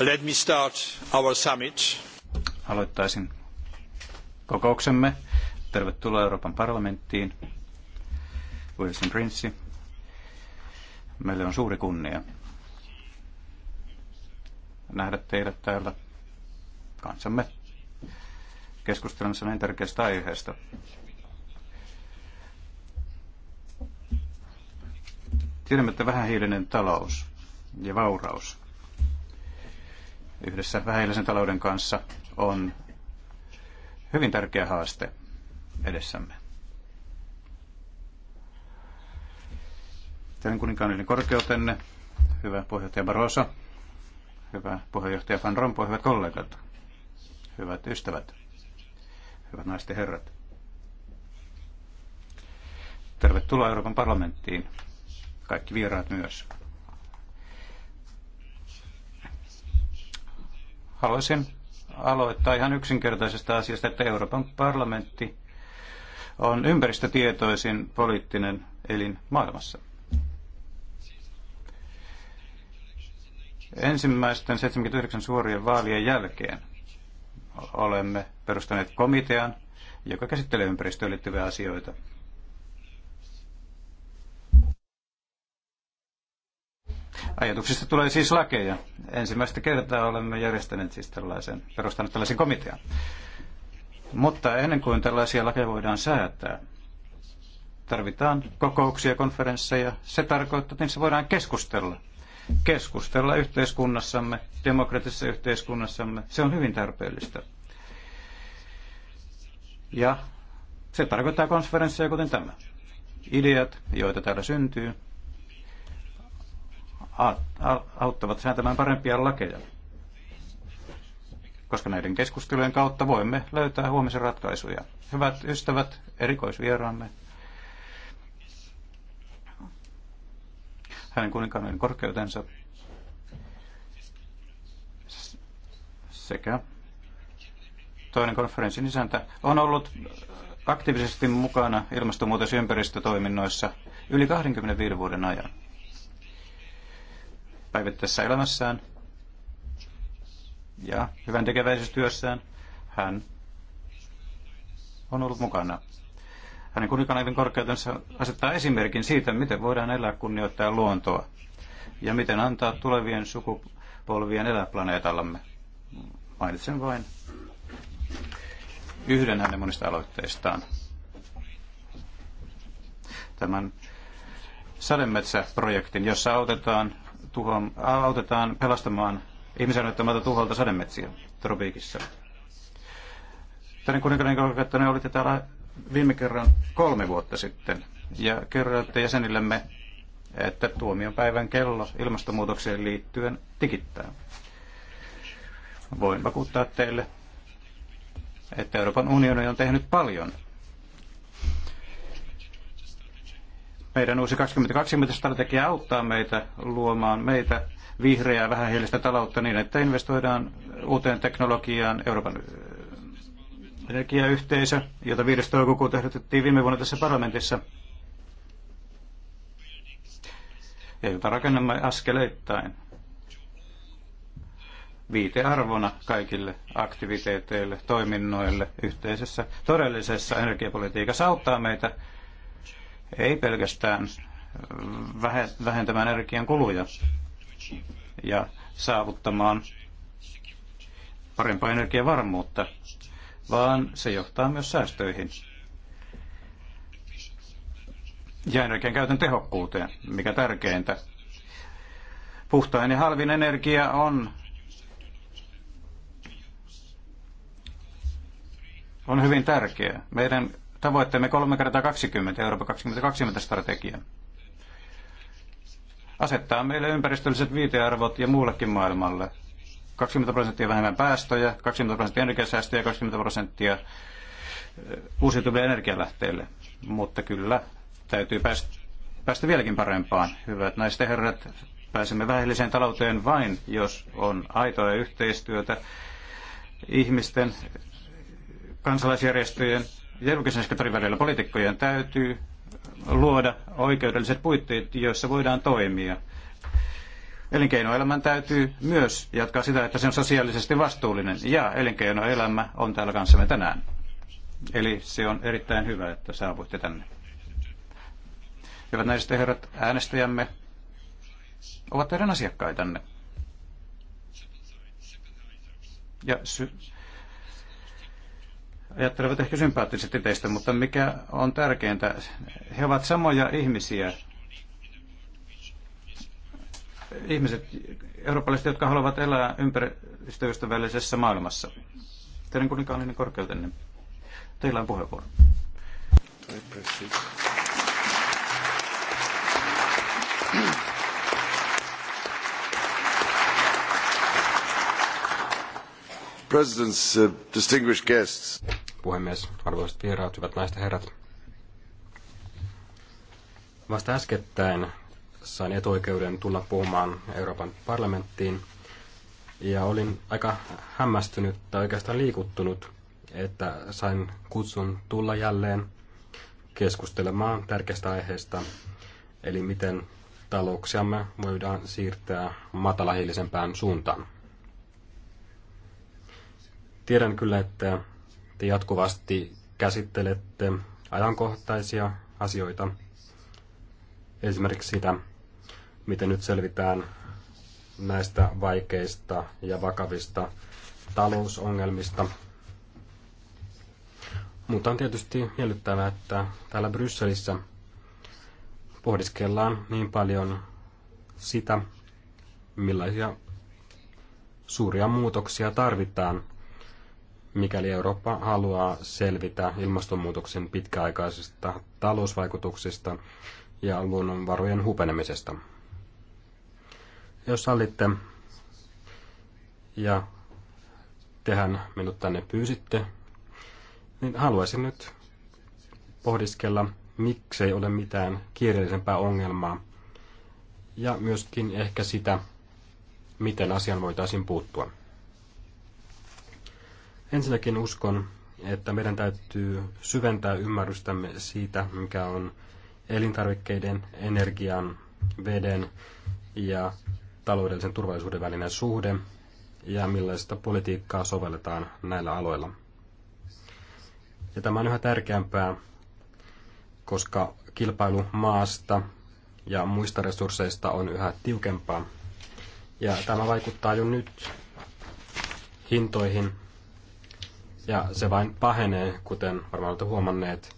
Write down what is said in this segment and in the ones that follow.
Let me start our summit. Aloittaisin kokouksemme. Tervetuloa Euroopan parlamenttiin. Wilson Prinssi. Meille on suuri kunnia nähdä teidät täällä kansamme keskustelemassa näin tärkeästä aiheesta. Tiedämme, että vähähiilinen talous ja vauraus yhdessä vähäisen talouden kanssa on hyvin tärkeä haaste edessämme. Teidän kuninkaanellinen korkeutenne, hyvä puheenjohtaja Barroso, hyvä puheenjohtaja Van Rompuy, hyvät kollegat, hyvät ystävät, hyvät naiset ja herrat. Tervetuloa Euroopan parlamenttiin, kaikki vieraat myös. Haluaisin aloittaa ihan yksinkertaisesta asiasta, että Euroopan parlamentti on ympäristötietoisin poliittinen elin maailmassa. Ensimmäisten 79 suorien vaalien jälkeen olemme perustaneet komitean, joka käsittelee ympäristöön liittyviä asioita. Ajatuksista tulee siis lakeja. Ensimmäistä kertaa olemme järjestäneet siis tällaisen, perustaneet tällaisen komitean. Mutta ennen kuin tällaisia lakeja voidaan säätää, tarvitaan kokouksia, konferensseja. Se tarkoittaa, että se voidaan keskustella. Keskustella yhteiskunnassamme, demokratisessa yhteiskunnassamme. Se on hyvin tarpeellista. Ja se tarkoittaa konferensseja kuten tämä. Ideat, joita täällä syntyy, auttavat säätämään parempia lakeja. Koska näiden keskustelujen kautta voimme löytää huomisen ratkaisuja. Hyvät ystävät, erikoisvieraamme, hänen kuninkaan korkeutensa sekä toinen konferenssin isäntä on ollut aktiivisesti mukana ilmastonmuutos- ja ympäristötoiminnoissa yli 25 vuoden ajan päivittäisessä elämässään ja hyvän työssään. hän on ollut mukana. Hänen kuninkaanaivin korkeutensa asettaa esimerkin siitä, miten voidaan elää kunnioittaa luontoa ja miten antaa tulevien sukupolvien elää planeetallamme. Mainitsen vain yhden hänen monista aloitteistaan. Tämän sademetsäprojektin, jossa autetaan autetaan pelastamaan ihmisen ottamalta tuholta sademetsiä tropiikissa. Tänne kuninkainen olitte täällä viime kerran kolme vuotta sitten ja kerroitte jäsenillemme, että tuomion päivän kello ilmastonmuutokseen liittyen tikittää. Voin vakuuttaa teille, että Euroopan unioni on tehnyt paljon Meidän uusi 2020-strategia auttaa meitä luomaan meitä vihreää vähähiilistä taloutta niin, että investoidaan uuteen teknologiaan Euroopan äh, energiayhteisö, jota 5. toukokuuta ehdotettiin viime vuonna tässä parlamentissa, ja jota rakennamme askeleittain viitearvona kaikille aktiviteeteille, toiminnoille yhteisessä todellisessa energiapolitiikassa auttaa meitä ei pelkästään vähentämään energian kuluja ja saavuttamaan parempaa energiavarmuutta, vaan se johtaa myös säästöihin ja energian käytön tehokkuuteen, mikä tärkeintä. Puhtain ja halvin energia on, on hyvin tärkeä. Meidän tavoitteemme 3 kertaa 20 Euroopan 2020 strategia asettaa meille ympäristölliset viitearvot ja muullekin maailmalle. 20 prosenttia vähemmän päästöjä, 20 prosenttia energiasäästöjä, 20 prosenttia uusiutuville energialähteille. Mutta kyllä, täytyy päästä, päästä vieläkin parempaan. Hyvät naiset ja herrat, pääsemme vähelliseen talouteen vain, jos on aitoa yhteistyötä ihmisten, kansalaisjärjestöjen julkisen sektorin välillä poliitikkojen täytyy luoda oikeudelliset puitteet, joissa voidaan toimia. Elinkeinoelämän täytyy myös jatkaa sitä, että se on sosiaalisesti vastuullinen. Ja elinkeinoelämä on täällä kanssamme tänään. Eli se on erittäin hyvä, että saavuitte tänne. Hyvät naiset ja herrat, äänestäjämme ovat teidän asiakkaitanne. Ja sy- ajattelevat ehkä sympaattisesti teistä, mutta mikä on tärkeintä, he ovat samoja ihmisiä. Ihmiset, eurooppalaiset, jotka haluavat elää ympäristöystävällisessä maailmassa. Teidän kuninkaallinen korkeutenne. Teillä on puheenvuoro. President's uh, distinguished guests puhemies, arvoisat vieraat, hyvät naiset herrat. Vasta äskettäin sain etuoikeuden tulla puhumaan Euroopan parlamenttiin ja olin aika hämmästynyt tai oikeastaan liikuttunut, että sain kutsun tulla jälleen keskustelemaan tärkeästä aiheesta, eli miten talouksiamme voidaan siirtää matalahiilisempään suuntaan. Tiedän kyllä, että te jatkuvasti käsittelette ajankohtaisia asioita, esimerkiksi sitä, miten nyt selvitään näistä vaikeista ja vakavista talousongelmista. Mutta on tietysti miellyttävää, että täällä Brysselissä pohdiskellaan niin paljon sitä, millaisia suuria muutoksia tarvitaan mikäli Eurooppa haluaa selvitä ilmastonmuutoksen pitkäaikaisista talousvaikutuksista ja luonnonvarojen hupenemisesta. Jos sallitte, ja tehän minut tänne pyysitte, niin haluaisin nyt pohdiskella, miksei ole mitään kiireellisempää ongelmaa, ja myöskin ehkä sitä, miten asiaan voitaisiin puuttua. Ensinnäkin uskon, että meidän täytyy syventää ymmärrystämme siitä, mikä on elintarvikkeiden, energian, veden ja taloudellisen turvallisuuden välinen suhde ja millaista politiikkaa sovelletaan näillä aloilla. Ja tämä on yhä tärkeämpää, koska kilpailu maasta ja muista resursseista on yhä tiukempaa. Ja tämä vaikuttaa jo nyt hintoihin ja se vain pahenee, kuten varmaan olette huomanneet,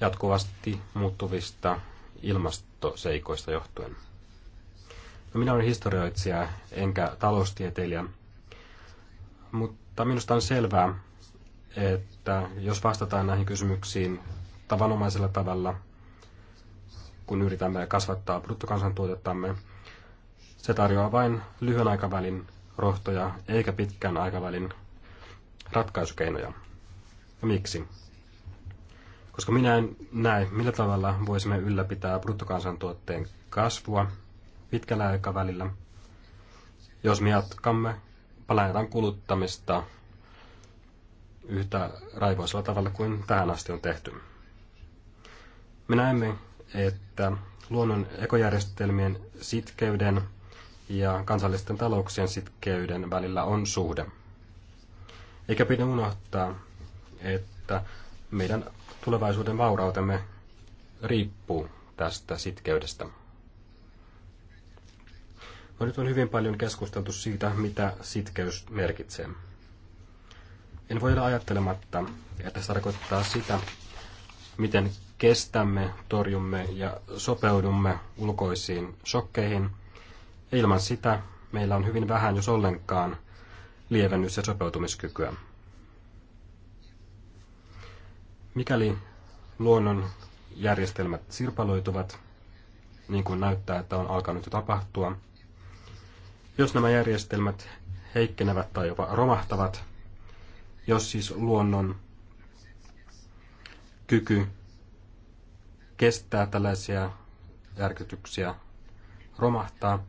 jatkuvasti muuttuvista ilmastoseikoista johtuen. No, minä olen historioitsija enkä taloustieteilijä, mutta minusta on selvää, että jos vastataan näihin kysymyksiin tavanomaisella tavalla, kun yritämme kasvattaa bruttokansantuotettamme, se tarjoaa vain lyhyen aikavälin rohtoja eikä pitkän aikavälin ratkaisukeinoja. Miksi? Koska minä en näe, millä tavalla voisimme ylläpitää bruttokansantuotteen kasvua pitkällä aikavälillä, jos me jatkamme planeetan kuluttamista yhtä raivoisella tavalla kuin tähän asti on tehty. Me näemme, että luonnon ekojärjestelmien sitkeyden ja kansallisten talouksien sitkeyden välillä on suhde – eikä pidä unohtaa, että meidän tulevaisuuden vaurautemme riippuu tästä sitkeydestä. No nyt on hyvin paljon keskusteltu siitä, mitä sitkeys merkitsee. En voi olla ajattelematta, että se tarkoittaa sitä, miten kestämme, torjumme ja sopeudumme ulkoisiin shokkeihin. ilman sitä meillä on hyvin vähän, jos ollenkaan, lievennys- ja sopeutumiskykyä. Mikäli luonnon järjestelmät sirpaloituvat, niin kuin näyttää, että on alkanut jo tapahtua, jos nämä järjestelmät heikkenevät tai jopa romahtavat, jos siis luonnon kyky kestää tällaisia järkytyksiä romahtaa,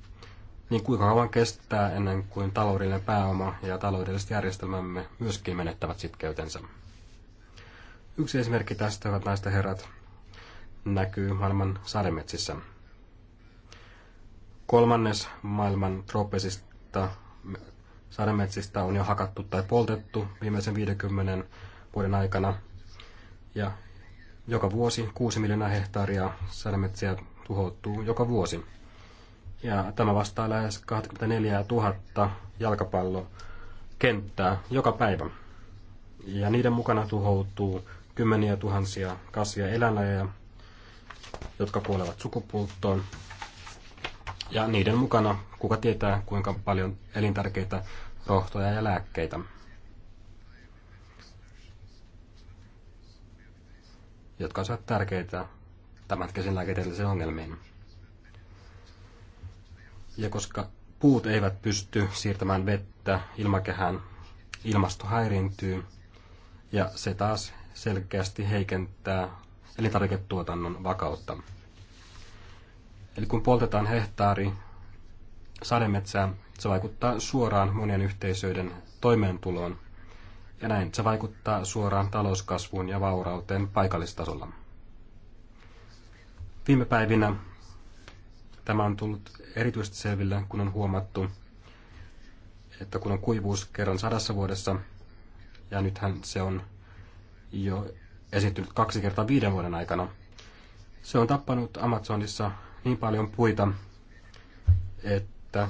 niin kuinka kauan kestää ennen kuin taloudellinen pääoma ja taloudelliset järjestelmämme myöskin menettävät sitkeytensä. Yksi esimerkki tästä, hyvät naiset herrat, näkyy maailman sademetsissä. Kolmannes maailman trooppisista sademetsistä on jo hakattu tai poltettu viimeisen 50 vuoden aikana. Ja joka vuosi 6 miljoonaa hehtaaria sademetsiä tuhoutuu joka vuosi. Ja tämä vastaa lähes 24 000 jalkapallokenttää joka päivä. Ja niiden mukana tuhoutuu kymmeniä tuhansia kasvia eläinlajeja, jotka kuolevat sukupuuttoon. Ja niiden mukana kuka tietää, kuinka paljon elintärkeitä rohtoja ja lääkkeitä. jotka ovat tärkeitä tämänhetkisen lääketieteellisiin ongelmiin. Ja koska puut eivät pysty siirtämään vettä ilmakehään, ilmasto häiriintyy ja se taas selkeästi heikentää elintarviketuotannon vakautta. Eli kun poltetaan hehtaari sademetsää, se vaikuttaa suoraan monien yhteisöiden toimeentuloon ja näin se vaikuttaa suoraan talouskasvuun ja vaurauteen paikallistasolla. Viime päivinä Tämä on tullut erityisesti selville, kun on huomattu, että kun on kuivuus kerran sadassa vuodessa, ja nythän se on jo esiintynyt kaksi kertaa viiden vuoden aikana, se on tappanut Amazonissa niin paljon puita, että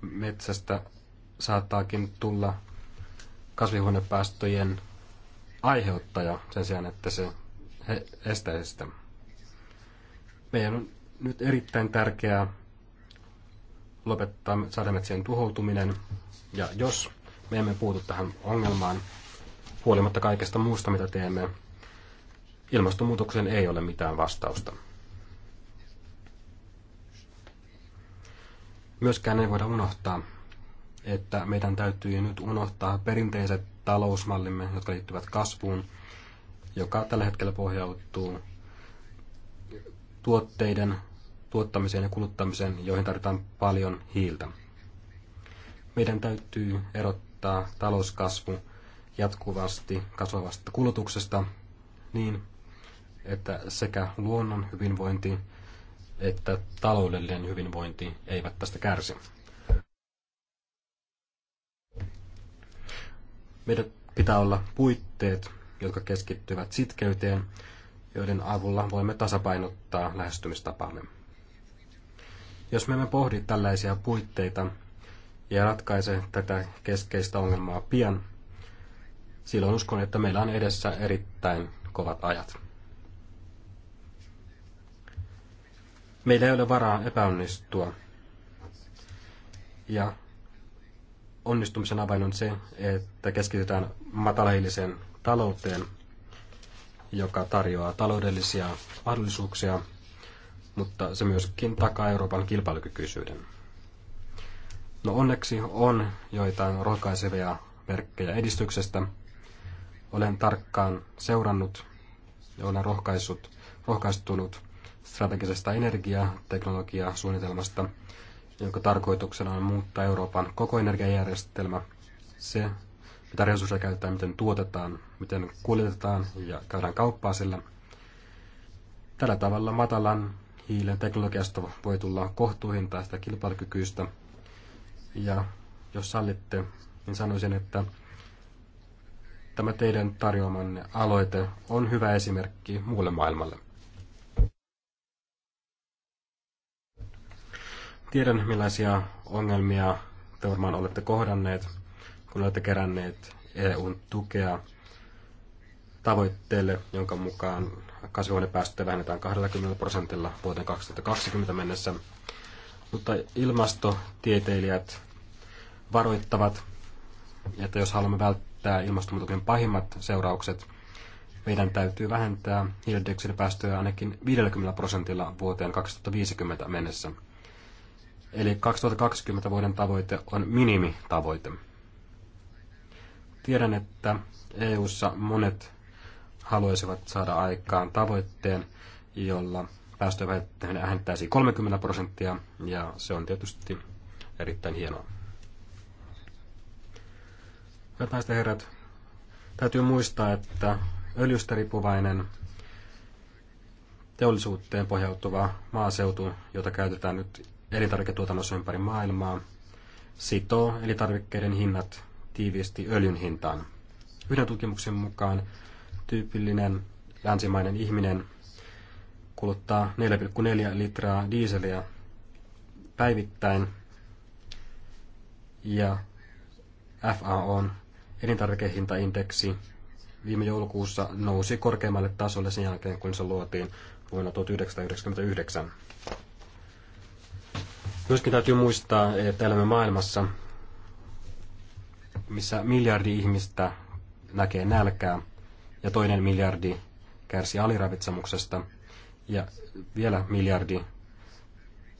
metsästä saattaakin tulla kasvihuonepäästöjen aiheuttaja sen sijaan, että se estäisi sitä. Meidän on nyt erittäin tärkeää lopettaa sademetsien tuhoutuminen. Ja jos me emme puutu tähän ongelmaan, huolimatta kaikesta muusta, mitä teemme, ilmastonmuutokseen ei ole mitään vastausta. Myöskään ei voida unohtaa, että meidän täytyy nyt unohtaa perinteiset talousmallimme, jotka liittyvät kasvuun, joka tällä hetkellä pohjautuu tuotteiden tuottamiseen ja kuluttamiseen, joihin tarvitaan paljon hiiltä. Meidän täytyy erottaa talouskasvu jatkuvasti kasvavasta kulutuksesta niin, että sekä luonnon hyvinvointi että taloudellinen hyvinvointi eivät tästä kärsi. Meidän pitää olla puitteet, jotka keskittyvät sitkeyteen, joiden avulla voimme tasapainottaa lähestymistapaamme. Jos me emme pohdi tällaisia puitteita ja ratkaise tätä keskeistä ongelmaa pian, silloin uskon, että meillä on edessä erittäin kovat ajat. Meillä ei ole varaa epäonnistua. Ja onnistumisen avain on se, että keskitytään matalahiiliseen talouteen, joka tarjoaa taloudellisia mahdollisuuksia mutta se myöskin takaa Euroopan kilpailukykyisyyden. No onneksi on joitain rohkaisevia merkkejä edistyksestä. Olen tarkkaan seurannut ja olen rohkaissut, rohkaistunut strategisesta energiateknologiasuunnitelmasta, jonka tarkoituksena on muuttaa Euroopan koko energiajärjestelmä. Se, mitä resursseja käytetään, miten tuotetaan, miten kuljetetaan ja käydään kauppaa sillä. Tällä tavalla matalan hiilen teknologiasta voi tulla kohtuuhintaista kilpailukykyistä. Ja jos sallitte, niin sanoisin, että tämä teidän tarjoamanne aloite on hyvä esimerkki muulle maailmalle. Tiedän, millaisia ongelmia te varmaan olette kohdanneet, kun olette keränneet EUn tukea tavoitteelle, jonka mukaan kasvihuonepäästöjä vähennetään 20 prosentilla vuoteen 2020 mennessä. Mutta ilmastotieteilijät varoittavat, että jos haluamme välttää ilmastonmuutoksen pahimmat seuraukset, meidän täytyy vähentää hiilidioksidipäästöjä ainakin 50 prosentilla vuoteen 2050 mennessä. Eli 2020 vuoden tavoite on minimitavoite. Tiedän, että EU:ssa monet haluaisivat saada aikaan tavoitteen, jolla päästöjä vähentäisiin 30 prosenttia, ja se on tietysti erittäin hienoa. Hyvät naiset ja herrat, täytyy muistaa, että öljystä riippuvainen teollisuuteen pohjautuva maaseutu, jota käytetään nyt elintarviketuotannossa ympäri maailmaa, sitoo elintarvikkeiden hinnat tiiviisti öljyn hintaan. Yhden tutkimuksen mukaan tyypillinen länsimainen ihminen kuluttaa 4,4 litraa diiseliä päivittäin ja on elintarvikehintaindeksi viime joulukuussa nousi korkeammalle tasolle sen jälkeen, kun se luotiin vuonna 1999. Myöskin täytyy muistaa, että elämme maailmassa, missä miljardi ihmistä näkee nälkää – ja toinen miljardi kärsii aliravitsemuksesta ja vielä miljardi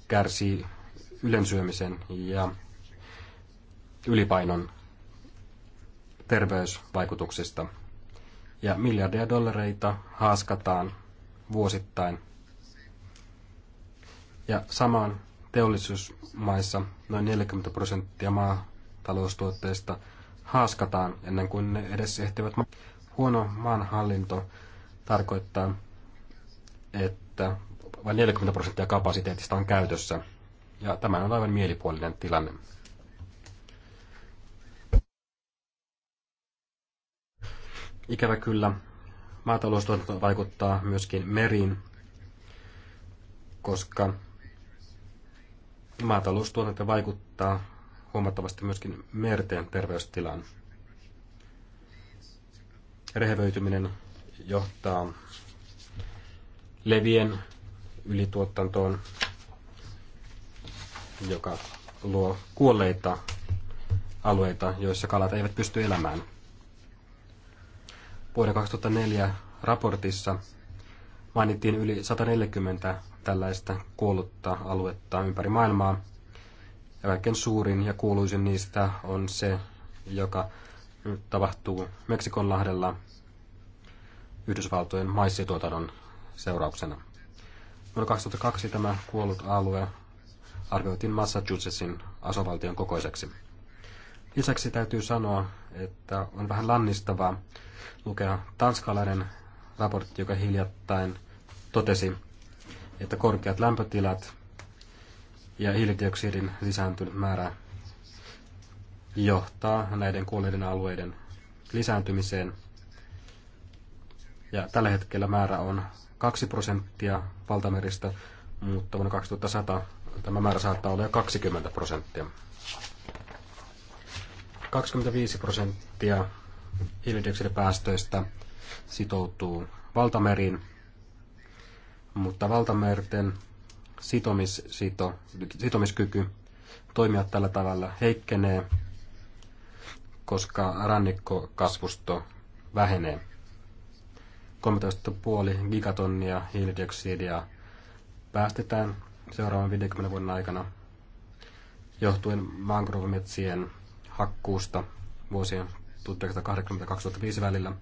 kärsii ylensyömisen ja ylipainon terveysvaikutuksista. Ja miljardeja dollareita haaskataan vuosittain. Ja samaan teollisuusmaissa noin 40 prosenttia maataloustuotteista haaskataan ennen kuin ne edes ehtivät. Huono maanhallinto tarkoittaa, että vain 40 prosenttia kapasiteetista on käytössä. Ja tämä on aivan mielipuolinen tilanne. Ikävä kyllä, maataloustuotanto vaikuttaa myöskin meriin, koska maataloustuotanto vaikuttaa huomattavasti myöskin merten terveystilaan. Rehevöityminen johtaa levien ylituottantoon, joka luo kuolleita alueita, joissa kalat eivät pysty elämään. Vuoden 2004 raportissa mainittiin yli 140 tällaista kuollutta aluetta ympäri maailmaa. Ja kaikkein suurin ja kuuluisin niistä on se, joka tapahtuu Meksikonlahdella Yhdysvaltojen maissituotannon seurauksena. Vuonna 2002 tämä kuollut alue arvioitiin Massachusettsin asovaltion kokoiseksi. Lisäksi täytyy sanoa, että on vähän lannistavaa lukea tanskalainen raportti, joka hiljattain totesi, että korkeat lämpötilat ja hiilidioksidin lisääntynyt määrä johtaa näiden kuolleiden alueiden lisääntymiseen. Ja tällä hetkellä määrä on 2 prosenttia valtameristä, mutta vuonna 2100 tämä määrä saattaa olla jo 20 prosenttia. 25 prosenttia hiilidioksidipäästöistä sitoutuu valtameriin, mutta valtamerten sito, sitomiskyky toimia tällä tavalla heikkenee koska rannikkokasvusto vähenee. 13,5 gigatonnia hiilidioksidia päästetään seuraavan 50 vuoden aikana johtuen mangrovemetsien hakkuusta vuosien 1980-2005 välillä.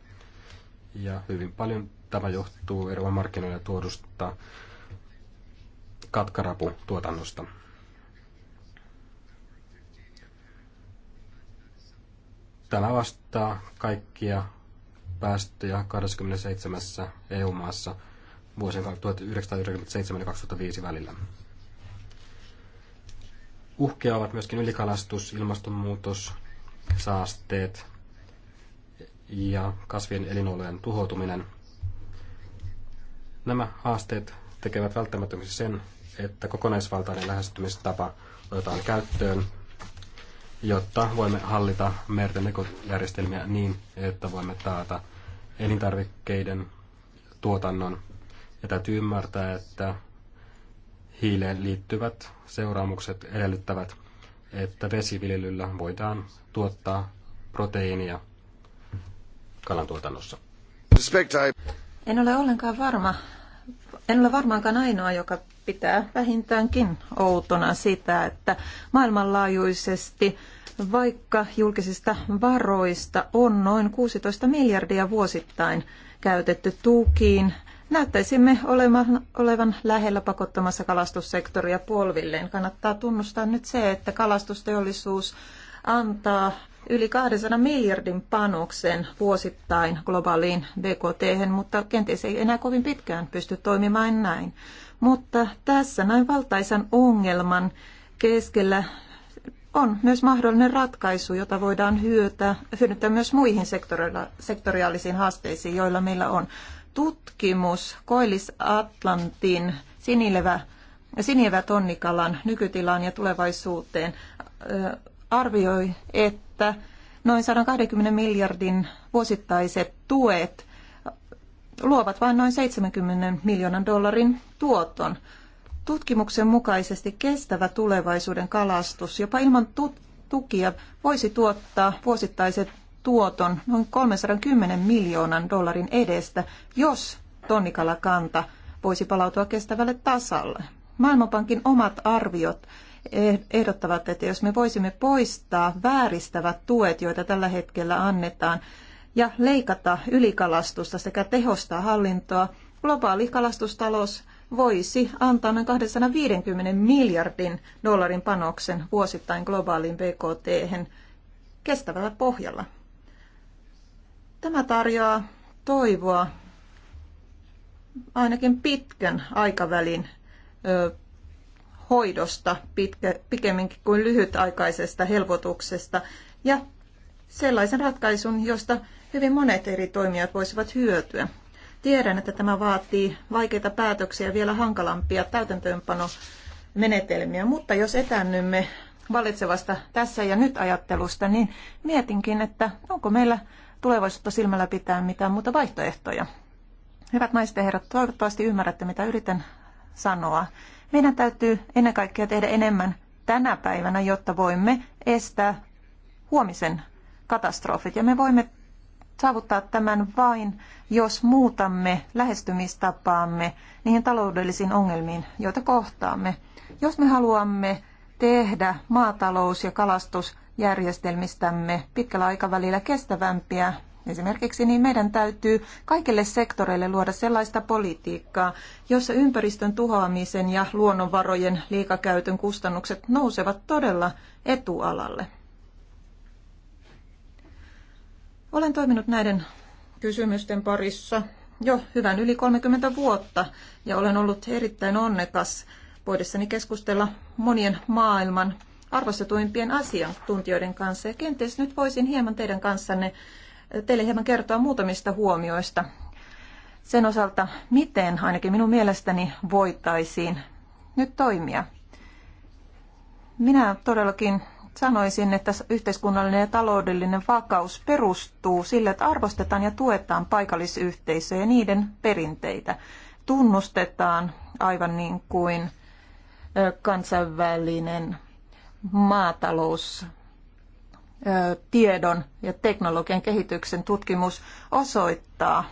Ja hyvin paljon tämä johtuu eri markkinoilla tuodusta katkaraputuotannosta. tämä vastaa kaikkia päästöjä 27 EU-maassa vuosien 1997-2005 välillä. Uhkia ovat myöskin ylikalastus, ilmastonmuutos, saasteet ja kasvien elinolojen tuhoutuminen. Nämä haasteet tekevät välttämättömäksi sen, että kokonaisvaltainen lähestymistapa otetaan käyttöön – jotta voimme hallita merten ekojärjestelmiä niin, että voimme taata elintarvikkeiden tuotannon. Ja täytyy ymmärtää, että hiileen liittyvät seuraamukset edellyttävät, että vesiviljelyllä voidaan tuottaa proteiinia kalan tuotannossa. En ole ollenkaan varma en ole varmaankaan ainoa, joka pitää vähintäänkin outona sitä, että maailmanlaajuisesti vaikka julkisista varoista on noin 16 miljardia vuosittain käytetty tukiin, näyttäisimme olevan, olevan lähellä pakottamassa kalastussektoria polvilleen. Kannattaa tunnustaa nyt se, että kalastusteollisuus antaa yli 200 miljardin panoksen vuosittain globaaliin BKT, mutta kenties ei enää kovin pitkään pysty toimimaan näin. Mutta tässä näin valtaisan ongelman keskellä on myös mahdollinen ratkaisu, jota voidaan hyödyntää myös muihin sektoriaalisiin haasteisiin, joilla meillä on tutkimus Koillis-Atlantin sinilevä, sinilevä tonnikalan nykytilaan ja tulevaisuuteen arvioi, että että noin 120 miljardin vuosittaiset tuet luovat vain noin 70 miljoonan dollarin tuoton. Tutkimuksen mukaisesti kestävä tulevaisuuden kalastus jopa ilman tukia voisi tuottaa vuosittaiset tuoton noin 310 miljoonan dollarin edestä, jos tonnikalakanta voisi palautua kestävälle tasalle. Maailmanpankin omat arviot Eh, ehdottavat, että jos me voisimme poistaa vääristävät tuet, joita tällä hetkellä annetaan, ja leikata ylikalastusta sekä tehostaa hallintoa, globaali kalastustalous voisi antaa noin 250 miljardin dollarin panoksen vuosittain globaaliin BKT kestävällä pohjalla. Tämä tarjoaa toivoa ainakin pitkän aikavälin hoidosta pitkä, pikemminkin kuin lyhytaikaisesta helpotuksesta ja sellaisen ratkaisun, josta hyvin monet eri toimijat voisivat hyötyä. Tiedän, että tämä vaatii vaikeita päätöksiä ja vielä hankalampia täytäntöönpanomenetelmiä, mutta jos etännymme valitsevasta tässä ja nyt ajattelusta, niin mietinkin, että onko meillä tulevaisuutta silmällä pitää mitään muuta vaihtoehtoja. Hyvät naiset ja herrat, toivottavasti ymmärrätte, mitä yritän sanoa. Meidän täytyy ennen kaikkea tehdä enemmän tänä päivänä, jotta voimme estää huomisen katastrofit. Ja me voimme saavuttaa tämän vain, jos muutamme lähestymistapaamme niihin taloudellisiin ongelmiin, joita kohtaamme. Jos me haluamme tehdä maatalous- ja kalastusjärjestelmistämme pitkällä aikavälillä kestävämpiä, esimerkiksi, niin meidän täytyy kaikille sektoreille luoda sellaista politiikkaa, jossa ympäristön tuhoamisen ja luonnonvarojen liikakäytön kustannukset nousevat todella etualalle. Olen toiminut näiden kysymysten parissa jo hyvän yli 30 vuotta ja olen ollut erittäin onnekas voidessani keskustella monien maailman arvostetuimpien asiantuntijoiden kanssa. Ja kenties nyt voisin hieman teidän kanssanne teille hieman kertoa muutamista huomioista sen osalta, miten ainakin minun mielestäni voitaisiin nyt toimia. Minä todellakin sanoisin, että yhteiskunnallinen ja taloudellinen vakaus perustuu sille, että arvostetaan ja tuetaan paikallisyhteisöjä ja niiden perinteitä. Tunnustetaan aivan niin kuin kansainvälinen maatalous tiedon ja teknologian kehityksen tutkimus osoittaa.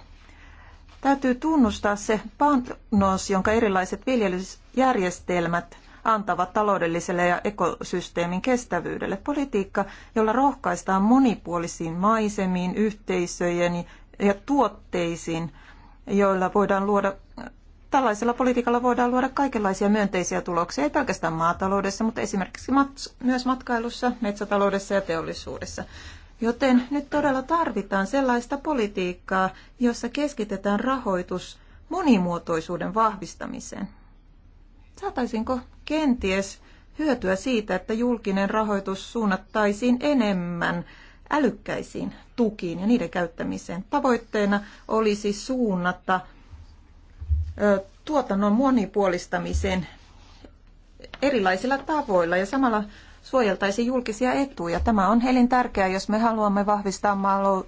Täytyy tunnustaa se panos, jonka erilaiset viljelysjärjestelmät antavat taloudelliselle ja ekosysteemin kestävyydelle. Politiikka, jolla rohkaistaan monipuolisiin maisemiin, yhteisöjen ja tuotteisiin, joilla voidaan luoda Tällaisella politiikalla voidaan luoda kaikenlaisia myönteisiä tuloksia, ei pelkästään maataloudessa, mutta esimerkiksi mat- myös matkailussa, metsätaloudessa ja teollisuudessa. Joten nyt todella tarvitaan sellaista politiikkaa, jossa keskitetään rahoitus monimuotoisuuden vahvistamiseen. Saataisinko kenties hyötyä siitä, että julkinen rahoitus suunnattaisiin enemmän älykkäisiin tukiin ja niiden käyttämiseen? Tavoitteena olisi suunnata tuotannon monipuolistamisen erilaisilla tavoilla ja samalla suojeltaisiin julkisia etuja. Tämä on elintärkeää, jos me haluamme vahvistaa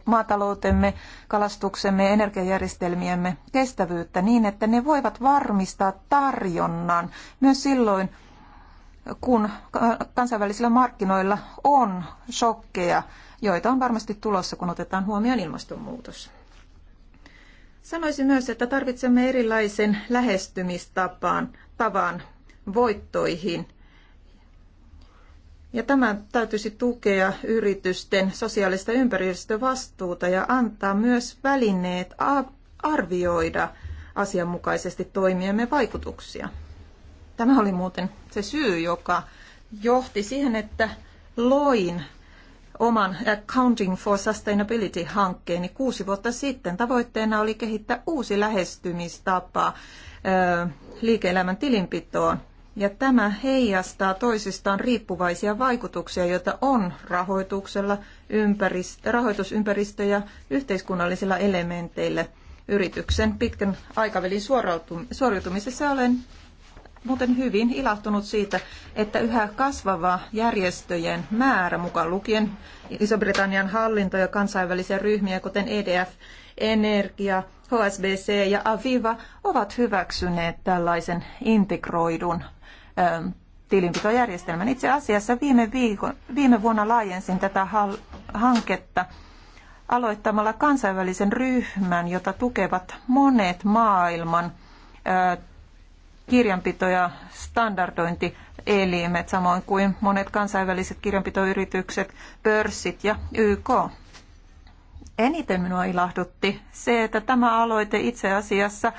maataloutemme, kalastuksemme, energiajärjestelmiemme kestävyyttä niin, että ne voivat varmistaa tarjonnan myös silloin, kun kansainvälisillä markkinoilla on shokkeja, joita on varmasti tulossa, kun otetaan huomioon ilmastonmuutos. Sanoisin myös, että tarvitsemme erilaisen lähestymistapaan tavan voittoihin. Ja tämän täytyisi tukea yritysten sosiaalista ympäristövastuuta ja antaa myös välineet arvioida asianmukaisesti toimiemme vaikutuksia. Tämä oli muuten se syy, joka johti siihen, että loin oman Accounting for Sustainability-hankkeeni niin kuusi vuotta sitten. Tavoitteena oli kehittää uusi lähestymistapa liike-elämän tilinpitoon. Ja tämä heijastaa toisistaan riippuvaisia vaikutuksia, joita on rahoituksella, rahoitusympäristö ja yhteiskunnallisilla elementeillä – yrityksen pitkän aikavälin suoriutumisessa olen muuten hyvin ilahtunut siitä, että yhä kasvava järjestöjen määrä, mukaan lukien Iso-Britannian hallinto ja kansainvälisiä ryhmiä, kuten EDF, Energia, HSBC ja Aviva, ovat hyväksyneet tällaisen integroidun ö, tilinpitojärjestelmän. Itse asiassa viime, viiko, viime vuonna laajensin tätä hal- hanketta aloittamalla kansainvälisen ryhmän, jota tukevat monet maailman kirjanpito- ja standardointielimet, samoin kuin monet kansainväliset kirjanpitoyritykset, pörssit ja YK. Eniten minua ilahdutti se, että tämä aloite itse asiassa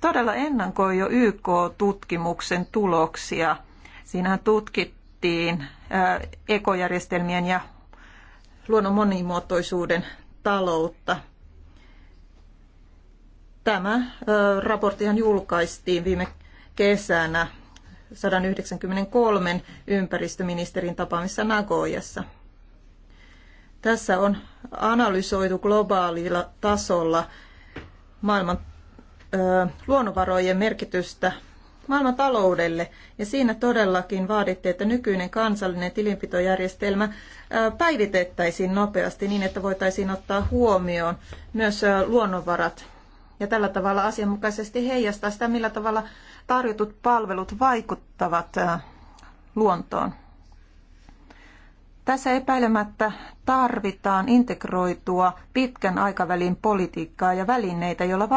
todella ennakoi jo YK-tutkimuksen tuloksia. Siinähän tutkittiin ekojärjestelmien ja luonnon monimuotoisuuden taloutta. Tämä raporttihan julkaistiin viime kesänä 193 ympäristöministerin tapaamissa Nagoyassa. Tässä on analysoitu globaalilla tasolla maailman ö, luonnonvarojen merkitystä maailman taloudelle. Ja siinä todellakin vaadittiin, että nykyinen kansallinen tilinpitojärjestelmä päivitettäisiin nopeasti niin, että voitaisiin ottaa huomioon myös luonnonvarat ja tällä tavalla asianmukaisesti heijastaa sitä, millä tavalla tarjotut palvelut vaikuttavat äh, luontoon. Tässä epäilemättä tarvitaan integroitua pitkän aikavälin politiikkaa ja välineitä, joilla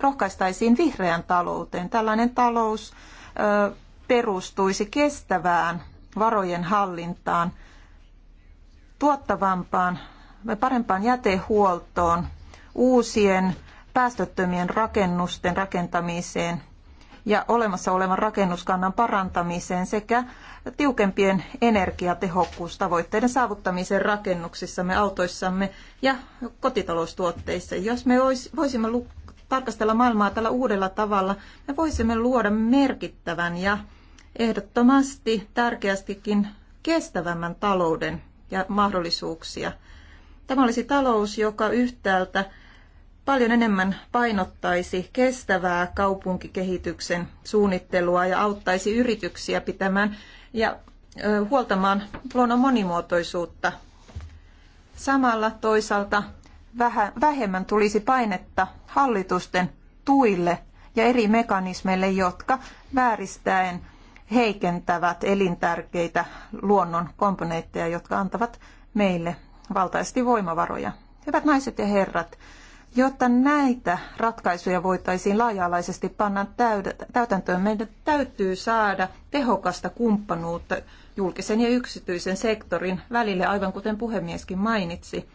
rohkaistaisiin vihreän talouteen. Tällainen talous äh, perustuisi kestävään varojen hallintaan, tuottavampaan, parempaan jätehuoltoon, uusien päästöttömien rakennusten rakentamiseen ja olemassa olevan rakennuskannan parantamiseen sekä tiukempien energiatehokkuustavoitteiden saavuttamiseen rakennuksissamme, autoissamme ja kotitaloustuotteissa. Jos me voisimme tarkastella maailmaa tällä uudella tavalla, me voisimme luoda merkittävän ja ehdottomasti tärkeästikin kestävämmän talouden ja mahdollisuuksia. Tämä olisi talous, joka yhtäältä paljon enemmän painottaisi kestävää kaupunkikehityksen suunnittelua ja auttaisi yrityksiä pitämään ja huoltamaan luonnon monimuotoisuutta. Samalla toisaalta vähemmän tulisi painetta hallitusten tuille ja eri mekanismeille, jotka vääristäen heikentävät elintärkeitä luonnon komponentteja, jotka antavat meille valtaisesti voimavaroja. Hyvät naiset ja herrat, Jotta näitä ratkaisuja voitaisiin laaja-alaisesti panna täytäntöön, meidän täytyy saada tehokasta kumppanuutta julkisen ja yksityisen sektorin välille, aivan kuten puhemieskin mainitsi.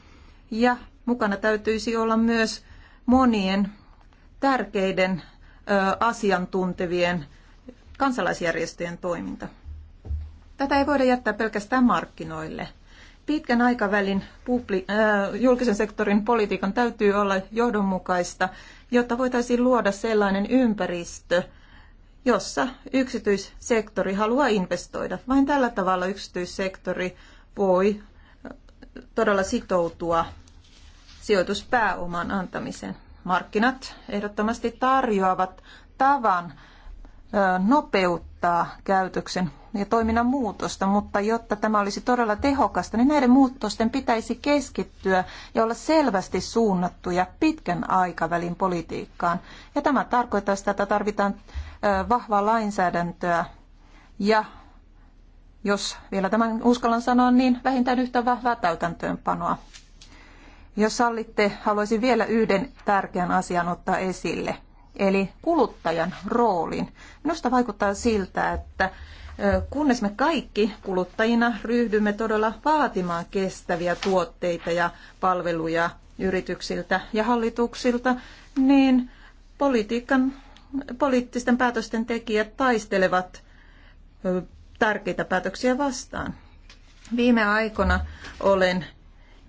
Ja mukana täytyisi olla myös monien tärkeiden asiantuntevien kansalaisjärjestöjen toiminta. Tätä ei voida jättää pelkästään markkinoille – Pitkän aikavälin publi, äh, julkisen sektorin politiikan täytyy olla johdonmukaista, jotta voitaisiin luoda sellainen ympäristö, jossa yksityissektori haluaa investoida. Vain tällä tavalla yksityissektori voi äh, todella sitoutua sijoituspääoman antamiseen. Markkinat ehdottomasti tarjoavat tavan nopeuttaa käytöksen ja toiminnan muutosta, mutta jotta tämä olisi todella tehokasta, niin näiden muutosten pitäisi keskittyä ja olla selvästi suunnattuja pitkän aikavälin politiikkaan. Ja tämä tarkoittaa sitä, että tarvitaan vahvaa lainsäädäntöä ja jos vielä tämän uskallan sanoa, niin vähintään yhtä vahvaa täytäntöönpanoa. Jos sallitte, haluaisin vielä yhden tärkeän asian ottaa esille – eli kuluttajan roolin. Minusta vaikuttaa siltä, että kunnes me kaikki kuluttajina ryhdymme todella vaatimaan kestäviä tuotteita ja palveluja yrityksiltä ja hallituksilta, niin politiikan, poliittisten päätösten tekijät taistelevat tärkeitä päätöksiä vastaan. Viime aikoina olen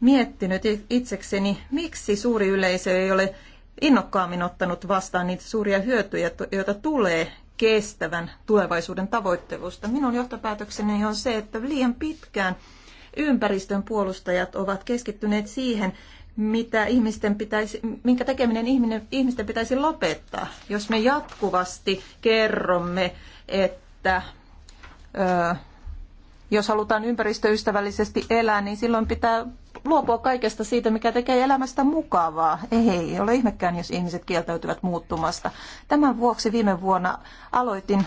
miettinyt itsekseni, miksi suuri yleisö ei ole innokkaammin ottanut vastaan niitä suuria hyötyjä, joita tulee kestävän tulevaisuuden tavoittelusta. Minun johtopäätökseni on se, että liian pitkään ympäristön puolustajat ovat keskittyneet siihen, mitä ihmisten pitäisi, minkä tekeminen ihminen, ihmisten pitäisi lopettaa. Jos me jatkuvasti kerromme, että ö, jos halutaan ympäristöystävällisesti elää, niin silloin pitää luopua kaikesta siitä, mikä tekee elämästä mukavaa. Ei, ei ole ihmekään, jos ihmiset kieltäytyvät muuttumasta. Tämän vuoksi viime vuonna aloitin,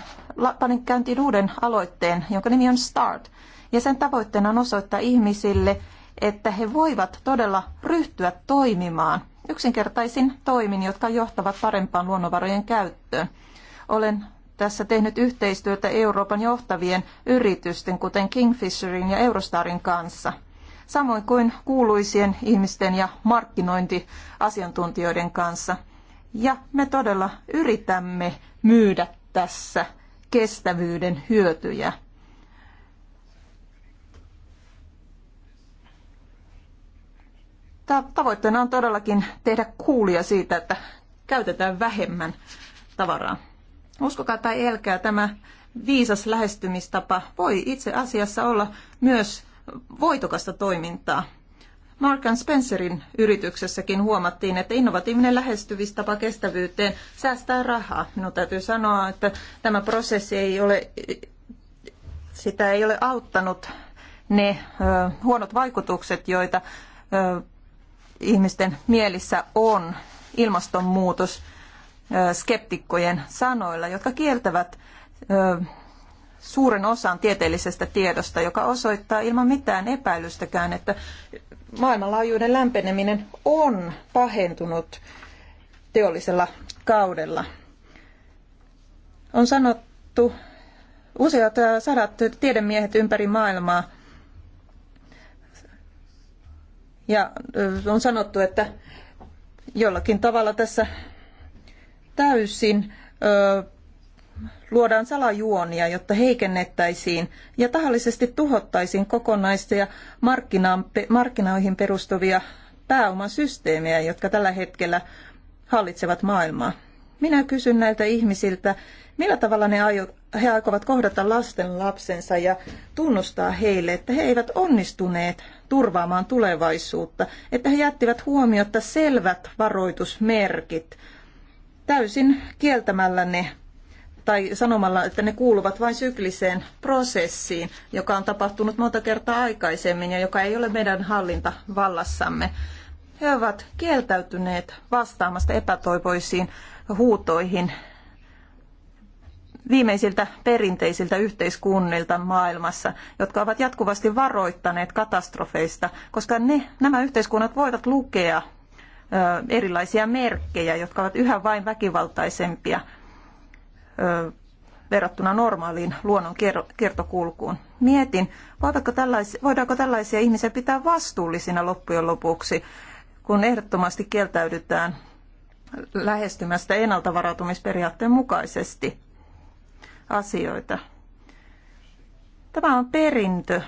panin käyntiin uuden aloitteen, jonka nimi on START. Ja sen tavoitteena on osoittaa ihmisille, että he voivat todella ryhtyä toimimaan yksinkertaisin toimin, jotka johtavat parempaan luonnonvarojen käyttöön. Olen tässä tehnyt yhteistyötä Euroopan johtavien yritysten, kuten Kingfisherin ja Eurostarin kanssa – samoin kuin kuuluisien ihmisten ja markkinointiasiantuntijoiden kanssa. Ja me todella yritämme myydä tässä kestävyyden hyötyjä. Tavoitteena on todellakin tehdä kuulia siitä, että käytetään vähemmän tavaraa. Uskokaa tai elkää, tämä viisas lähestymistapa voi itse asiassa olla myös voitokasta toimintaa. Mark Spencerin yrityksessäkin huomattiin, että innovatiivinen lähestyvistapa kestävyyteen säästää rahaa. Minun täytyy sanoa, että tämä prosessi ei ole, sitä ei ole auttanut ne ö, huonot vaikutukset, joita ö, ihmisten mielissä on ilmastonmuutos skeptikkojen sanoilla, jotka kieltävät ö, suuren osan tieteellisestä tiedosta, joka osoittaa ilman mitään epäilystäkään, että maailmanlaajuinen lämpeneminen on pahentunut teollisella kaudella. On sanottu useat sadat tiedemiehet ympäri maailmaa, ja on sanottu, että jollakin tavalla tässä täysin ö, luodaan salajuonia, jotta heikennettäisiin ja tahallisesti tuhottaisiin kokonaisia markkinoihin perustuvia pääomasysteemejä, jotka tällä hetkellä hallitsevat maailmaa. Minä kysyn näiltä ihmisiltä, millä tavalla ne aio, he aikovat kohdata lasten lapsensa ja tunnustaa heille, että he eivät onnistuneet turvaamaan tulevaisuutta, että he jättivät huomiota selvät varoitusmerkit täysin kieltämällä ne tai sanomalla, että ne kuuluvat vain sykliseen prosessiin, joka on tapahtunut monta kertaa aikaisemmin ja joka ei ole meidän hallintavallassamme. He ovat kieltäytyneet vastaamasta epätoivoisiin huutoihin viimeisiltä perinteisiltä yhteiskunnilta maailmassa, jotka ovat jatkuvasti varoittaneet katastrofeista, koska ne, nämä yhteiskunnat voivat lukea erilaisia merkkejä, jotka ovat yhä vain väkivaltaisempia verrattuna normaaliin luonnon kiertokulkuun. Mietin, tällaisia, voidaanko tällaisia ihmisiä pitää vastuullisina loppujen lopuksi, kun ehdottomasti kieltäydytään lähestymästä ennaltavarautumisperiaatteen mukaisesti asioita. Tämä on perintö,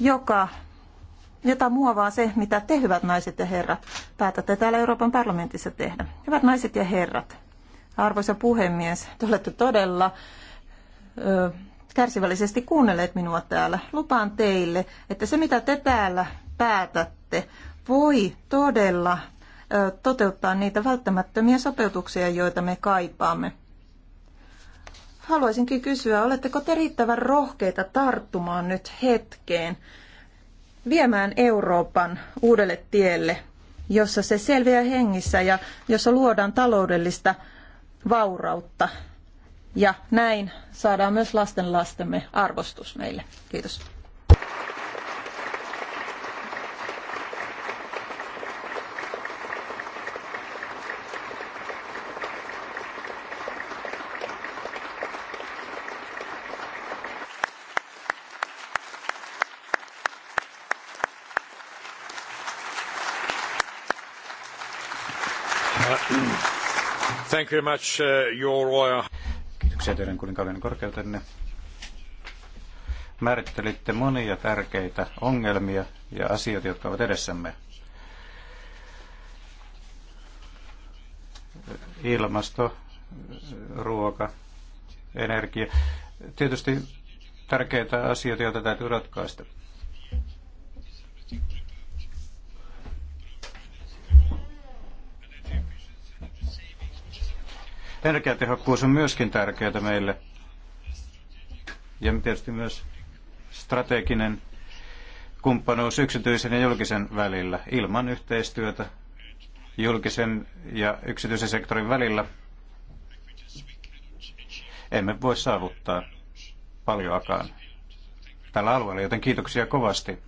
joka, jota muovaa se, mitä te hyvät naiset ja herrat päätätte täällä Euroopan parlamentissa tehdä. Hyvät naiset ja herrat, Arvoisa puhemies, te olette todella ö, kärsivällisesti kuunnelleet minua täällä. Lupaan teille, että se mitä te täällä päätätte, voi todella ö, toteuttaa niitä välttämättömiä sopeutuksia, joita me kaipaamme. Haluaisinkin kysyä, oletteko te riittävän rohkeita tarttumaan nyt hetkeen, viemään Euroopan uudelle tielle, jossa se selviää hengissä ja jossa luodaan taloudellista vaurautta. Ja näin saadaan myös lasten lastemme arvostus meille. Kiitos. Thank you much, uh, your lawyer. Kiitoksia teidän kuninkaallinen korkeutenne. Määrittelitte monia tärkeitä ongelmia ja asioita, jotka ovat edessämme. Ilmasto, ruoka, energia. Tietysti tärkeitä asioita, joita täytyy ratkaista. Energiatehokkuus on myöskin tärkeää meille ja tietysti myös strateginen kumppanuus yksityisen ja julkisen välillä. Ilman yhteistyötä julkisen ja yksityisen sektorin välillä emme voi saavuttaa paljoakaan tällä alueella, joten kiitoksia kovasti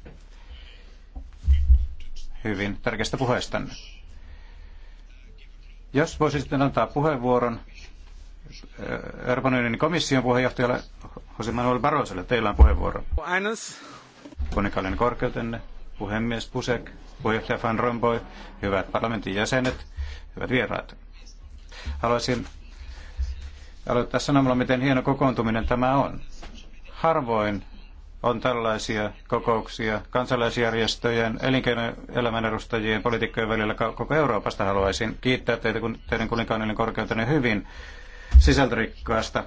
hyvin tärkeästä puheestanne. Jos voisin sitten antaa puheenvuoron eh, Euroopan unionin komission puheenjohtajalle Jose Manuel Barroselle. Teillä on puheenvuoro. Kuninkaallinen korkeutenne, puhemies Pusek, puheenjohtaja Van Rompuy, hyvät parlamentin jäsenet, hyvät vieraat. Haluaisin aloittaa sanomalla, miten hieno kokoontuminen tämä on. Harvoin on tällaisia kokouksia kansalaisjärjestöjen, elinkeinoelämän edustajien, poliitikkojen välillä koko Euroopasta haluaisin kiittää teitä kun teidän kuninkaanellinen korkeutenne hyvin sisältörikkaasta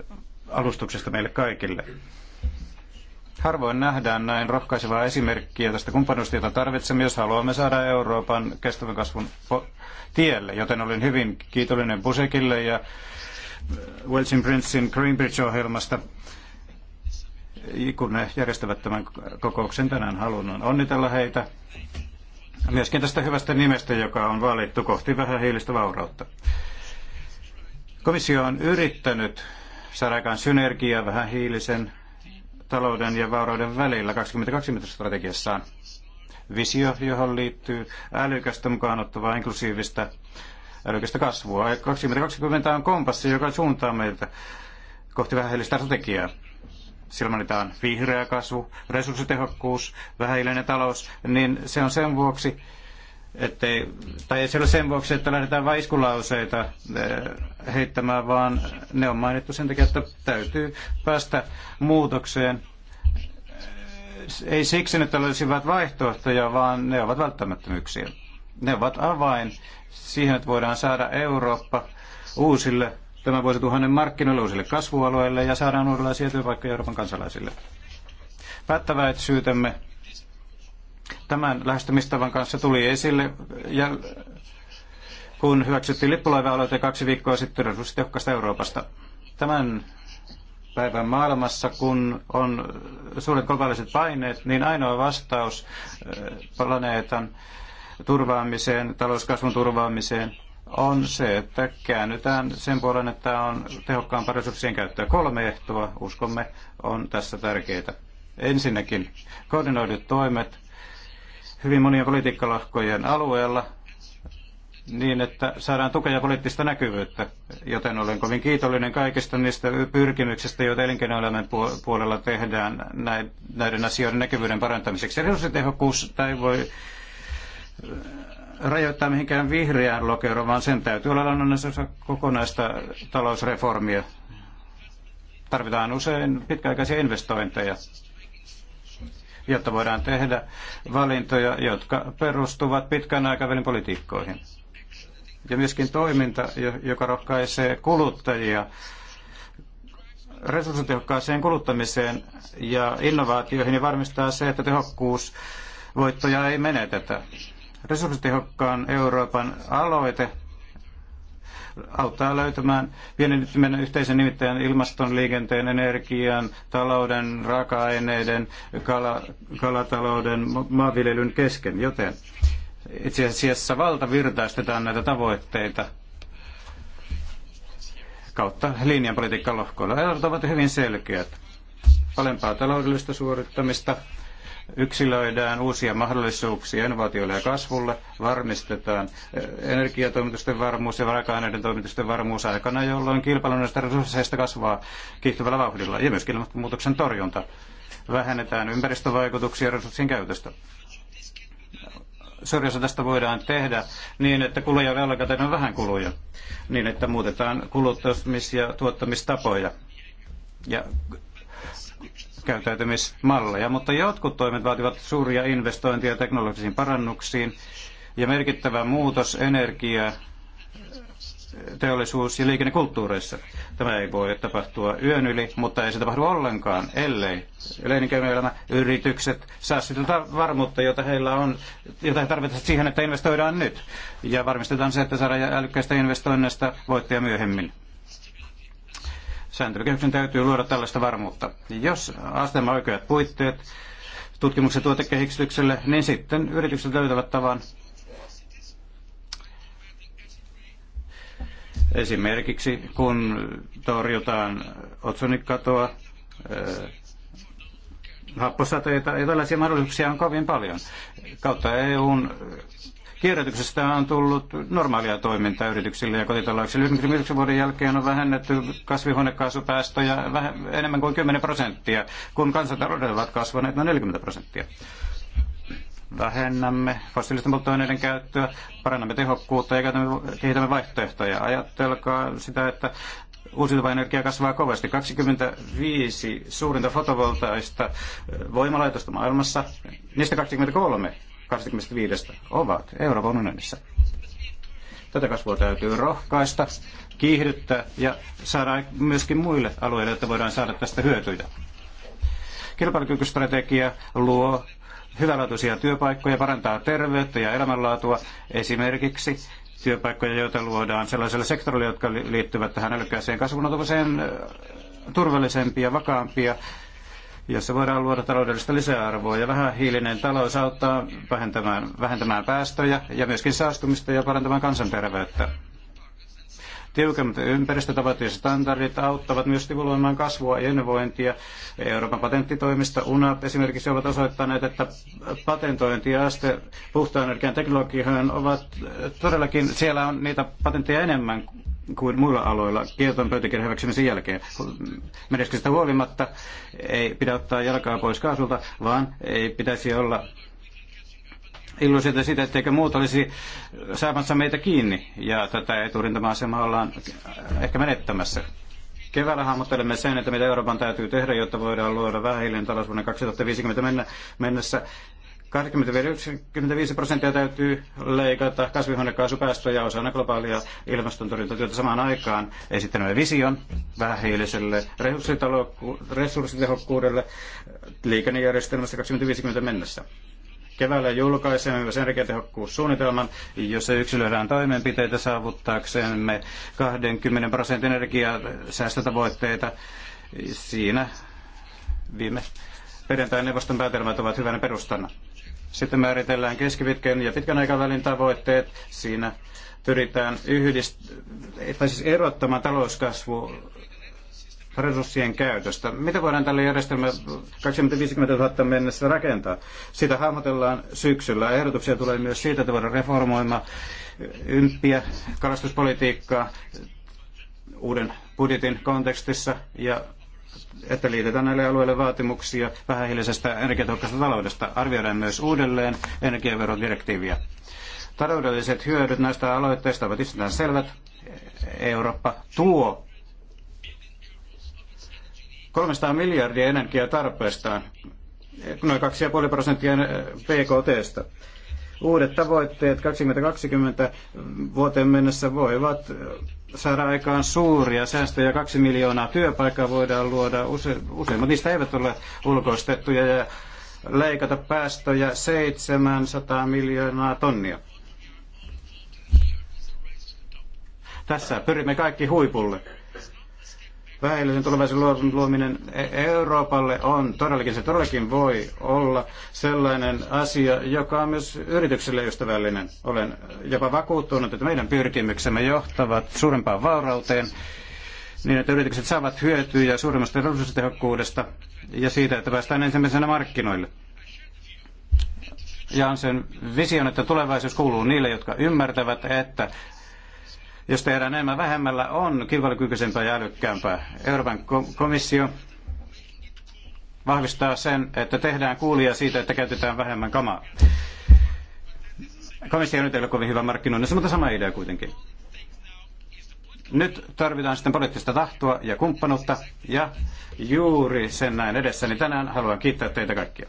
äh, alustuksesta meille kaikille. Harvoin nähdään näin rohkaisevaa esimerkkiä tästä kumppanuudesta, jota tarvitsemme, jos haluamme saada Euroopan kestävän kasvun tielle. Joten olin hyvin kiitollinen Busekille ja äh, Welshin Princein Greenbridge-ohjelmasta kun ne järjestävät tämän kokouksen tänään. Haluan onnitella heitä myöskin tästä hyvästä nimestä, joka on valittu kohti vähän hiilistä vaurautta. Komissio on yrittänyt saada aikaan synergiaa vähän hiilisen talouden ja vaurauden välillä 2020-strategiassaan. Visio, johon liittyy älykästä mukaan ottavaa inklusiivista älykästä kasvua. 2020 on kompassi, joka suuntaa meiltä kohti vähähiilistä strategiaa siellä mainitaan vihreä kasvu, resurssitehokkuus, vähäileinen talous, niin se on sen vuoksi, ettei, tai ei se ole sen vuoksi, että lähdetään vain iskulauseita eh, heittämään, vaan ne on mainittu sen takia, että täytyy päästä muutokseen. Ei siksi, että olisivat vaihtoehtoja, vaan ne ovat välttämättömyyksiä. Ne ovat avain siihen, että voidaan saada Eurooppa uusille Tämä voisi tuhannen markkinoille uusille kasvualueille ja saadaan uudenlaisia työpaikkoja Euroopan kansalaisille. Päättäväisyytemme tämän lähestymistavan kanssa tuli esille ja kun hyväksyttiin lippulaiva-aloite kaksi viikkoa sitten resurssitehokkaasta Euroopasta. Tämän päivän maailmassa, kun on suuret globaaliset paineet, niin ainoa vastaus äh, planeetan turvaamiseen, talouskasvun turvaamiseen on se, että käännytään sen puolen, että on tehokkaampaa resurssien käyttöä. Kolme ehtoa, uskomme, on tässä tärkeitä. Ensinnäkin koordinoidut toimet hyvin monien politiikkalahkojen alueella niin, että saadaan tukea poliittista näkyvyyttä, joten olen kovin kiitollinen kaikista niistä pyrkimyksistä, joita elinkeinoelämän puolella tehdään näiden asioiden näkyvyyden parantamiseksi. Resurssitehokkuus tai voi rajoittaa mihinkään vihreään lokeroon, vaan sen täytyy olla osa kokonaista talousreformia. Tarvitaan usein pitkäaikaisia investointeja, jotta voidaan tehdä valintoja, jotka perustuvat pitkän aikavälin politiikkoihin. Ja myöskin toiminta, joka rohkaisee kuluttajia resurssitehokkaaseen kuluttamiseen ja innovaatioihin ja varmistaa se, että tehokkuus voittoja ei menetetä resurssitehokkaan Euroopan aloite auttaa löytämään pienen yhteisen nimittäjän ilmaston, liikenteen, energian, talouden, raaka-aineiden, kala, kalatalouden, maanviljelyn kesken, joten itse asiassa valtavirtaistetaan näitä tavoitteita kautta linjan politiikkalohkoilla. Ehdot ovat hyvin selkeät. Alempaa taloudellista suorittamista, yksilöidään uusia mahdollisuuksia innovaatioille ja kasvulle, varmistetaan eh, energiatoimitusten varmuus ja raaka-aineiden toimitusten varmuus aikana, jolloin kilpailu näistä resursseista kasvaa kiihtyvällä vauhdilla ja myös ilmastonmuutoksen torjunta. Vähennetään ympäristövaikutuksia resurssien käytöstä. Syrjässä tästä voidaan tehdä niin, että kuluja ei ollenkaan on vähän kuluja, niin että muutetaan kuluttamis- ja tuottamistapoja ja käyttäytymismalleja, mutta jotkut toimet vaativat suuria investointeja teknologisiin parannuksiin ja merkittävä muutos energia, teollisuus- ja liikennekulttuureissa. Tämä ei voi tapahtua yön yli, mutta ei se tapahdu ollenkaan, ellei elinkeinoelämä, yritykset saa sitä varmuutta, jota heillä on, jota he tarvitsevat siihen, että investoidaan nyt. Ja varmistetaan se, että saadaan älykkäistä investoinneista voittoja myöhemmin sääntelykehyksen täytyy luoda tällaista varmuutta. Jos asema oikeat puitteet tutkimuksen tuotekehitykselle, niin sitten yritykset löytävät tavan Esimerkiksi kun torjutaan otsonikatoa, eh, happosateita ja tällaisia mahdollisuuksia on kovin paljon. Kautta EUn Kierrätyksestä on tullut normaalia toimintaa yrityksille ja kotitalouksille. Yhdeksän vuoden jälkeen on vähennetty kasvihuonekaasupäästöjä vähän enemmän kuin 10 prosenttia, kun kansantaloudet ovat kasvaneet noin 40 prosenttia vähennämme fossiilisten polttoaineiden käyttöä, parannamme tehokkuutta ja kehitämme vaihtoehtoja. Ajattelkaa sitä, että uusiutuva energia kasvaa kovasti. 25 suurinta fotovoltaista voimalaitosta maailmassa, niistä 23 25 ovat Euroopan unionissa. Tätä kasvua täytyy rohkaista, kiihdyttää ja saada myöskin muille alueille, että voidaan saada tästä hyötyjä. Kilpailukykystrategia luo hyvänlaatuisia työpaikkoja, parantaa terveyttä ja elämänlaatua esimerkiksi työpaikkoja, joita luodaan sellaiselle sektorille, jotka liittyvät tähän älykkääseen kasvun turvallisempia, vakaampia jossa voidaan luoda taloudellista lisäarvoa. Ja vähän hiilinen talous auttaa vähentämään, vähentämään päästöjä ja myöskin saastumista ja parantamaan kansanterveyttä. Tiukemmat ympäristötavat ja standardit auttavat myös stimuloimaan kasvua ja innovointia. Euroopan patenttitoimista UNAP esimerkiksi ovat osoittaneet, että patentointi ja aste puhtaan energian teknologioihin ovat todellakin, siellä on niitä patentteja enemmän kuin muilla aloilla Kioton pöytäkirjan hyväksymisen jälkeen. Menestyksestä huolimatta ei pidä ottaa jalkaa pois kaasulta, vaan ei pitäisi olla illuusioita siitä, etteikö muut olisi saamassa meitä kiinni ja tätä eturintama-asemaa ollaan ehkä menettämässä. Keväällä hahmottelemme sen, että mitä Euroopan täytyy tehdä, jotta voidaan luoda vähähiilinen talous vuonna 2050 mennessä 25 prosenttia täytyy leikata kasvihuonekaasupäästöjä osana globaalia ilmastontorjuntatyötä samaan aikaan. Esittämämme vision vähähiiliselle resurssitehokkuudelle liikennejärjestelmästä 2050 mennessä. Keväällä julkaisemme myös energiatehokkuussuunnitelman, jossa yksilöidään toimenpiteitä saavuttaaksemme 20 prosentin energiasäästötavoitteita. Siinä viime perjantain neuvoston päätelmät ovat hyvänä perustana. Sitten määritellään keskipitkän ja pitkän aikavälin tavoitteet. Siinä pyritään yhdist- tai siis erottamaan talouskasvu resurssien käytöstä. Mitä voidaan tälle järjestelmälle 250 000 mennessä rakentaa? Sitä hahmotellaan syksyllä. Ehdotuksia tulee myös siitä, että voidaan reformoima ympiä kalastuspolitiikkaa uuden budjetin kontekstissa ja että liitetään näille alueille vaatimuksia vähähiilisestä energiatehokkaasta taloudesta. Arvioidaan myös uudelleen energiaverodirektiiviä. Taloudelliset hyödyt näistä aloitteista ovat itsestään selvät. Eurooppa tuo 300 miljardia energiaa tarpeestaan, noin 2,5 prosenttia PKTstä. Uudet tavoitteet 2020 vuoteen mennessä voivat saada aikaan suuria säästöjä. Kaksi miljoonaa työpaikkaa voidaan luoda. Use, useimmat niistä eivät ole ulkoistettuja ja leikata päästöjä 700 miljoonaa tonnia. Tässä pyrimme kaikki huipulle vähäillisen tulevaisuuden luominen e- Euroopalle on todellakin, se todellakin voi olla sellainen asia, joka on myös yrityksille ystävällinen. Olen jopa vakuuttunut, että meidän pyrkimyksemme johtavat suurempaan vaurauteen, niin että yritykset saavat hyötyjä suuremmasta resurssitehokkuudesta ja siitä, että päästään ensimmäisenä markkinoille. Jaan sen vision, että tulevaisuus kuuluu niille, jotka ymmärtävät, että jos tehdään enemmän vähemmällä, on kilpailukykyisempää ja älykkäämpää. Euroopan komissio vahvistaa sen, että tehdään kuulia siitä, että käytetään vähemmän kamaa. Komissio nyt ei ole kovin hyvä markkinoinnissa, mutta sama idea kuitenkin. Nyt tarvitaan sitten poliittista tahtoa ja kumppanuutta, ja juuri sen näin edessäni niin tänään haluan kiittää teitä kaikkia.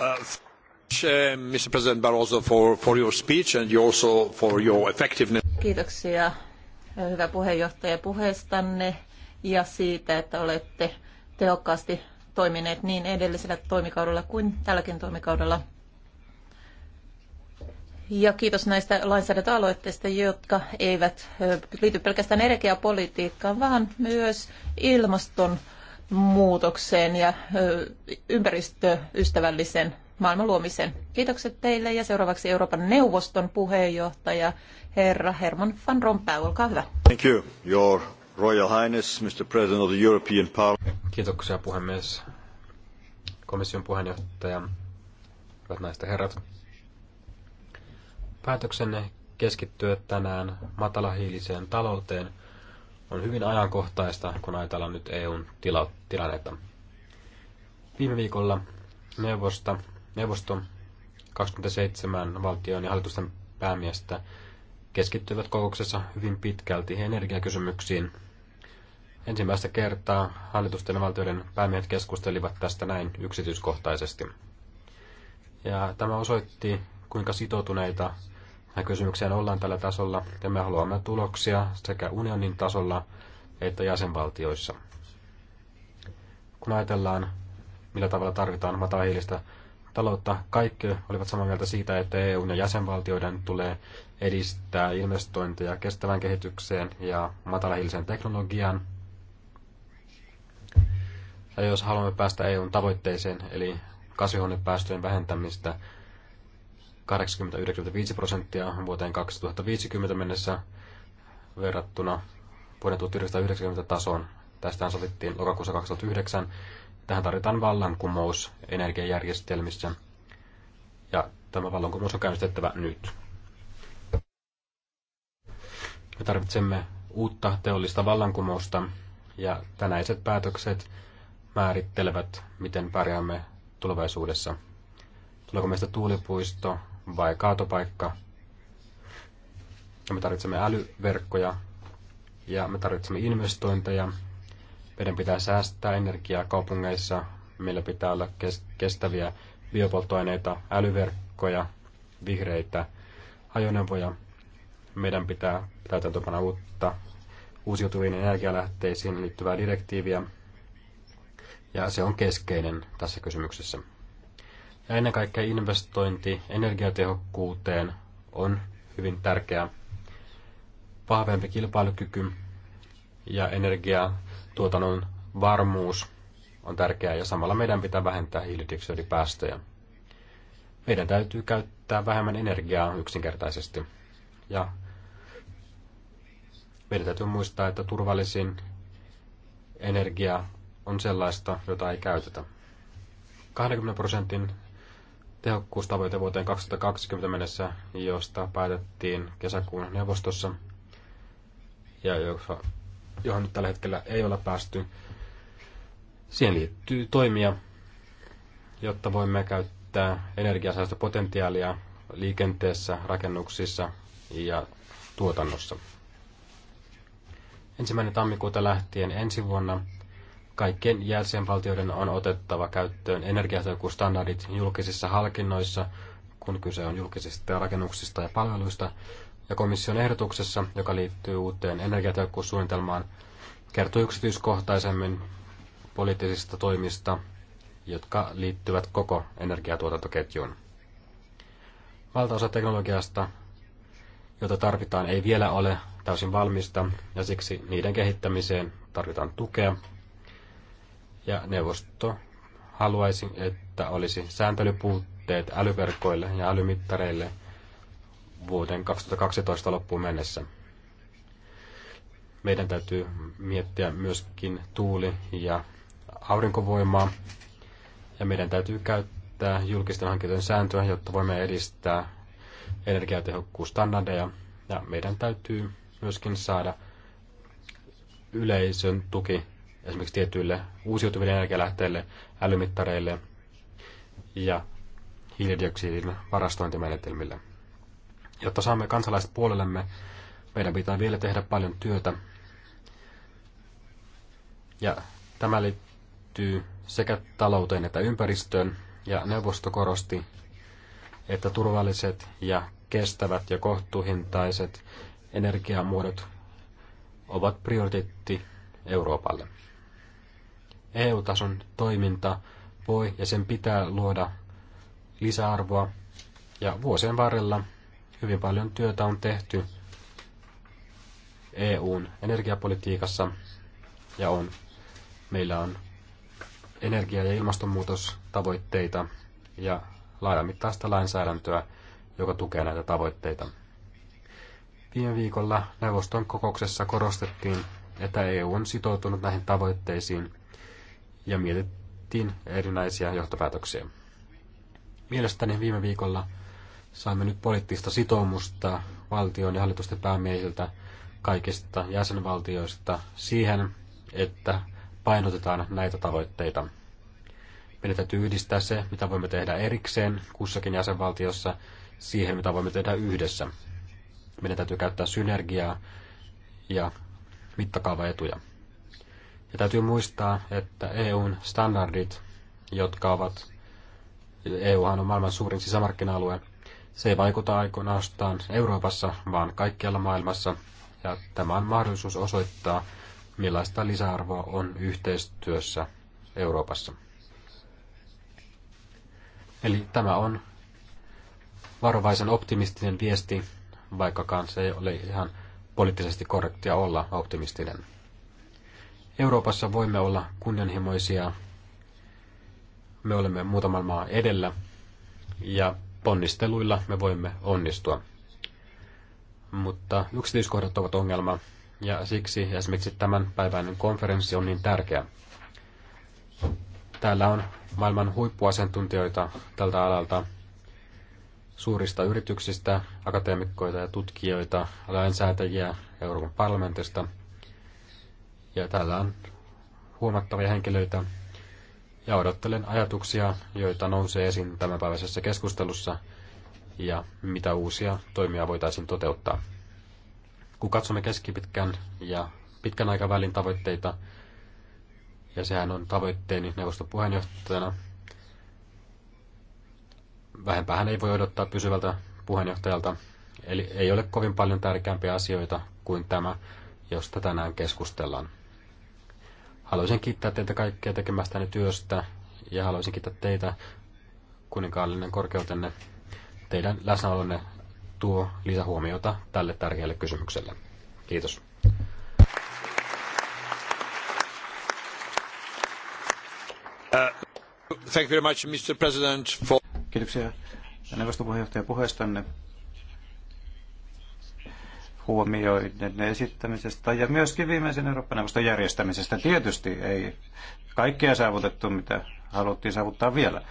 Uh, uh Mr. President Barroso, for, for your speech and also for your effectiveness. Kiitoksia, uh, hyvä puheenjohtaja, puheestanne ja siitä, että olette tehokkaasti toimineet niin edellisellä toimikaudella kuin tälläkin toimikaudella. Ja kiitos näistä lainsäädäntöaloitteista, jotka eivät uh, liity pelkästään energiapolitiikkaan, vaan myös ilmaston muutokseen ja ympäristöystävällisen maailman luomisen. Kiitokset teille ja seuraavaksi Euroopan neuvoston puheenjohtaja herra Herman van Rompuy, olkaa hyvä. Thank you, your royal highness, Mr. President of the European Parliament. Kiitoksia puhemies, komission puheenjohtaja, hyvät naiset ja herrat. Päätöksenne keskittyä tänään matalahiiliseen talouteen – on hyvin ajankohtaista, kun ajatellaan nyt EUn tila- tilannetta. Viime viikolla neuvosta, neuvosto 27 valtion ja hallitusten päämiestä keskittyivät kokouksessa hyvin pitkälti energiakysymyksiin. Ensimmäistä kertaa hallitusten ja valtioiden päämiehet keskustelivat tästä näin yksityiskohtaisesti. Ja tämä osoitti, kuinka sitoutuneita Nämä kysymykseen ollaan tällä tasolla ja me haluamme tuloksia sekä unionin tasolla että jäsenvaltioissa. Kun ajatellaan, millä tavalla tarvitaan matahiilistä taloutta, kaikki olivat samaa mieltä siitä, että EU ja jäsenvaltioiden tulee edistää investointeja kestävään kehitykseen ja matalahiiliseen teknologiaan. Ja jos haluamme päästä EUn tavoitteeseen, eli kasvihuonepäästöjen vähentämistä 80-95 prosenttia vuoteen 2050 mennessä verrattuna vuoden 1990 tasoon. Tästähän sovittiin lokakuussa 2009. Tähän tarvitaan vallankumous energiajärjestelmissä. Ja tämä vallankumous on käynnistettävä nyt. Me tarvitsemme uutta teollista vallankumousta ja tänäiset päätökset määrittelevät, miten pärjäämme tulevaisuudessa. Tuleeko meistä tuulipuisto vai kaatopaikka. Me tarvitsemme älyverkkoja ja me tarvitsemme investointeja. Meidän pitää säästää energiaa kaupungeissa. Meillä pitää olla kestäviä biopolttoaineita, älyverkkoja, vihreitä ajoneuvoja. Meidän pitää täytäntöpana uutta uusiutuviin energialähteisiin liittyvää direktiiviä, ja se on keskeinen tässä kysymyksessä. Ja ennen kaikkea investointi energiatehokkuuteen on hyvin tärkeää. Vahvempi kilpailukyky ja energiatuotannon varmuus on tärkeää ja samalla meidän pitää vähentää hiilidioksidipäästöjä. Meidän täytyy käyttää vähemmän energiaa yksinkertaisesti. Ja meidän täytyy muistaa, että turvallisin energia on sellaista, jota ei käytetä. 20 prosentin tehokkuustavoite vuoteen 2020 mennessä, josta päätettiin kesäkuun neuvostossa ja johon nyt tällä hetkellä ei ole päästy. Siihen liittyy toimia, jotta voimme käyttää energiasäästöpotentiaalia liikenteessä, rakennuksissa ja tuotannossa. Ensimmäinen tammikuuta lähtien ensi vuonna kaikkien jäsenvaltioiden on otettava käyttöön energiatehokkuusstandardit julkisissa halkinnoissa, kun kyse on julkisista rakennuksista ja palveluista, ja komission ehdotuksessa, joka liittyy uuteen energiatehokkuussuunnitelmaan, kertoo yksityiskohtaisemmin poliittisista toimista, jotka liittyvät koko energiatuotantoketjuun. Valtaosa teknologiasta, jota tarvitaan, ei vielä ole täysin valmista, ja siksi niiden kehittämiseen tarvitaan tukea ja neuvosto haluaisi, että olisi sääntelypuutteet älyverkoille ja älymittareille vuoden 2012 loppuun mennessä. Meidän täytyy miettiä myöskin tuuli- ja aurinkovoimaa, ja meidän täytyy käyttää julkisten hankintojen sääntöä, jotta voimme edistää energiatehokkuustandardeja, ja meidän täytyy myöskin saada yleisön tuki esimerkiksi tietyille uusiutuville energialähteille, älymittareille ja hiilidioksidin varastointimenetelmille. Jotta saamme kansalaiset puolellemme, meidän pitää vielä tehdä paljon työtä. Ja tämä liittyy sekä talouteen että ympäristöön, ja neuvosto korosti, että turvalliset ja kestävät ja kohtuuhintaiset energiamuodot ovat prioriteetti Euroopalle. EU-tason toiminta voi ja sen pitää luoda lisäarvoa. Ja vuosien varrella hyvin paljon työtä on tehty EUn energiapolitiikassa ja on, meillä on energia- ja ilmastonmuutostavoitteita ja laajamittaista lainsäädäntöä, joka tukee näitä tavoitteita. Viime viikolla neuvoston kokouksessa korostettiin, että EU on sitoutunut näihin tavoitteisiin ja mietittiin erinäisiä johtopäätöksiä. Mielestäni viime viikolla saimme nyt poliittista sitoumusta valtion ja hallitusten päämiehiltä kaikista jäsenvaltioista siihen, että painotetaan näitä tavoitteita. Meidän täytyy yhdistää se, mitä voimme tehdä erikseen kussakin jäsenvaltiossa, siihen, mitä voimme tehdä yhdessä. Meidän täytyy käyttää synergiaa ja mittakaavaetuja. Ja täytyy muistaa, että EUn standardit, jotka ovat, EUhan on maailman suurin sisämarkkina-alue, se ei vaikuta aikoinaan Euroopassa, vaan kaikkialla maailmassa. Ja tämä on mahdollisuus osoittaa, millaista lisäarvoa on yhteistyössä Euroopassa. Eli tämä on varovaisen optimistinen viesti, vaikkakaan se ei ole ihan poliittisesti korrektia olla optimistinen. Euroopassa voimme olla kunnianhimoisia. Me olemme muutaman maa edellä ja ponnisteluilla me voimme onnistua. Mutta yksityiskohdat ovat ongelma ja siksi esimerkiksi tämän päiväinen konferenssi on niin tärkeä. Täällä on maailman huippuasiantuntijoita tältä alalta suurista yrityksistä, akateemikkoita ja tutkijoita, lainsäätäjiä Euroopan parlamentista – ja täällä on huomattavia henkilöitä. Ja odottelen ajatuksia, joita nousee esiin tämänpäiväisessä keskustelussa ja mitä uusia toimia voitaisiin toteuttaa. Kun katsomme keskipitkän ja pitkän aikavälin tavoitteita, ja sehän on tavoitteeni neuvoston puheenjohtajana, vähempähän ei voi odottaa pysyvältä puheenjohtajalta, eli ei ole kovin paljon tärkeämpiä asioita kuin tämä, josta tänään keskustellaan. Haluaisin kiittää teitä kaikkia tekemästäni työstä ja haluaisin kiittää teitä kuninkaallinen korkeutenne. Teidän läsnäolonne tuo lisähuomiota tälle tärkeälle kysymykselle. Kiitos. Uh, thank you very much, Mr. President, for... Kiitoksia neuvostopuheenjohtaja puheestanne huomioiden esittämisestä ja myöskin viimeisen Eurooppa-neuvoston järjestämisestä. Tietysti ei kaikkea saavutettu, mitä haluttiin saavuttaa vielä,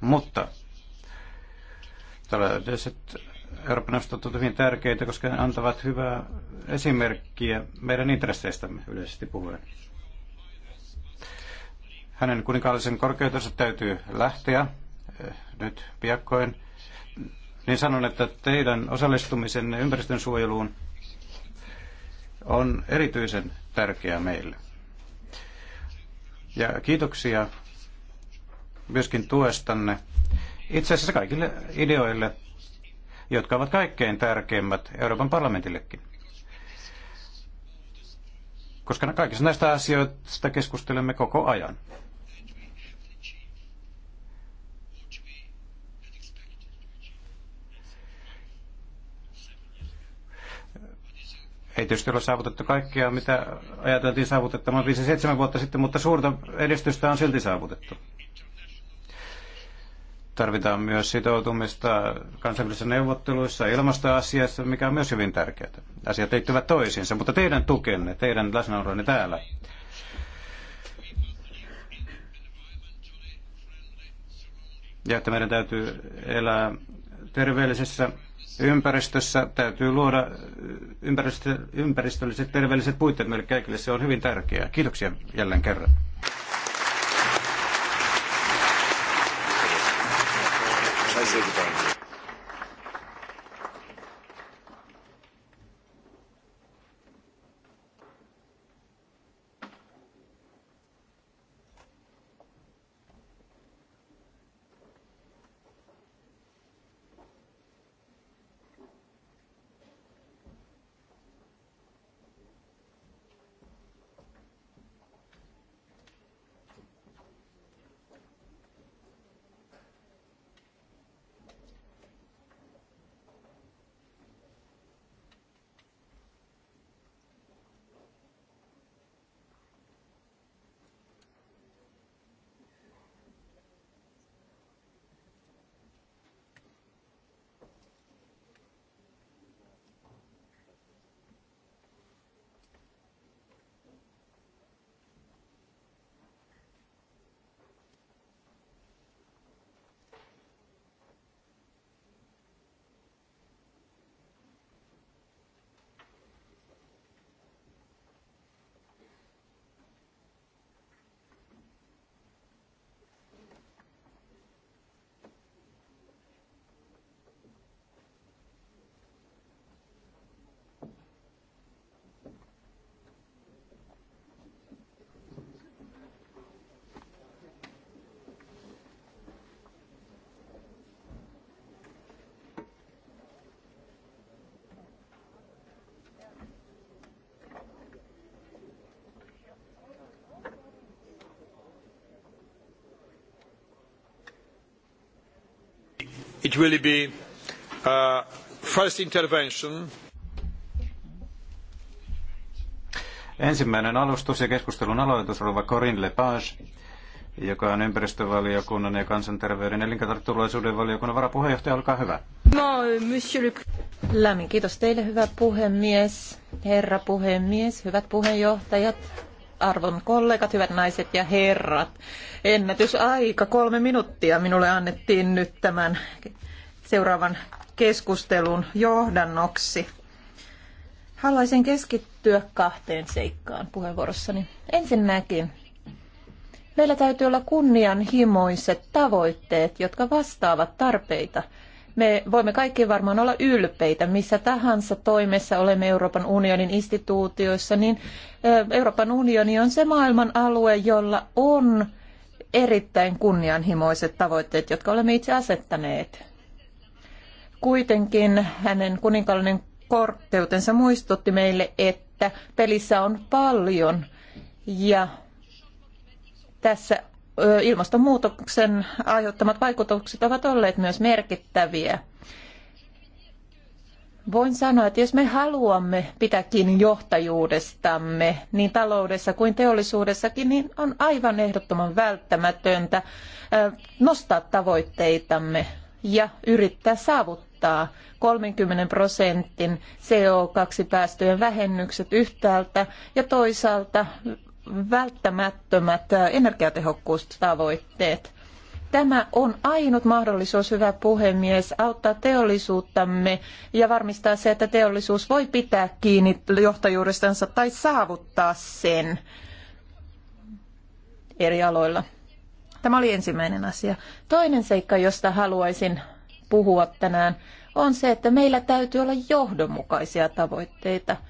mutta tällaiset Euroopan neuvostot ovat hyvin tärkeitä, koska ne antavat hyvää esimerkkiä meidän intresseistämme yleisesti puhuen. Hänen kuninkaallisen korkeutensa täytyy lähteä eh, nyt piakkoin. Niin sanon, että teidän osallistumisenne suojeluun on erityisen tärkeä meille. Ja kiitoksia myöskin tuestanne itse asiassa kaikille ideoille, jotka ovat kaikkein tärkeimmät Euroopan parlamentillekin. Koska kaikista näistä asioista keskustelemme koko ajan. Ei tietysti ole saavutettu kaikkea, mitä ajateltiin saavutettamaan 5-7 vuotta sitten, mutta suurta edistystä on silti saavutettu. Tarvitaan myös sitoutumista kansainvälisissä neuvotteluissa, ilmastoasiassa, mikä on myös hyvin tärkeää. Asiat liittyvät toisiinsa, mutta teidän tukenne, teidän läsnäolonne täällä ja että meidän täytyy elää terveellisessä ympäristössä täytyy luoda äh, ympäristö, ympäristölliset terveelliset puitteet meille kaikille. Se on hyvin tärkeää. Kiitoksia jälleen kerran. Thank you. It will be a uh, first intervention. Ensimmäinen alustus ja keskustelun aloitus on Corinne Lepage, joka on ympäristövaliokunnan ja kansanterveyden elintarvitulaisuuden valiokunnan varapuheenjohtaja. Olkaa hyvä. No, monsieur Lämmin kiitos teille, hyvä puhemies, herra puhemies, hyvät puheenjohtajat, arvon kollegat, hyvät naiset ja herrat. Ennätysaika, kolme minuuttia minulle annettiin nyt tämän seuraavan keskustelun johdannoksi. Haluaisin keskittyä kahteen seikkaan puheenvuorossani. Ensinnäkin, meillä täytyy olla kunnianhimoiset tavoitteet, jotka vastaavat tarpeita – me voimme kaikki varmaan olla ylpeitä, missä tahansa toimessa olemme Euroopan unionin instituutioissa, niin Euroopan unioni on se maailman alue, jolla on erittäin kunnianhimoiset tavoitteet, jotka olemme itse asettaneet. Kuitenkin hänen kuninkaallinen korkeutensa muistutti meille, että pelissä on paljon ja tässä ilmastonmuutoksen aiheuttamat vaikutukset ovat olleet myös merkittäviä. Voin sanoa, että jos me haluamme pitää kiinni johtajuudestamme niin taloudessa kuin teollisuudessakin, niin on aivan ehdottoman välttämätöntä nostaa tavoitteitamme ja yrittää saavuttaa 30 prosentin CO2-päästöjen vähennykset yhtäältä ja toisaalta välttämättömät äh, energiatehokkuustavoitteet. Tämä on ainut mahdollisuus, hyvä puhemies, auttaa teollisuuttamme ja varmistaa se, että teollisuus voi pitää kiinni johtajuudestansa tai saavuttaa sen eri aloilla. Tämä oli ensimmäinen asia. Toinen seikka, josta haluaisin puhua tänään, on se, että meillä täytyy olla johdonmukaisia tavoitteita –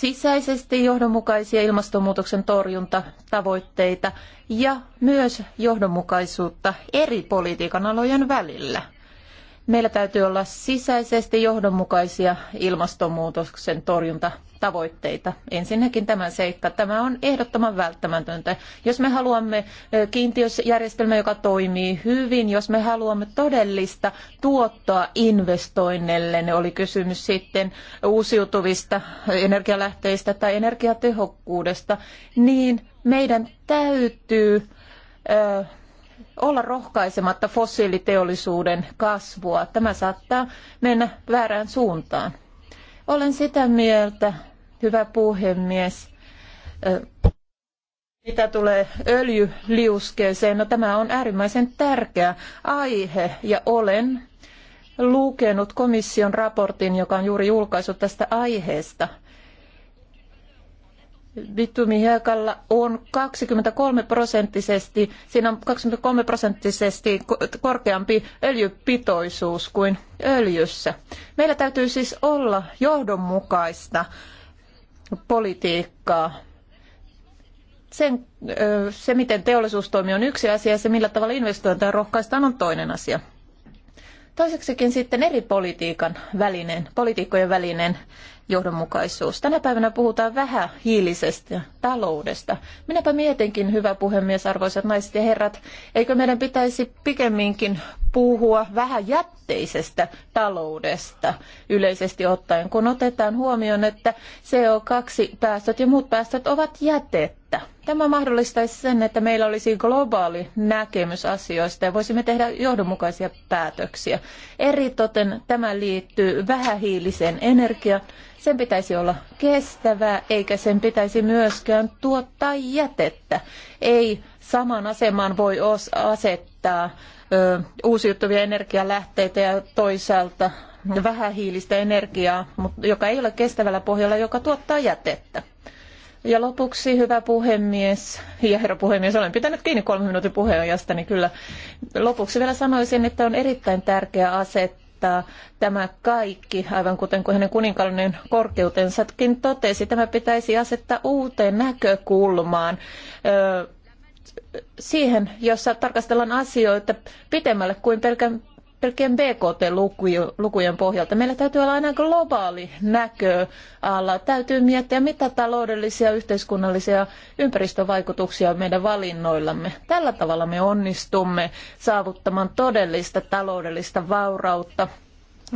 sisäisesti johdonmukaisia ilmastonmuutoksen torjuntatavoitteita ja myös johdonmukaisuutta eri politiikan alojen välillä. Meillä täytyy olla sisäisesti johdonmukaisia ilmastonmuutoksen torjunta tavoitteita. Ensinnäkin tämän seikka. Tämä on ehdottoman välttämätöntä. Jos me haluamme kiintiöjärjestelmä, joka toimii hyvin, jos me haluamme todellista tuottoa investoinneille, ne oli kysymys sitten uusiutuvista energialähteistä tai energiatehokkuudesta, niin meidän täytyy olla rohkaisematta fossiiliteollisuuden kasvua. Tämä saattaa mennä väärään suuntaan. Olen sitä mieltä, hyvä puhemies, mitä tulee öljyliuskeeseen, no tämä on äärimmäisen tärkeä aihe ja olen lukenut komission raportin, joka on juuri julkaistu tästä aiheesta – bitumihekalla on 23 prosenttisesti, siinä on 23 prosenttisesti korkeampi öljypitoisuus kuin öljyssä. Meillä täytyy siis olla johdonmukaista politiikkaa. Sen, se, miten teollisuus toimii, on yksi asia ja se, millä tavalla investointeja rohkaistaan, on toinen asia. Toiseksikin sitten eri politiikan välinen, politiikkojen välinen johdonmukaisuus. Tänä päivänä puhutaan vähän hiilisestä taloudesta. Minäpä mietinkin, hyvä puhemies, arvoisat naiset ja herrat, eikö meidän pitäisi pikemminkin puhua vähän jätteisestä taloudesta yleisesti ottaen, kun otetaan huomioon, että CO2-päästöt ja muut päästöt ovat jätettä. Tämä mahdollistaisi sen, että meillä olisi globaali näkemys asioista ja voisimme tehdä johdonmukaisia päätöksiä. Eritoten tämä liittyy vähähiiliseen energiaan sen pitäisi olla kestävää, eikä sen pitäisi myöskään tuottaa jätettä. Ei saman asemaan voi asettaa ö, uusiutuvia energialähteitä ja toisaalta vähähiilistä energiaa, mutta joka ei ole kestävällä pohjalla, joka tuottaa jätettä. Ja lopuksi, hyvä puhemies, ja herra puhemies, olen pitänyt kiinni kolme minuutin puheenjohtajasta, niin kyllä lopuksi vielä sanoisin, että on erittäin tärkeää asettaa kattaa tämä kaikki, aivan kuten kuin hänen kuninkaallinen korkeutensakin totesi. Tämä pitäisi asettaa uuteen näkökulmaan siihen, jossa tarkastellaan asioita pitemmälle kuin pelkän pelkkien BKT-lukujen pohjalta. Meillä täytyy olla aina globaali näköala. Täytyy miettiä, mitä taloudellisia, yhteiskunnallisia ympäristövaikutuksia on meidän valinnoillamme. Tällä tavalla me onnistumme saavuttamaan todellista taloudellista vaurautta.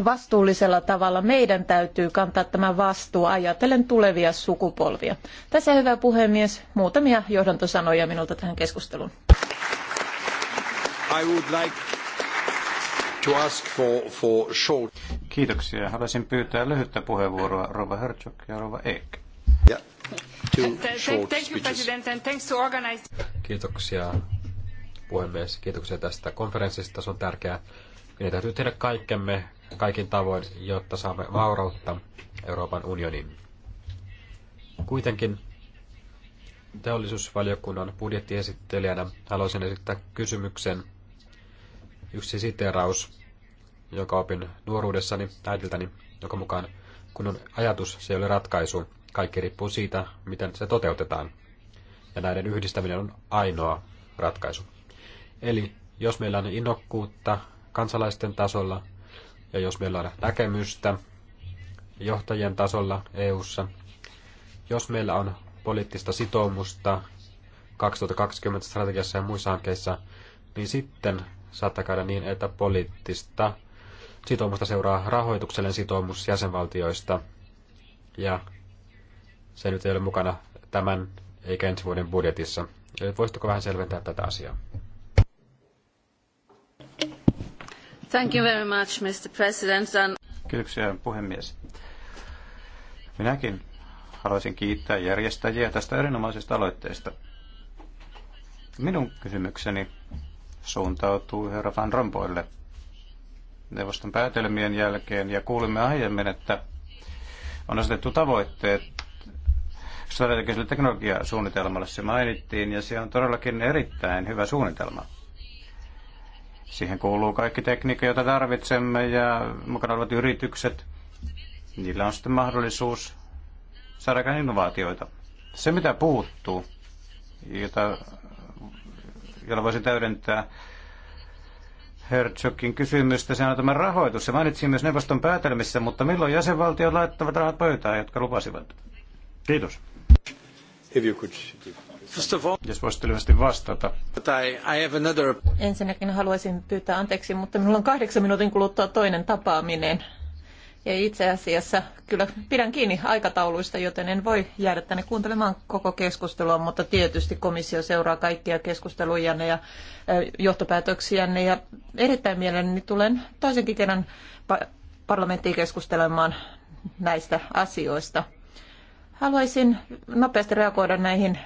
Vastuullisella tavalla meidän täytyy kantaa tämä vastuu ajatellen tulevia sukupolvia. Tässä hyvä puhemies, muutamia johdantosanoja minulta tähän keskusteluun. I would like to ask for, for short... Kiitoksia. Haluaisin pyytää lyhyttä puheenvuoroa Rova Herzog ja Rova Eek. Yeah. Uh, Kiitoksia puhemies. Kiitoksia tästä konferenssista. Se on tärkeää. Meidän täytyy tehdä kaikkemme kaikin tavoin, jotta saamme vaurautta Euroopan unioniin. Kuitenkin teollisuusvaliokunnan budjettiesittelijänä haluaisin esittää kysymyksen yksi siteeraus, joka opin nuoruudessani äidiltäni, joka mukaan kun on ajatus, se ei ole ratkaisu. Kaikki riippuu siitä, miten se toteutetaan. Ja näiden yhdistäminen on ainoa ratkaisu. Eli jos meillä on innokkuutta kansalaisten tasolla ja jos meillä on näkemystä johtajien tasolla EU:ssa, jos meillä on poliittista sitoumusta 2020 strategiassa ja muissa hankkeissa, niin sitten saattaa käydä niin, että poliittista sitoumusta seuraa rahoituksellinen sitoumus jäsenvaltioista, ja se nyt ei ole mukana tämän eikä ensi vuoden budjetissa. Eli voisitko vähän selventää tätä asiaa? Thank you very much, Mr. President. Kiitoksia, puhemies. Minäkin haluaisin kiittää järjestäjiä tästä erinomaisesta aloitteesta. Minun kysymykseni suuntautuu herra Van Rompoille. Neuvoston päätelmien jälkeen ja kuulimme aiemmin, että on asetettu tavoitteet strategiselle teknologiasuunnitelmalle se mainittiin, ja se on todellakin erittäin hyvä suunnitelma. Siihen kuuluu kaikki tekniikka, jota tarvitsemme, ja mukana olevat yritykset. Niillä on sitten mahdollisuus saada innovaatioita. Se, mitä puuttuu, jota jolla voisi täydentää Herzogin kysymystä. Se on tämä rahoitus. Se mainittiin myös neuvoston päätelmissä, mutta milloin jäsenvaltiot laittavat rahat pöytään, jotka lupasivat? Kiitos. If you could. First of all, jos voisit lyhyesti vastata. I, I have another... Ensinnäkin haluaisin pyytää anteeksi, mutta minulla on kahdeksan minuutin kuluttua toinen tapaaminen. Ja itse asiassa kyllä pidän kiinni aikatauluista, joten en voi jäädä tänne kuuntelemaan koko keskustelua, mutta tietysti komissio seuraa kaikkia keskustelujanne ja johtopäätöksiänne. Ja erittäin mielelläni tulen toisenkin kerran parlamenttiin keskustelemaan näistä asioista. Haluaisin nopeasti reagoida näihin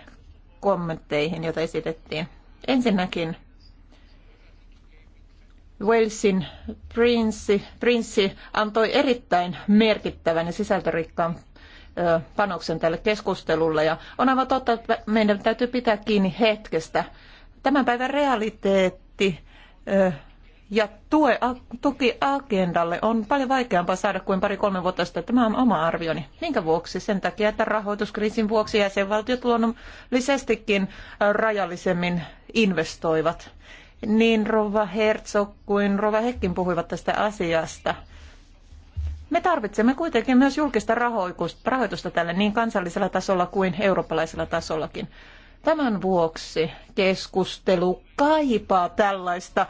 kommentteihin, joita esitettiin. Ensinnäkin Walesin prinssi, prinssi antoi erittäin merkittävän ja sisältörikkaan panoksen tälle keskustelulle. Ja on aivan totta, että meidän täytyy pitää kiinni hetkestä. Tämän päivän realiteetti ja tue, tuki agendalle on paljon vaikeampaa saada kuin pari-kolme vuotta sitten. Tämä on oma arvioni. Minkä vuoksi? Sen takia, että rahoituskriisin vuoksi jäsenvaltiot luonnollisestikin rajallisemmin investoivat niin Rova Herzog kuin Rova Hekkin puhuivat tästä asiasta. Me tarvitsemme kuitenkin myös julkista rahoitusta tälle niin kansallisella tasolla kuin eurooppalaisella tasollakin. Tämän vuoksi keskustelu kaipaa tällaista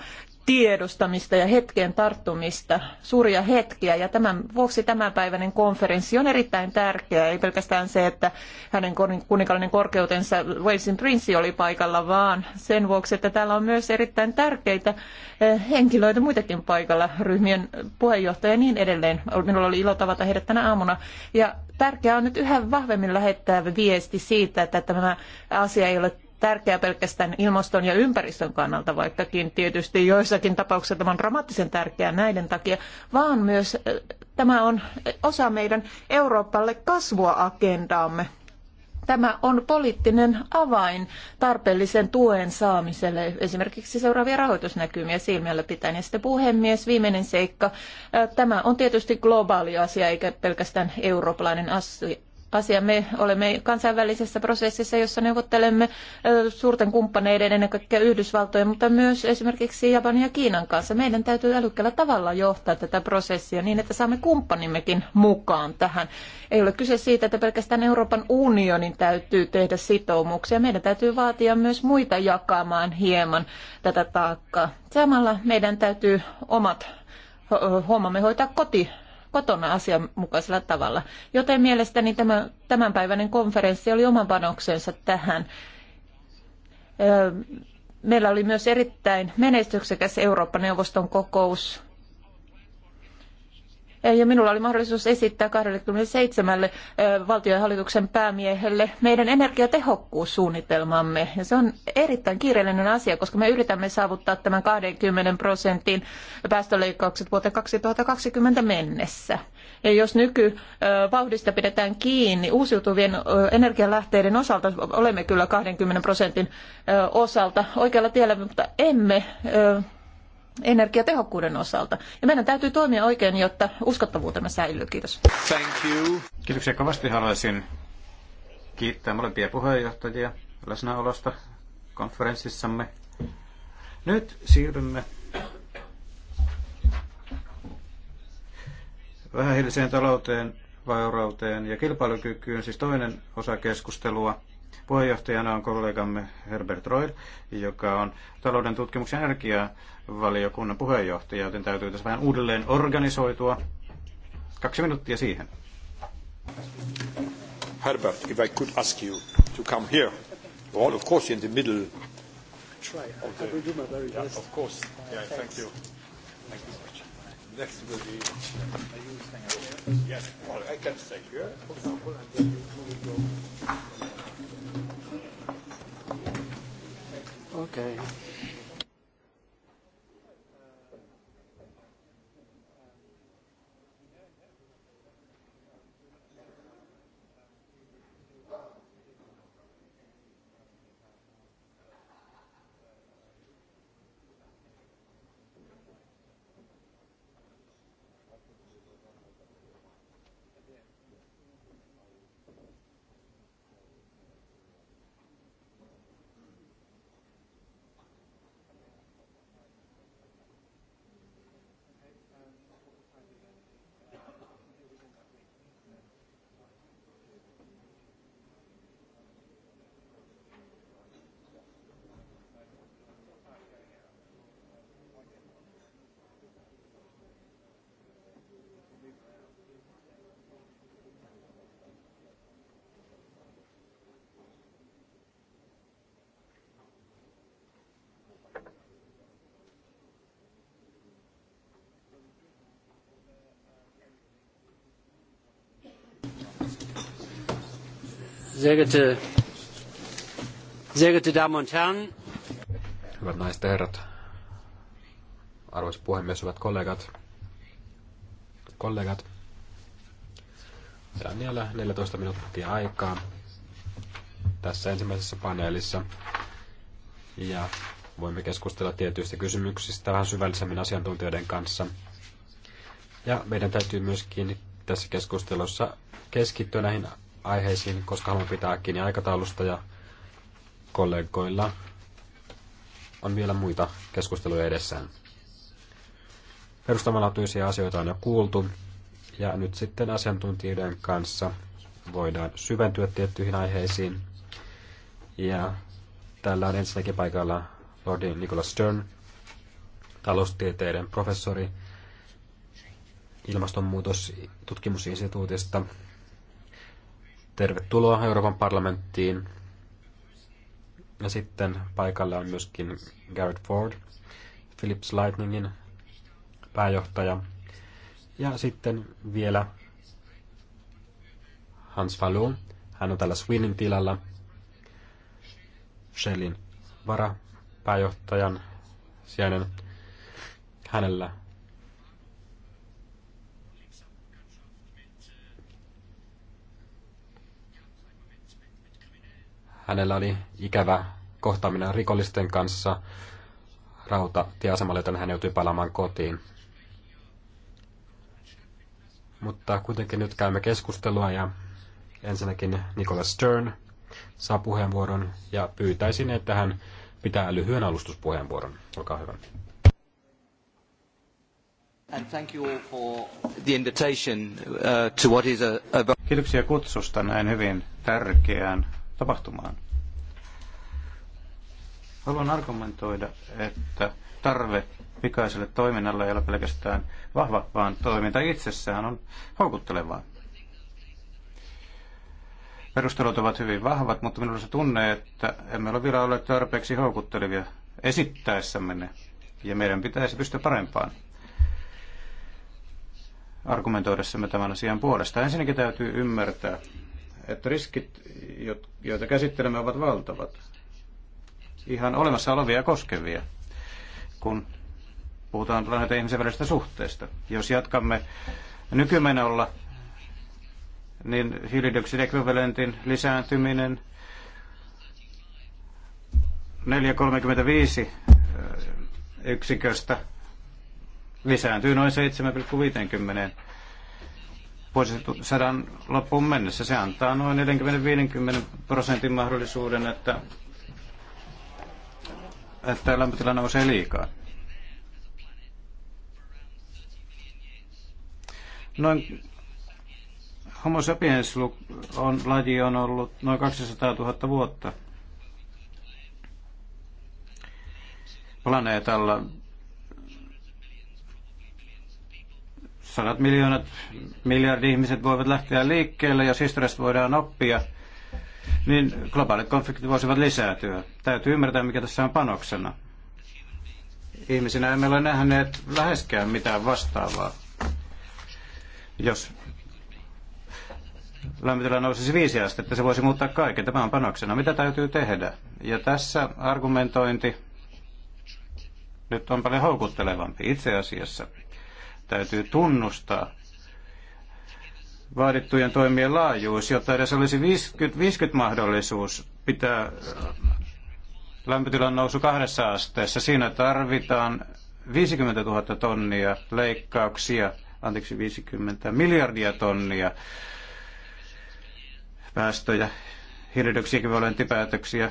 tiedostamista ja hetkeen tarttumista, suuria hetkiä. Ja tämän vuoksi tämänpäiväinen konferenssi on erittäin tärkeä. Ei pelkästään se, että hänen kuninkaallinen korkeutensa Walesin prinssi oli paikalla, vaan sen vuoksi, että täällä on myös erittäin tärkeitä eh, henkilöitä muitakin paikalla, ryhmien puheenjohtaja ja niin edelleen. Minulla oli ilo tavata heidät tänä aamuna. Ja tärkeää on nyt yhä vahvemmin lähettää viesti siitä, että tämä asia ei ole tärkeää pelkästään ilmaston ja ympäristön kannalta, vaikkakin tietysti joissakin tapauksissa tämä on dramaattisen tärkeää näiden takia, vaan myös tämä on osa meidän Euroopalle kasvua agendaamme. Tämä on poliittinen avain tarpeellisen tuen saamiselle, esimerkiksi seuraavia rahoitusnäkymiä silmällä pitäen. Ja sitten puhemies, viimeinen seikka. Tämä on tietysti globaali asia, eikä pelkästään eurooppalainen asia asia. Me olemme kansainvälisessä prosessissa, jossa neuvottelemme suurten kumppaneiden, ennen kaikkea Yhdysvaltojen, mutta myös esimerkiksi Japanin ja Kiinan kanssa. Meidän täytyy älykkällä tavalla johtaa tätä prosessia niin, että saamme kumppanimmekin mukaan tähän. Ei ole kyse siitä, että pelkästään Euroopan unionin täytyy tehdä sitoumuksia. Meidän täytyy vaatia myös muita jakamaan hieman tätä taakkaa. Samalla meidän täytyy omat hommamme hoitaa koti kotona asianmukaisella tavalla. Joten mielestäni tämä tämänpäiväinen konferenssi oli oman panoksensa tähän. Meillä oli myös erittäin menestyksekäs Eurooppa-neuvoston kokous Eh, ja minulla oli mahdollisuus esittää 27 eh, valtion ja hallituksen päämiehelle meidän energiatehokkuussuunnitelmamme. Ja se on erittäin kiireellinen asia, koska me yritämme saavuttaa tämän 20 prosentin päästöleikkaukset vuoteen 2020 mennessä. Ja jos nykyvauhdista eh, pidetään kiinni uusiutuvien energialähteiden osalta, olemme kyllä 20 prosentin osalta oikealla tiellä, mutta emme energiatehokkuuden osalta. Ja meidän täytyy toimia oikein, jotta uskottavuutemme säilyy. Kiitos. Thank you. Kiitoksia kovasti. Haluaisin kiittää molempia puheenjohtajia läsnäolosta konferenssissamme. Nyt siirrymme vähähiiliseen talouteen, vaurauteen ja kilpailukykyyn, siis toinen osa keskustelua. Puheenjohtajana on kollegamme Herbert Roer, joka on talouden tutkimuksen energiavaliokunnan puheenjohtaja, joten täytyy tässä vähän uudelleen organisoitua. Kaksi minuuttia siihen. Herbert, if I could ask you to come here. Well, of course, in the middle. Try. I will do my very best. Yeah, of course. Yeah, thank you. Thank you much. Next will be. Are you staying here? Yes. Well, I can stay here, for example, and then you will go. Okay. Sehr geehrte, sehr geehrte Damen und Herren. Hyvät naiset ja herrat, arvoisa puhemies, hyvät kollegat, kollegat. Meillä on vielä 14 minuuttia aikaa tässä ensimmäisessä paneelissa. Ja voimme keskustella tietyistä kysymyksistä vähän syvällisemmin asiantuntijoiden kanssa. Ja meidän täytyy myöskin tässä keskustelussa keskittyä näihin aiheisiin, koska haluan pitää kiinni aikataulusta ja kollegoilla on vielä muita keskusteluja edessään. Perustavanlaatuisia asioita on jo kuultu ja nyt sitten asiantuntijoiden kanssa voidaan syventyä tiettyihin aiheisiin. Ja täällä on ensinnäkin paikalla Lordi Nicholas Stern, taloustieteiden professori ilmastonmuutostutkimusinstituutista Tervetuloa Euroopan parlamenttiin. Ja sitten paikalla on myöskin Garrett Ford, Philips Lightningin pääjohtaja. Ja sitten vielä Hans Falun. Hän on täällä Swinin tilalla. Shellin varapääjohtajan sijainen. Hänellä Hänellä oli ikävä kohtaaminen rikollisten kanssa rautatieasemalla, joten hän joutui palaamaan kotiin. Mutta kuitenkin nyt käymme keskustelua ja ensinnäkin Nicholas Stern saa puheenvuoron ja pyytäisin, että hän pitää lyhyen alustuspuheenvuoron. Olkaa hyvä. Kiitoksia kutsusta näin hyvin tärkeään tapahtumaan. Haluan argumentoida, että tarve pikaiselle toiminnalle ei ole pelkästään vahva, vaan toiminta itsessään on houkuttelevaa. Perustelut ovat hyvin vahvat, mutta minulla se tunne, että emme ole vielä olleet tarpeeksi houkuttelevia esittäessämme ne, ja meidän pitäisi pystyä parempaan argumentoidessamme tämän asian puolesta. Ensinnäkin täytyy ymmärtää, että riskit, joita käsittelemme, ovat valtavat. Ihan olemassa olevia koskevia, kun puhutaan planeetan ihmisen välisestä suhteesta. Jos jatkamme nykymenolla, niin hiilidioksidekvivalentin lisääntyminen 4,35 yksiköstä lisääntyy noin 7,50 vuosisadan loppuun mennessä. Se antaa noin 40-50 prosentin mahdollisuuden, että, että lämpötila nousee liikaa. Noin Homo sapiens on, laji on ollut noin 200 000 vuotta planeetalla sadat miljoonat, miljardi ihmiset voivat lähteä liikkeelle, jos siis historiasta voidaan oppia, niin globaalit konfliktit voisivat lisääntyä. Täytyy ymmärtää, mikä tässä on panoksena. Ihmisinä emme ole nähneet läheskään mitään vastaavaa. Jos lämpötila nousisi viisi astetta, se voisi muuttaa kaiken. Tämä on panoksena. Mitä täytyy tehdä? Ja tässä argumentointi nyt on paljon houkuttelevampi itse asiassa täytyy tunnustaa vaadittujen toimien laajuus, jotta edes olisi 50, 50 mahdollisuus pitää lämpötilan nousu kahdessa asteessa. Siinä tarvitaan 50 000 tonnia leikkauksia, anteeksi 50 miljardia tonnia päästöjä, hiilidioksiekvivalenttipäätöksiä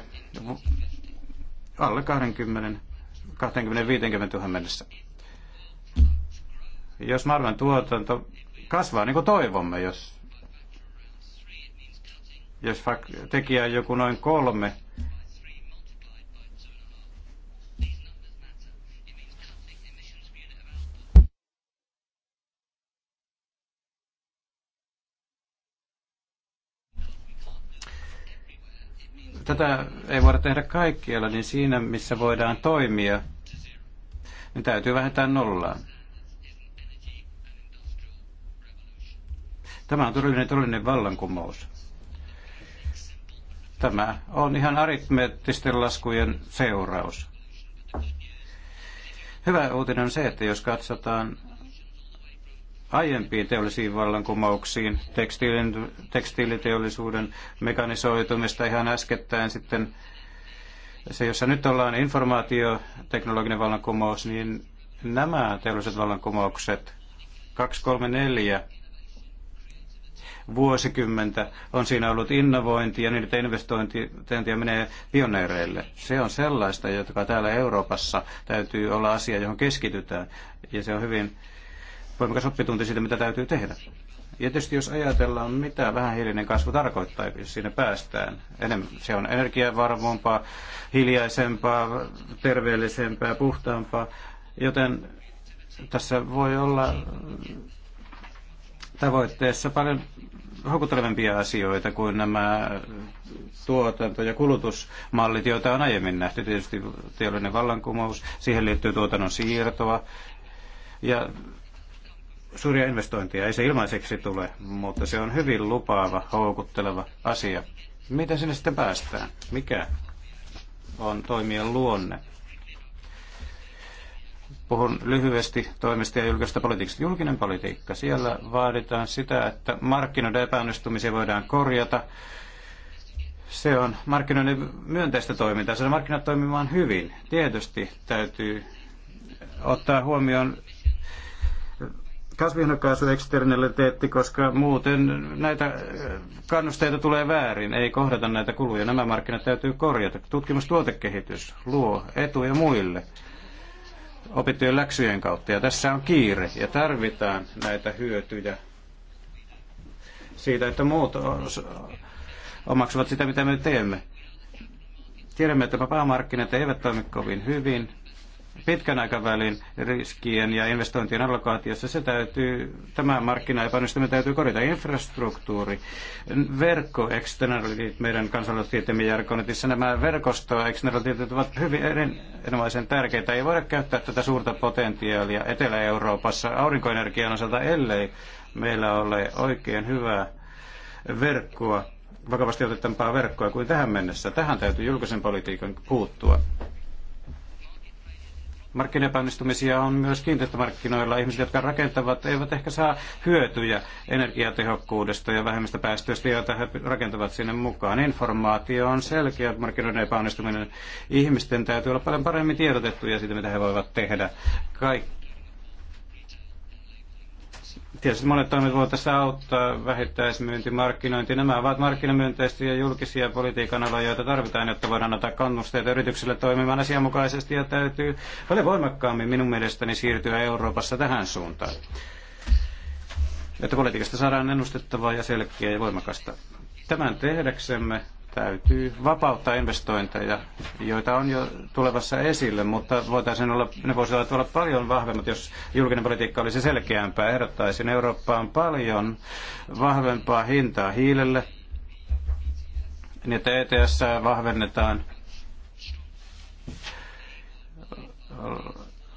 alle 20 20-50 000 mennessä. Jos maailman tuotanto kasvaa niin kuin toivomme, jos, jos tekijä on joku noin kolme, tätä ei voida tehdä kaikkialla, niin siinä missä voidaan toimia, niin täytyy vähentää nollaan. Tämä on todellinen, todellinen vallankumous. Tämä on ihan aritmeettisten laskujen seuraus. Hyvä uutinen on se, että jos katsotaan aiempiin teollisiin vallankumouksiin, tekstiilin, tekstiiliteollisuuden mekanisoitumista ihan äskettäin sitten se, jossa nyt ollaan informaatioteknologinen vallankumous, niin nämä teolliset vallankumoukset 2, 3, 4 vuosikymmentä on siinä ollut innovointi ja niin, että menee pioneereille. Se on sellaista, joka täällä Euroopassa täytyy olla asia, johon keskitytään. Ja se on hyvin voimakas oppitunti siitä, mitä täytyy tehdä. Ja tietysti jos ajatellaan, mitä vähähiilinen kasvu tarkoittaa, jos siinä päästään. Enemmän, se on energiavarmuumpaa, hiljaisempaa, terveellisempää, puhtaampaa. Joten tässä voi olla tavoitteessa paljon houkuttelevampia asioita kuin nämä tuotanto- ja kulutusmallit, joita on aiemmin nähty. Tietysti teollinen vallankumous, siihen liittyy tuotannon siirtoa ja suuria investointeja. Ei se ilmaiseksi tule, mutta se on hyvin lupaava, houkutteleva asia. Mitä sinne sitten päästään? Mikä on toimien luonne? Puhun lyhyesti toimesta ja julkisesta politiikasta. Julkinen politiikka. Siellä vaaditaan sitä, että markkinoiden epäonnistumisia voidaan korjata. Se on markkinoiden myönteistä toimintaa. Se on markkinat toimimaan hyvin. Tietysti täytyy ottaa huomioon kasvihuonekaasueksternaliteetti, koska muuten näitä kannusteita tulee väärin, ei kohdata näitä kuluja. Nämä markkinat täytyy korjata. Tutkimus tuotekehitys luo etuja muille opittujen läksyjen kautta. Ja tässä on kiire ja tarvitaan näitä hyötyjä siitä, että muut omaksuvat sitä, mitä me teemme. Tiedämme, että päämarkkinat eivät toimi kovin hyvin pitkän aikavälin riskien ja investointien allokaatiossa, se täytyy, tämä markkinaepäonnistuminen täytyy korjata. Infrastruktuuri, verkko, externalit, meidän kansallistieteemme jargonetissa nämä verkosto-externalitit ovat hyvin erinomaisen tärkeitä. Ei voida käyttää tätä suurta potentiaalia Etelä-Euroopassa aurinkoenergian osalta, ellei meillä ole oikein hyvää verkkoa vakavasti otettampaa verkkoa kuin tähän mennessä. Tähän täytyy julkisen politiikan puuttua markkinaepäonnistumisia on myös kiinteistömarkkinoilla. Ihmiset, jotka rakentavat, eivät ehkä saa hyötyjä energiatehokkuudesta ja vähemmistä päästöistä, joita he rakentavat sinne mukaan. Informaatio on selkeä markkinoiden epäonnistuminen. Ihmisten täytyy olla paljon paremmin tiedotettuja siitä, mitä he voivat tehdä. Kaikki Tietysti monet toimet voivat tässä auttaa, vähittäismyynti, markkinointi. Nämä ovat markkinamyönteisiä ja julkisia politiikan aloja, joita tarvitaan, jotta voidaan antaa kannusteita yrityksille toimimaan asianmukaisesti ja täytyy paljon voimakkaammin minun mielestäni siirtyä Euroopassa tähän suuntaan. Että politiikasta saadaan ennustettavaa ja selkeää ja voimakasta. Tämän tehdäksemme täytyy vapauttaa investointeja, joita on jo tulevassa esille, mutta voitaisiin olla, ne voisivat olla paljon vahvemmat, jos julkinen politiikka olisi selkeämpää. Ehdottaisin Eurooppaan paljon vahvempaa hintaa hiilelle, niin että ETS vahvennetaan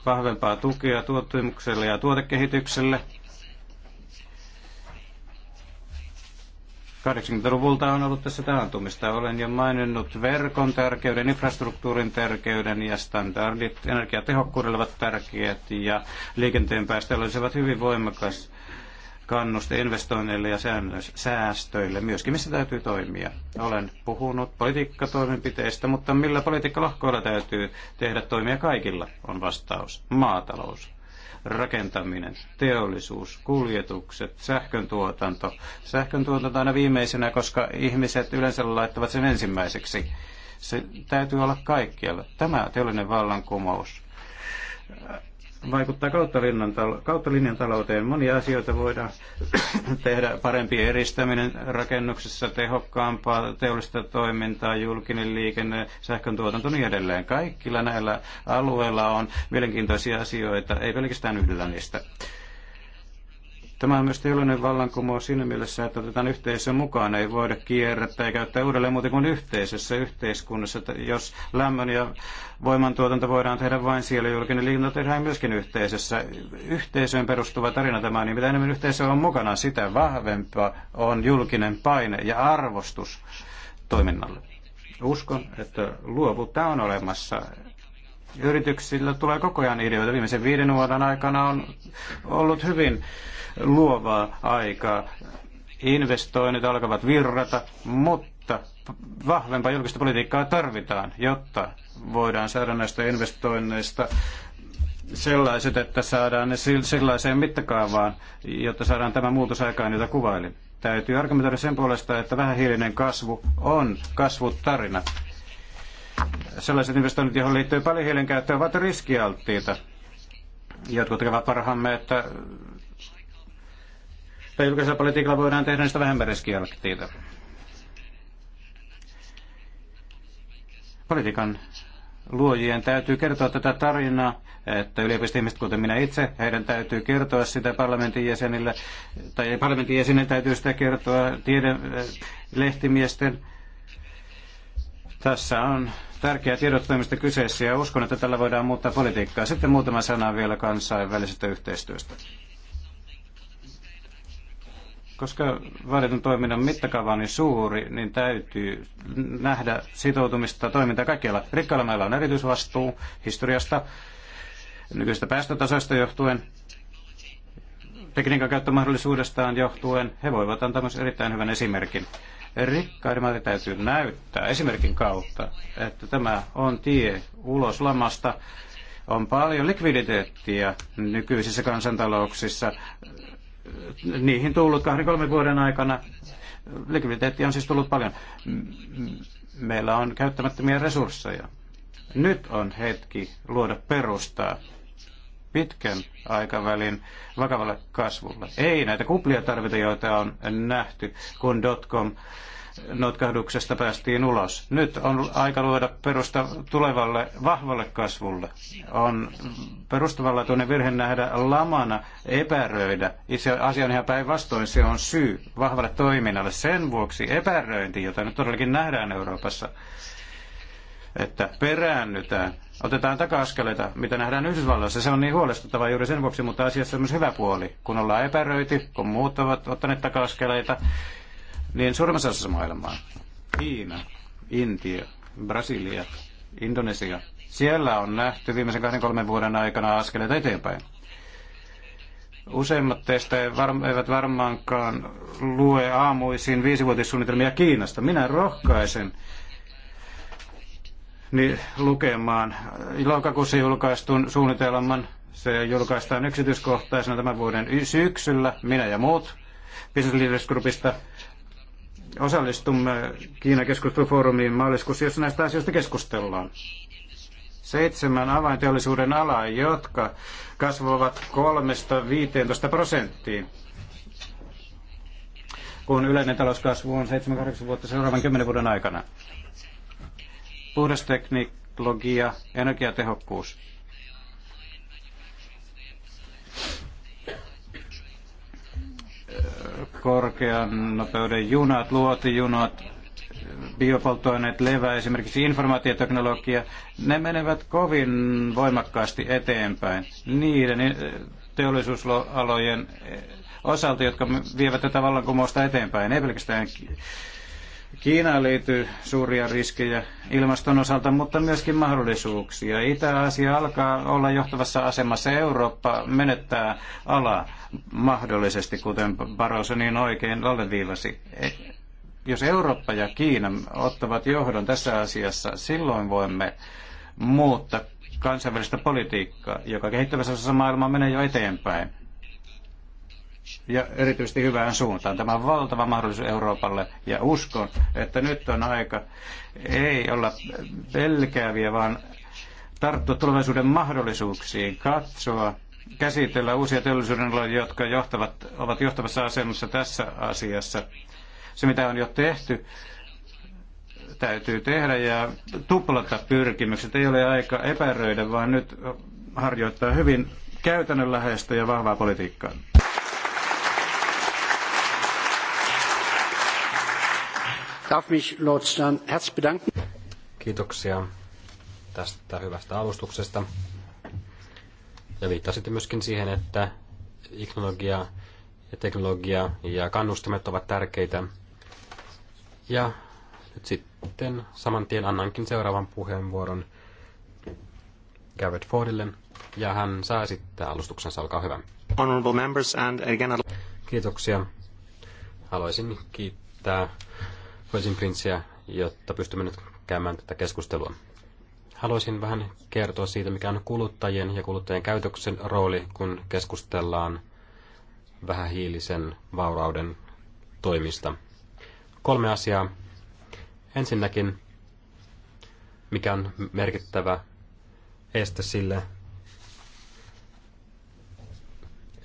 vahvempaa tukea tutkimukselle ja tuotekehitykselle – 80-luvulta on ollut tässä taantumista. Olen jo maininnut verkon tärkeyden, infrastruktuurin tärkeyden ja standardit energiatehokkuudelle ovat tärkeät ja liikenteen päästöillä olisivat hyvin voimakas kannuste investoinneille ja säästöille myöskin, missä täytyy toimia. Olen puhunut politiikkatoimenpiteistä, mutta millä politiikkalahkoilla täytyy tehdä toimia kaikilla on vastaus. Maatalous rakentaminen, teollisuus, kuljetukset, sähköntuotanto. Sähköntuotanto aina viimeisenä, koska ihmiset yleensä laittavat sen ensimmäiseksi. Se täytyy olla kaikkialla. Tämä teollinen vallankumous vaikuttaa kautta, linnan, kautta linjan talouteen. Monia asioita voidaan tehdä parempi eristäminen rakennuksessa, tehokkaampaa teollista toimintaa, julkinen liikenne, sähkön tuotanto niin edelleen. Kaikilla näillä alueilla on mielenkiintoisia asioita, ei pelkästään yhdellä niistä. Tämä on myös teollinen vallankumous siinä mielessä, että otetaan yhteisö mukaan. Ei voida kierrättää ja käyttää uudelleen muuten kuin yhteisössä yhteiskunnassa. Jos lämmön ja voimantuotanto voidaan tehdä vain siellä, julkinen liikunta tehdään myöskin yhteisössä. Yhteisöön perustuva tarina tämä, niin mitä enemmän yhteisö on mukana, sitä vahvempaa on julkinen paine ja arvostus toiminnalle uskon, että luovuutta on olemassa yrityksillä tulee koko ajan ideoita. Viimeisen viiden vuoden aikana on ollut hyvin luovaa aikaa. Investoinnit alkavat virrata, mutta vahvempaa julkista politiikkaa tarvitaan, jotta voidaan saada näistä investoinneista sellaiset, että saadaan ne sellaiseen mittakaavaan, jotta saadaan tämä muutos aikaan, jota kuvailin. Täytyy argumentoida sen puolesta, että vähähiilinen kasvu on kasvutarina sellaiset investoinnit, joihin liittyy paljon hiilen käyttöä, ovat riskialttiita. Jotkut tekevät parhaamme, että tai julkisella politiikalla voidaan tehdä niistä vähemmän riskialttiita. Politiikan luojien täytyy kertoa tätä tarinaa, että yliopistoihmiset, kuten minä itse, heidän täytyy kertoa sitä parlamentin jäsenille, tai parlamentin jäsenille täytyy sitä kertoa tiede, eh, lehtimiesten, tässä on tärkeä tiedottamista kyseessä ja uskon, että tällä voidaan muuttaa politiikkaa. Sitten muutama sana vielä kansainvälisestä yhteistyöstä. Koska vaaditun toiminnan mittakaava on niin suuri, niin täytyy nähdä sitoutumista toimintaa kaikkialla. Rikkailla meillä on erityisvastuu historiasta, nykyistä päästötasoista johtuen, tekniikan käyttömahdollisuudestaan johtuen. He voivat antaa myös erittäin hyvän esimerkin. Rikkaiden maiden täytyy näyttää esimerkin kautta, että tämä on tie ulos lamasta. On paljon likviditeettiä nykyisissä kansantalouksissa. Niihin tullut kahden kolmen vuoden aikana. Likviditeettiä on siis tullut paljon. Meillä on käyttämättömiä resursseja. Nyt on hetki luoda perustaa pitkän aikavälin vakavalle kasvulle. Ei näitä kuplia tarvita, joita on nähty, kun dotcom notkahduksesta päästiin ulos. Nyt on aika luoda perusta tulevalle vahvalle kasvulle. On tuonne virhe nähdä lamana, epäröidä. Itse asia on ihan päinvastoin, se on syy vahvalle toiminnalle. Sen vuoksi epäröinti, jota nyt todellakin nähdään Euroopassa, että peräännytään otetaan taka-askeleita, mitä nähdään Yhdysvalloissa. Se on niin huolestuttavaa juuri sen vuoksi, mutta asiassa on myös hyvä puoli. Kun ollaan epäröity, kun muut ovat ottaneet taka-askeleita, niin suurimmassa osassa maailmaa, Kiina, Intia, Brasilia, Indonesia, siellä on nähty viimeisen kahden kolmen vuoden aikana askeleita eteenpäin. Useimmat teistä eivät varmaankaan lue aamuisin viisivuotissuunnitelmia Kiinasta. Minä rohkaisen niin lukemaan lokakuussa julkaistun suunnitelman. Se julkaistaan yksityiskohtaisena tämän vuoden syksyllä. Minä ja muut Business Leaders Groupista osallistumme Kiinan keskustelufoorumiin maaliskuussa, jossa näistä asioista keskustellaan. Seitsemän avainteollisuuden alaa, jotka kasvavat 3-15 prosenttiin kun yleinen talouskasvu on 7-8 vuotta seuraavan 10 vuoden aikana puhdas teknologia, energiatehokkuus. Korkean nopeuden junat, luotijunat, biopolttoaineet, levä, esimerkiksi informaatioteknologia, ne menevät kovin voimakkaasti eteenpäin niiden eh, teollisuusalojen eh, osalta, jotka vievät tätä vallankumousta eteenpäin, ei pelkästään Kiinaan liittyy suuria riskejä ilmaston osalta, mutta myöskin mahdollisuuksia. itä aasia alkaa olla johtavassa asemassa. Eurooppa menettää ala mahdollisesti, kuten Barroso niin oikein alleviivasi. E, jos Eurooppa ja Kiina ottavat johdon tässä asiassa, silloin voimme muuttaa kansainvälistä politiikkaa, joka kehittävässä osassa maailmaa menee jo eteenpäin ja erityisesti hyvään suuntaan. Tämä on valtava mahdollisuus Euroopalle ja uskon, että nyt on aika ei olla pelkääviä, vaan tarttua tulevaisuuden mahdollisuuksiin, katsoa, käsitellä uusia teollisuuden aloja, jotka johtavat, ovat johtavassa asemassa tässä asiassa. Se, mitä on jo tehty, täytyy tehdä ja tuplata pyrkimykset. Ei ole aika epäröidä, vaan nyt harjoittaa hyvin käytännönläheistä ja vahvaa politiikkaa. darf mich Lord Stern herzlich bedanken. Kiitoksia tästä hyvästä alustuksesta. Ja viittasitte myöskin siihen, että teknologia ja teknologia ja kannustimet ovat tärkeitä. Ja nyt sitten saman tien annankin seuraavan puheenvuoron Garrett Fordille, ja hän saa sitten alustuksensa. Olkaa hyvä. Honorable members and again... Kiitoksia. Haluaisin kiittää Voisin Princeä, jotta pystymme nyt käymään tätä keskustelua. Haluaisin vähän kertoa siitä, mikä on kuluttajien ja kuluttajien käytöksen rooli, kun keskustellaan vähähiilisen vaurauden toimista. Kolme asiaa. Ensinnäkin, mikä on merkittävä este sille,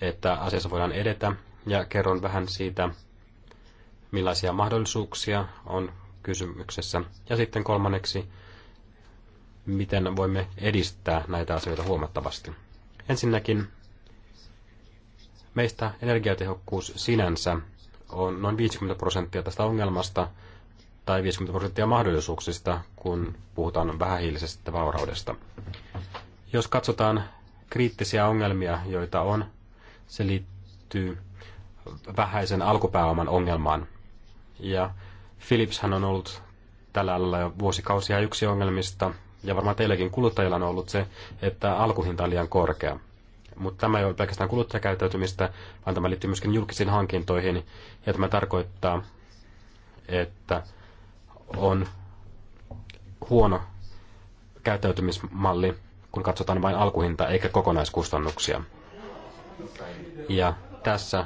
että asiassa voidaan edetä, ja kerron vähän siitä, millaisia mahdollisuuksia on kysymyksessä. Ja sitten kolmanneksi, miten voimme edistää näitä asioita huomattavasti. Ensinnäkin meistä energiatehokkuus sinänsä on noin 50 prosenttia tästä ongelmasta tai 50 prosenttia mahdollisuuksista, kun puhutaan vähähiilisestä vauraudesta. Jos katsotaan kriittisiä ongelmia, joita on, se liittyy vähäisen alkupääoman ongelmaan. Ja Philips on ollut tällä alalla jo vuosikausia yksi ongelmista, ja varmaan teilläkin kuluttajilla on ollut se, että alkuhinta on liian korkea. Mutta tämä ei ole pelkästään kuluttajakäyttäytymistä, vaan tämä liittyy myöskin julkisiin hankintoihin, ja tämä tarkoittaa, että on huono käyttäytymismalli, kun katsotaan vain alkuhinta eikä kokonaiskustannuksia. Ja tässä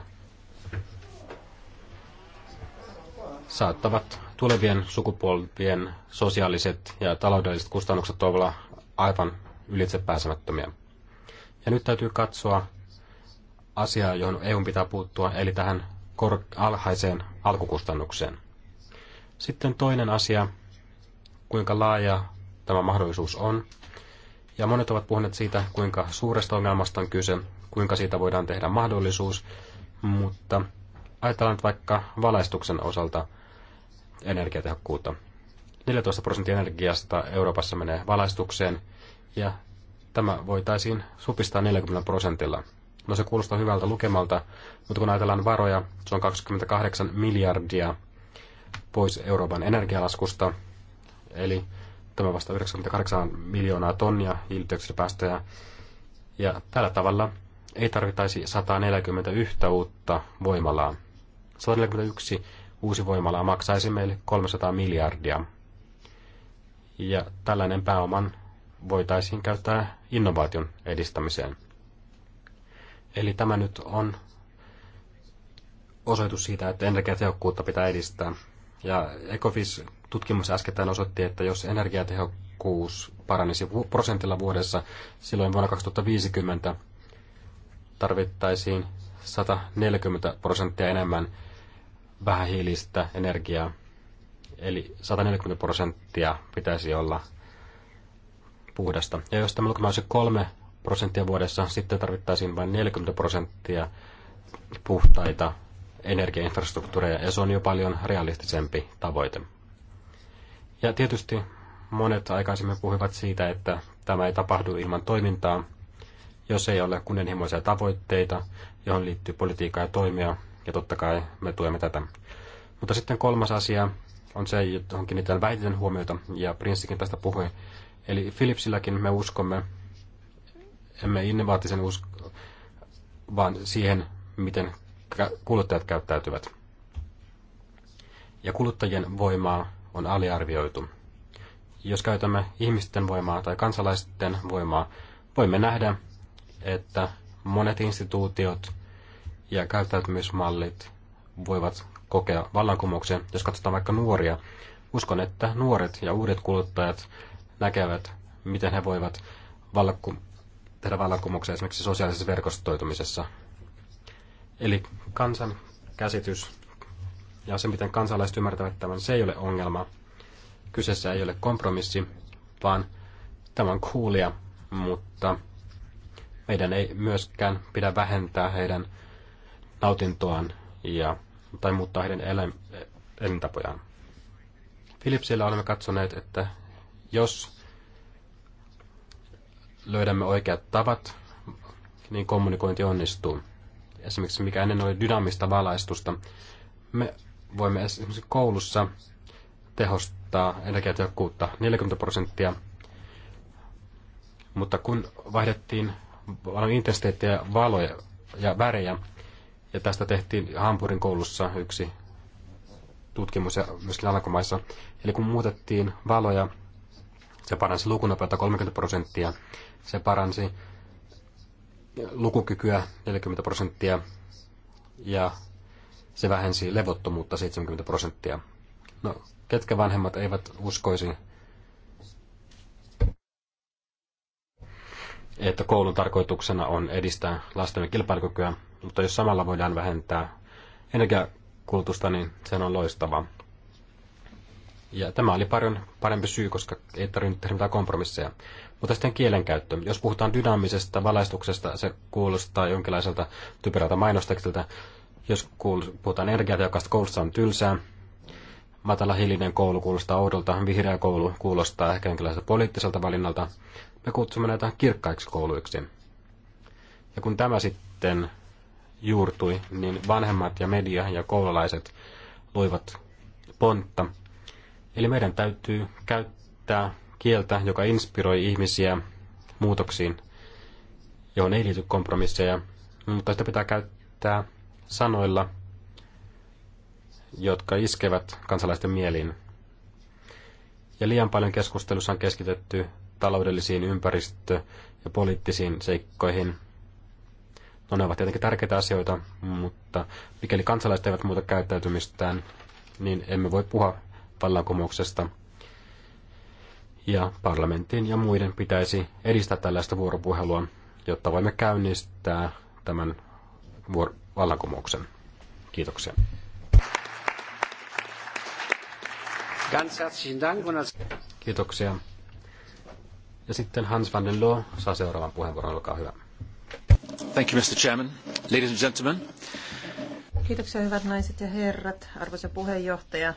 saattavat tulevien sukupolvien sosiaaliset ja taloudelliset kustannukset olla aivan ylitsepääsemättömiä. Ja nyt täytyy katsoa asiaa, johon EU pitää puuttua, eli tähän kor- alhaiseen alkukustannukseen. Sitten toinen asia, kuinka laaja tämä mahdollisuus on. Ja monet ovat puhuneet siitä, kuinka suuresta ongelmasta on kyse, kuinka siitä voidaan tehdä mahdollisuus, mutta ajatellaan vaikka valaistuksen osalta energiatehokkuutta. 14 prosenttia energiasta Euroopassa menee valaistukseen ja tämä voitaisiin supistaa 40 prosentilla. No se kuulostaa hyvältä lukemalta, mutta kun ajatellaan varoja, se on 28 miljardia pois Euroopan energialaskusta, eli tämä vasta 98 miljoonaa tonnia hiilidioksidipäästöjä. Ja tällä tavalla ei tarvittaisi 141 uutta voimalaa yksi uusi voimala maksaisi meille 300 miljardia. Ja tällainen pääoman voitaisiin käyttää innovaation edistämiseen. Eli tämä nyt on osoitus siitä, että energiatehokkuutta pitää edistää. Ja Ecofis-tutkimus äskettäin osoitti, että jos energiatehokkuus paranisi prosentilla vuodessa, silloin vuonna 2050 tarvittaisiin 140 prosenttia enemmän vähähiilistä energiaa. Eli 140 prosenttia pitäisi olla puhdasta. Ja jos tämä lukema olisi 3 prosenttia vuodessa, sitten tarvittaisiin vain 40 prosenttia puhtaita energiainfrastruktuureja, ja se on jo paljon realistisempi tavoite. Ja tietysti monet aikaisemmin puhuivat siitä, että tämä ei tapahdu ilman toimintaa, jos ei ole kunnianhimoisia tavoitteita, johon liittyy politiikkaa ja toimia, ja totta kai me tuemme tätä. Mutta sitten kolmas asia on se, johon kiinnitän vähiten huomiota, ja Prinssikin tästä puhui. Eli Philipsilläkin me uskomme, emme innovaatisen usko, vaan siihen, miten kuluttajat käyttäytyvät. Ja kuluttajien voimaa on aliarvioitu. Jos käytämme ihmisten voimaa tai kansalaisten voimaa, voimme nähdä, että monet instituutiot – ja käyttäytymismallit voivat kokea vallankumouksen. Jos katsotaan vaikka nuoria, uskon, että nuoret ja uudet kuluttajat näkevät, miten he voivat vallanku- tehdä vallankumouksen esimerkiksi sosiaalisessa verkostoitumisessa. Eli kansan käsitys ja se, miten kansalaiset ymmärtävät tämän, se ei ole ongelma. Kyseessä ei ole kompromissi, vaan tämä on kuulia, mutta meidän ei myöskään pidä vähentää heidän nautintoaan ja, tai muuttaa heidän elä, elintapojaan. Philipsillä olemme katsoneet, että jos löydämme oikeat tavat, niin kommunikointi onnistuu. Esimerkiksi mikä ennen oli dynaamista valaistusta, me voimme esimerkiksi koulussa tehostaa energiatehokkuutta 40 prosenttia, mutta kun vaihdettiin valon intensiteettiä, valoja ja värejä, ja tästä tehtiin Hampurin koulussa yksi tutkimus ja myöskin alkomaissa. Eli kun muutettiin valoja, se paransi lukunopeutta 30 prosenttia, se paransi lukukykyä 40 prosenttia ja se vähensi levottomuutta 70 prosenttia. No, ketkä vanhemmat eivät uskoisi että koulun tarkoituksena on edistää lastemme kilpailukykyä, mutta jos samalla voidaan vähentää energiakulutusta, niin sehän on loistava. Ja tämä oli paljon parempi syy, koska ei tarvinnut tehdä mitään kompromisseja. Mutta sitten kielenkäyttö. Jos puhutaan dynaamisesta valaistuksesta, se kuulostaa jonkinlaiselta typerältä mainostekstiltä. Jos puhutaan energiatehokasta koulusta, on tylsää. Matala hiilinen koulu kuulostaa oudolta, vihreä koulu kuulostaa ehkä jonkinlaiselta poliittiselta valinnalta me kutsumme näitä kirkkaiksi kouluiksi. Ja kun tämä sitten juurtui, niin vanhemmat ja media ja koululaiset loivat pontta. Eli meidän täytyy käyttää kieltä, joka inspiroi ihmisiä muutoksiin, johon ei liity kompromisseja, mutta sitä pitää käyttää sanoilla, jotka iskevät kansalaisten mieliin. Ja liian paljon keskustelussa on keskitetty taloudellisiin, ympäristö- ja poliittisiin seikkoihin. No ne ovat tietenkin tärkeitä asioita, mutta mikäli kansalaiset eivät muuta käyttäytymistään, niin emme voi puhua vallankumouksesta. Ja parlamentin ja muiden pitäisi edistää tällaista vuoropuhelua, jotta voimme käynnistää tämän vuor- vallankumouksen. Kiitoksia. Kiitoksia. Ja sitten Hans van den Loo saa seuraavan puheenvuoron, olkaa hyvä. Thank you, Mr. Chairman. Ladies and gentlemen. Kiitoksia hyvät naiset ja herrat, arvoisa puheenjohtaja.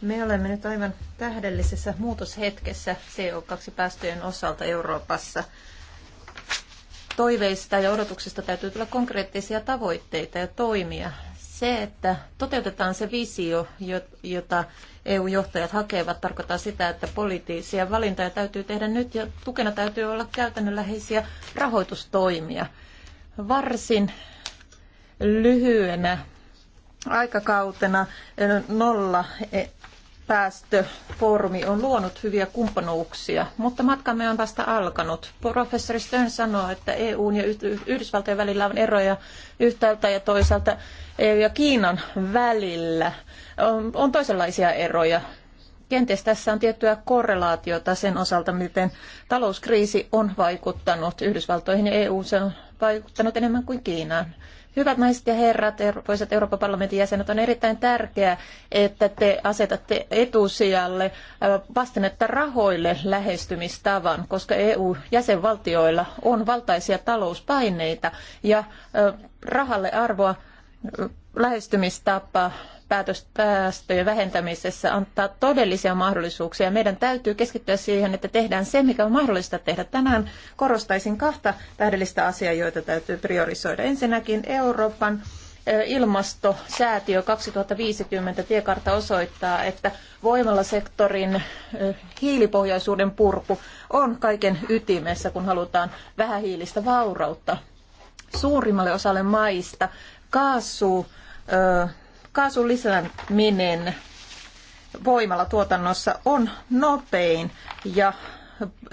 Me olemme nyt aivan tähdellisessä muutoshetkessä CO2-päästöjen osalta Euroopassa. Toiveista ja odotuksista täytyy tulla konkreettisia tavoitteita ja toimia se, että toteutetaan se visio, jota EU-johtajat hakevat, tarkoittaa sitä, että poliittisia valintoja täytyy tehdä nyt ja tukena täytyy olla käytännönläheisiä rahoitustoimia. Varsin lyhyenä aikakautena eh, nolla eh, päästöfoorumi on luonut hyviä kumppanuuksia, mutta matkamme on vasta alkanut. Professori Stern sanoo, että EUn ja Yhdysvaltojen välillä on eroja yhtäältä ja toisaalta EU ja Kiinan välillä. On, on toisenlaisia eroja. Kenties tässä on tiettyä korrelaatiota sen osalta, miten talouskriisi on vaikuttanut Yhdysvaltoihin ja EU. Se on vaikuttanut enemmän kuin Kiinaan. Hyvät naiset ja herrat, arvoisat Euroopan parlamentin jäsenet, on erittäin tärkeää, että te asetatte etusijalle äh, vastennetta rahoille lähestymistavan, koska EU-jäsenvaltioilla on valtaisia talouspaineita ja äh, rahalle arvoa äh, lähestymistapa päästöjen vähentämisessä antaa todellisia mahdollisuuksia. Meidän täytyy keskittyä siihen, että tehdään se, mikä on mahdollista tehdä. Tänään korostaisin kahta tähdellistä asiaa, joita täytyy priorisoida. Ensinnäkin Euroopan ilmastosäätiö 2050 tiekartta osoittaa, että voimalasektorin hiilipohjaisuuden purku on kaiken ytimessä, kun halutaan vähähiilistä vaurautta. Suurimmalle osalle maista kaasu kaasun lisääminen voimalla tuotannossa on nopein ja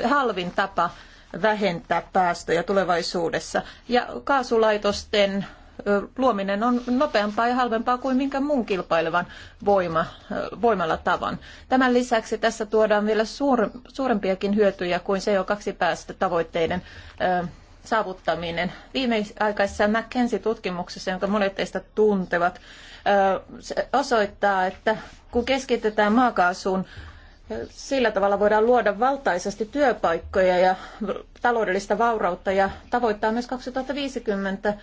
halvin tapa vähentää päästöjä tulevaisuudessa. Ja kaasulaitosten luominen on nopeampaa ja halvempaa kuin minkä muun kilpailevan voima, voimalla tavan. Tämän lisäksi tässä tuodaan vielä suur, suurempiakin hyötyjä kuin CO2-päästötavoitteiden tavoitteiden saavuttaminen. Viimeaikaisessa McKenzie-tutkimuksessa, jonka monet teistä tuntevat, se osoittaa, että kun keskitetään maakaasuun, sillä tavalla voidaan luoda valtaisesti työpaikkoja ja taloudellista vaurautta ja tavoittaa myös 2050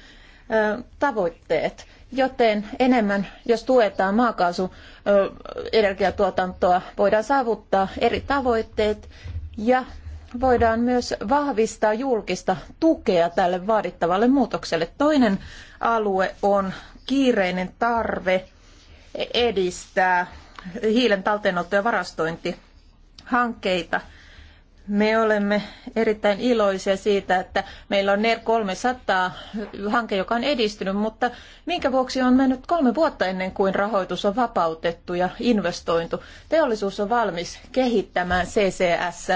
tavoitteet. Joten enemmän, jos tuetaan maakaasuenergiatuotantoa, voidaan saavuttaa eri tavoitteet ja voidaan myös vahvistaa julkista tukea tälle vaadittavalle muutokselle. Toinen alue on kiireinen tarve edistää hiilen talteenotto- ja varastointihankkeita. Me olemme erittäin iloisia siitä, että meillä on NER 300 hanke, joka on edistynyt, mutta minkä vuoksi on mennyt kolme vuotta ennen kuin rahoitus on vapautettu ja investointu? Teollisuus on valmis kehittämään CCS,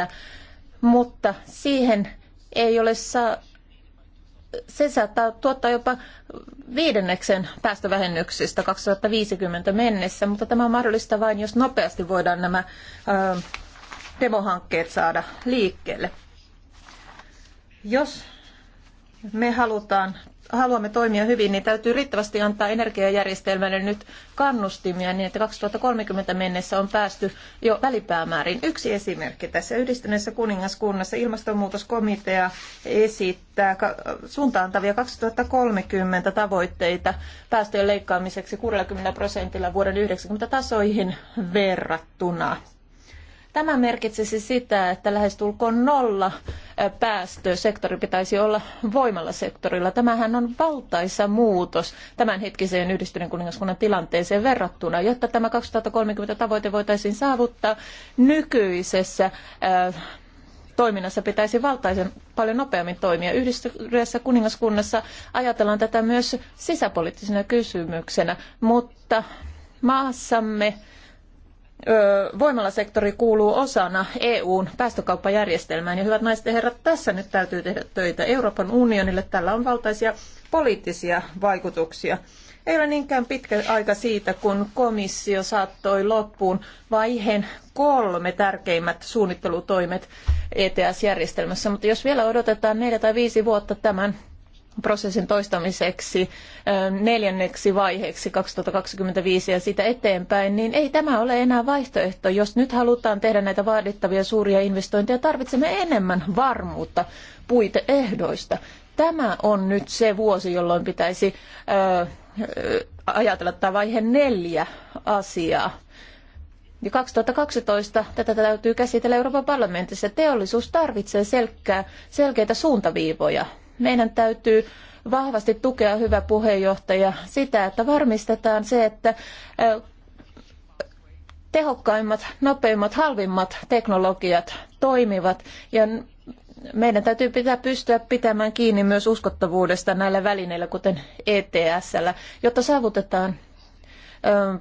mutta siihen ei ole saa se saattaa tuottaa jopa viidenneksen päästövähennyksistä 2050 mennessä, mutta tämä on mahdollista vain, jos nopeasti voidaan nämä ö, demohankkeet saada liikkeelle. Jos me halutaan haluamme toimia hyvin, niin täytyy riittävästi antaa energiajärjestelmälle nyt kannustimia niin, että 2030 mennessä on päästy jo välipäämäärin. Yksi esimerkki tässä yhdistyneessä kuningaskunnassa ilmastonmuutoskomitea esittää suuntaantavia 2030 tavoitteita päästöjen leikkaamiseksi 60 prosentilla vuoden 90 tasoihin verrattuna. Tämä merkitsisi sitä, että lähestulkoon nolla päästösektori pitäisi olla voimalla sektorilla. Tämähän on valtaisa muutos tämänhetkiseen yhdistyneen kuningaskunnan tilanteeseen verrattuna, jotta tämä 2030 tavoite voitaisiin saavuttaa nykyisessä toiminnassa pitäisi valtaisen paljon nopeammin toimia. Yhdistyneessä kuningaskunnassa ajatellaan tätä myös sisäpoliittisena kysymyksenä, mutta maassamme voimalasektori kuuluu osana EUn päästökauppajärjestelmään. Ja hyvät naiset ja herrat, tässä nyt täytyy tehdä töitä Euroopan unionille. Tällä on valtaisia poliittisia vaikutuksia. Ei ole niinkään pitkä aika siitä, kun komissio saattoi loppuun vaiheen kolme tärkeimmät suunnittelutoimet ETS-järjestelmässä. Mutta jos vielä odotetaan neljä tai viisi vuotta tämän prosessin toistamiseksi neljänneksi vaiheeksi 2025 ja siitä eteenpäin, niin ei tämä ole enää vaihtoehto. Jos nyt halutaan tehdä näitä vaadittavia suuria investointeja, tarvitsemme enemmän varmuutta puiteehdoista. Tämä on nyt se vuosi, jolloin pitäisi ajatella tämä vaihe neljä asiaa. Ja 2012 tätä täytyy käsitellä Euroopan parlamentissa. Teollisuus tarvitsee selkeä, selkeitä suuntaviivoja meidän täytyy vahvasti tukea, hyvä puheenjohtaja, sitä, että varmistetaan se, että tehokkaimmat, nopeimmat, halvimmat teknologiat toimivat ja meidän täytyy pitää pystyä pitämään kiinni myös uskottavuudesta näillä välineillä, kuten ETS-llä, jotta saavutetaan ö,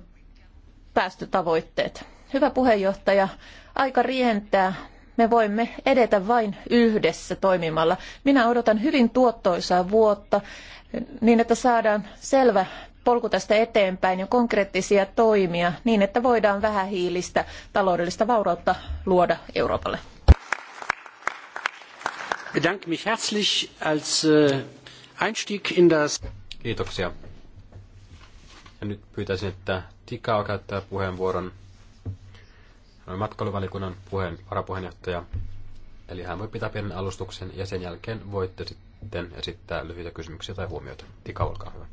päästötavoitteet. Hyvä puheenjohtaja, aika rientää, me voimme edetä vain yhdessä toimimalla. Minä odotan hyvin tuottoisaa vuotta niin, että saadaan selvä polku tästä eteenpäin ja konkreettisia toimia niin, että voidaan vähähiilistä taloudellista vaurautta luoda Euroopalle. Bedanke mich herzlich als äh, Einstieg in das... Kiitoksia. Ja nyt pyytäisin, että käyttää puheenvuoron matkailuvalikunnan puheen, varapuheenjohtaja. Eli hän voi pitää pienen alustuksen ja sen jälkeen voitte sitten esittää lyhyitä kysymyksiä tai huomioita. Tika, olkaa hyvä.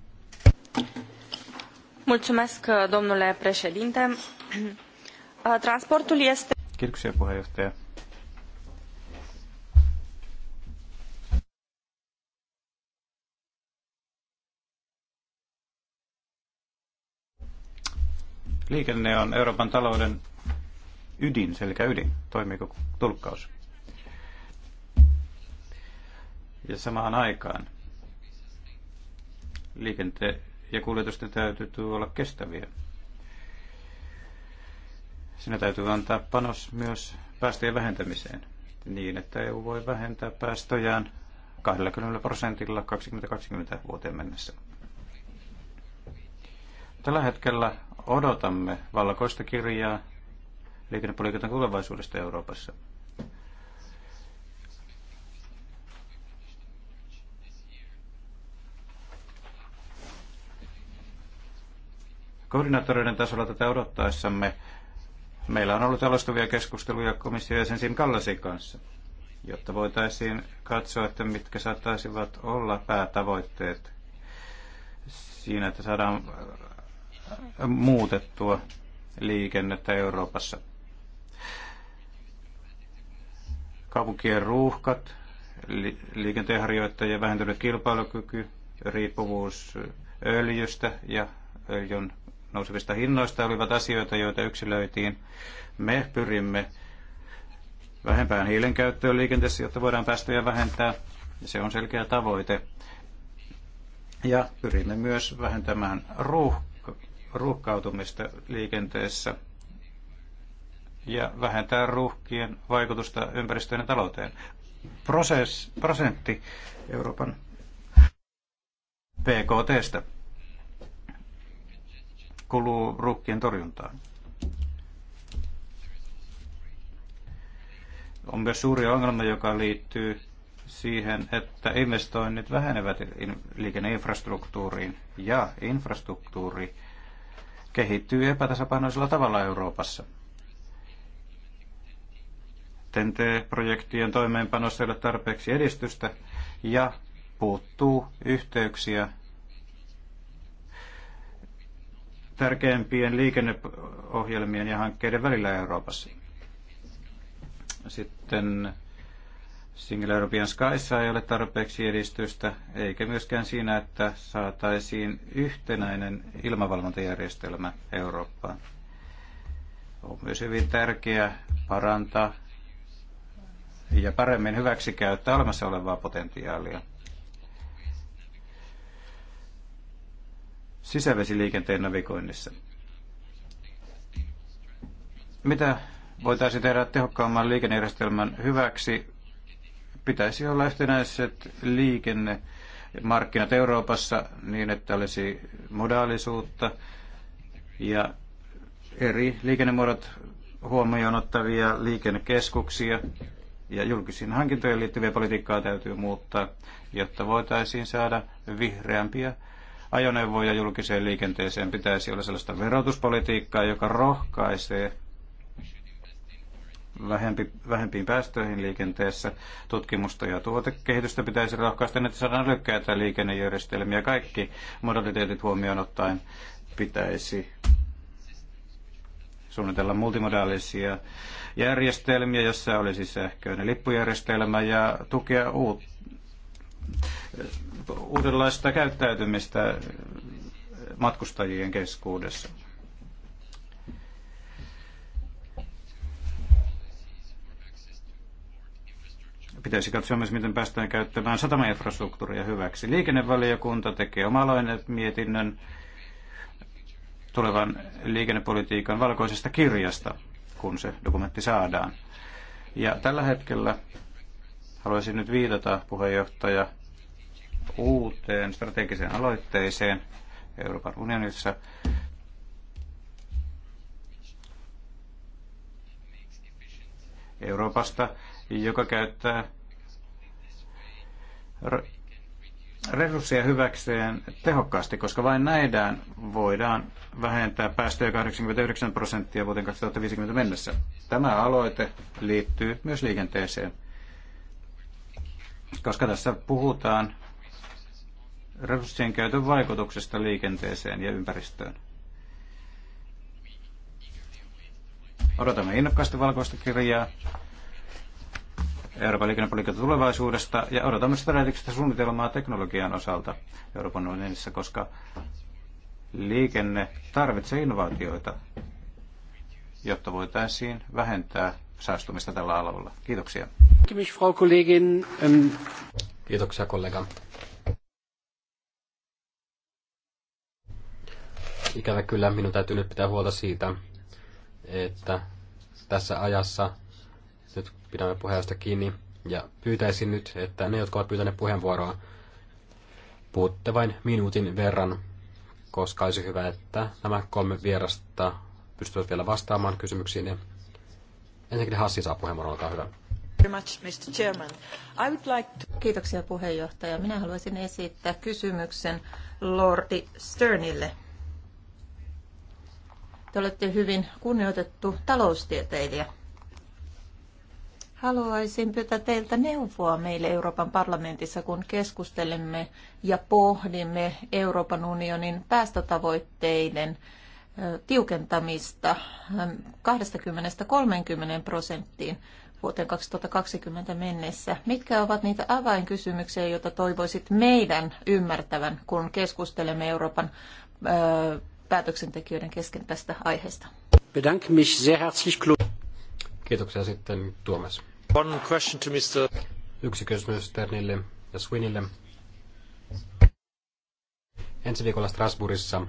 Mulțumesc, domnule președinte. Transportul este... Kiitoksia, puheenjohtaja. Liikenne on Euroopan talouden ydin, selkä ydin. Toimiiko tulkkaus? Ja samaan aikaan liikente ja kuljetusten täytyy olla kestäviä. Siinä täytyy antaa panos myös päästöjen vähentämiseen niin, että EU voi vähentää päästöjään 20 prosentilla 2020 vuoteen mennessä. Tällä hetkellä odotamme valkoista kirjaa liikennepolitiikan tulevaisuudesta Euroopassa. Koordinaattoreiden tasolla tätä odottaessamme meillä on ollut alustuvia keskusteluja komission jäsen Sim Kallasin kanssa, jotta voitaisiin katsoa, että mitkä saattaisivat olla päätavoitteet siinä, että saadaan muutettua liikennettä Euroopassa. kaupunkien ruuhkat, li- liikenteenharjoittajien vähentynyt kilpailukyky, riippuvuus öljystä ja öljyn nousevista hinnoista olivat asioita, joita yksilöitiin. Me pyrimme vähempään hiilen käyttöön liikenteessä, jotta voidaan päästöjä vähentää. Se on selkeä tavoite. Ja pyrimme myös vähentämään ruuhkautumista liikenteessä – ja vähentää ruuhkien vaikutusta ympäristöön ja talouteen. Proses, prosentti Euroopan PKTstä kuluu ruuhkien torjuntaan. On myös suuri ongelma, joka liittyy siihen, että investoinnit vähenevät liikenneinfrastruktuuriin ja infrastruktuuri kehittyy epätasapainoisella tavalla Euroopassa – ten projektien toimeenpanossa ei ole tarpeeksi edistystä ja puuttuu yhteyksiä tärkeimpien liikenneohjelmien ja hankkeiden välillä Euroopassa. Sitten Single European Skyssa ei ole tarpeeksi edistystä, eikä myöskään siinä, että saataisiin yhtenäinen ilmavalvontajärjestelmä Eurooppaan. On myös hyvin tärkeää parantaa ja paremmin hyväksi käyttää olemassa olevaa potentiaalia. sisävesiliikenteen navigoinnissa. Mitä voitaisiin tehdä tehokkaamman liikennejärjestelmän hyväksi? Pitäisi olla yhtenäiset liikennemarkkinat Euroopassa niin, että olisi modaalisuutta ja eri liikennemuodot huomioon ottavia liikennekeskuksia ja julkisiin hankintojen liittyviä politiikkaa täytyy muuttaa, jotta voitaisiin saada vihreämpiä ajoneuvoja julkiseen liikenteeseen. Pitäisi olla sellaista verotuspolitiikkaa, joka rohkaisee vähempi, vähempiin päästöihin liikenteessä. Tutkimusta ja tuotekehitystä pitäisi rohkaista, niin että saadaan lykkäitä liikennejärjestelmiä. Kaikki modaliteetit huomioon ottaen pitäisi suunnitella multimodaalisia järjestelmiä, jossa olisi sähköinen lippujärjestelmä ja tukea uut, uudenlaista käyttäytymistä matkustajien keskuudessa. Pitäisi katsoa myös, miten päästään käyttämään satamainfrastruktuuria hyväksi. Liikennevaliokunta tekee omaloinen mietinnön tulevan liikennepolitiikan valkoisesta kirjasta, kun se dokumentti saadaan. Ja tällä hetkellä haluaisin nyt viitata puheenjohtaja uuteen strategiseen aloitteeseen Euroopan unionissa, Euroopasta, joka käyttää resursseja hyväkseen tehokkaasti, koska vain näidään voidaan vähentää päästöjä 89 prosenttia vuoteen 2050 mennessä. Tämä aloite liittyy myös liikenteeseen, koska tässä puhutaan resurssien käytön vaikutuksesta liikenteeseen ja ympäristöön. Odotamme innokkaasti valkoista kirjaa, Euroopan liikennepolitiikan tulevaisuudesta ja odotamme strategista suunnitelmaa teknologian osalta Euroopan unionissa, koska liikenne tarvitsee innovaatioita, jotta voitaisiin vähentää saastumista tällä alalla. Kiitoksia. Kiitoksia kollega. Ikävä kyllä minun täytyy nyt pitää huolta siitä, että tässä ajassa nyt pidämme puheesta kiinni ja pyytäisin nyt, että ne, jotka ovat pyytäneet puheenvuoroa, puhutte vain minuutin verran, koska olisi hyvä, että nämä kolme vierasta pystyvät vielä vastaamaan kysymyksiin. Ensinnäkin Hassi saa puheenvuoron, olkaa hyvä. Kiitoksia puheenjohtaja. Minä haluaisin esittää kysymyksen Lordi Sternille. Te olette hyvin kunnioitettu taloustieteilijä. Haluaisin pyytää teiltä neuvoa meille Euroopan parlamentissa, kun keskustelemme ja pohdimme Euroopan unionin päästötavoitteiden tiukentamista 20-30 prosenttiin vuoteen 2020 mennessä. Mitkä ovat niitä avainkysymyksiä, joita toivoisit meidän ymmärtävän, kun keskustelemme Euroopan päätöksentekijöiden kesken tästä aiheesta? Bedanke mich sehr herzlich, Kiitoksia sitten Tuomas. One question to Mr. Yksi kysymys Sternille ja Swinille. Ensi viikolla Strasbourgissa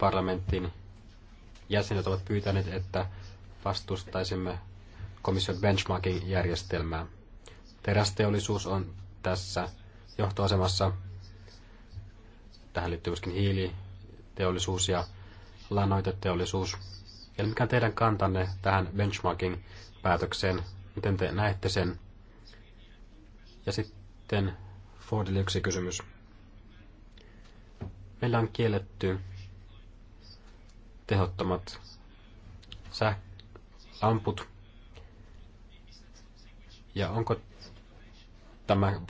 parlamentin jäsenet ovat pyytäneet, että vastustaisimme komission benchmarking järjestelmää. Terästeollisuus on tässä johtoasemassa. Tähän liittyy myöskin hiiliteollisuus ja lannoiteteollisuus. Ja mikä on teidän kantanne tähän benchmarking-päätökseen? Miten te näette sen? Ja sitten Fordille yksi kysymys. Meillä on kielletty tehottomat sähkölamput. Ja onko tämä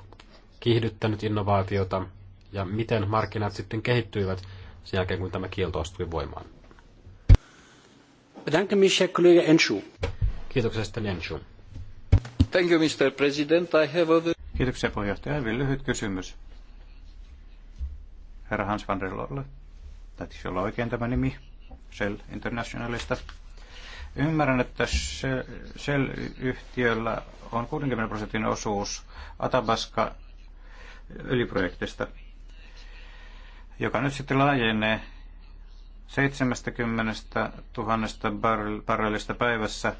kiihdyttänyt innovaatiota ja miten markkinat sitten kehittyivät sen jälkeen, kun tämä kielto astui voimaan? bedanke mich, Herr Kollege Enschu. Kiitoksia sitten Enschu. Thank you, Mr. President. I have a... Kiitoksia puheenjohtaja. Hyvin lyhyt kysymys. Herra Hans van der Lolle, taitisi olla oikein tämä nimi, Shell Internationalista. Ymmärrän, että Shell-yhtiöllä on 60 prosentin osuus Atabaska öljyprojektista, joka nyt sitten laajenee 70 000 barrelista päivässä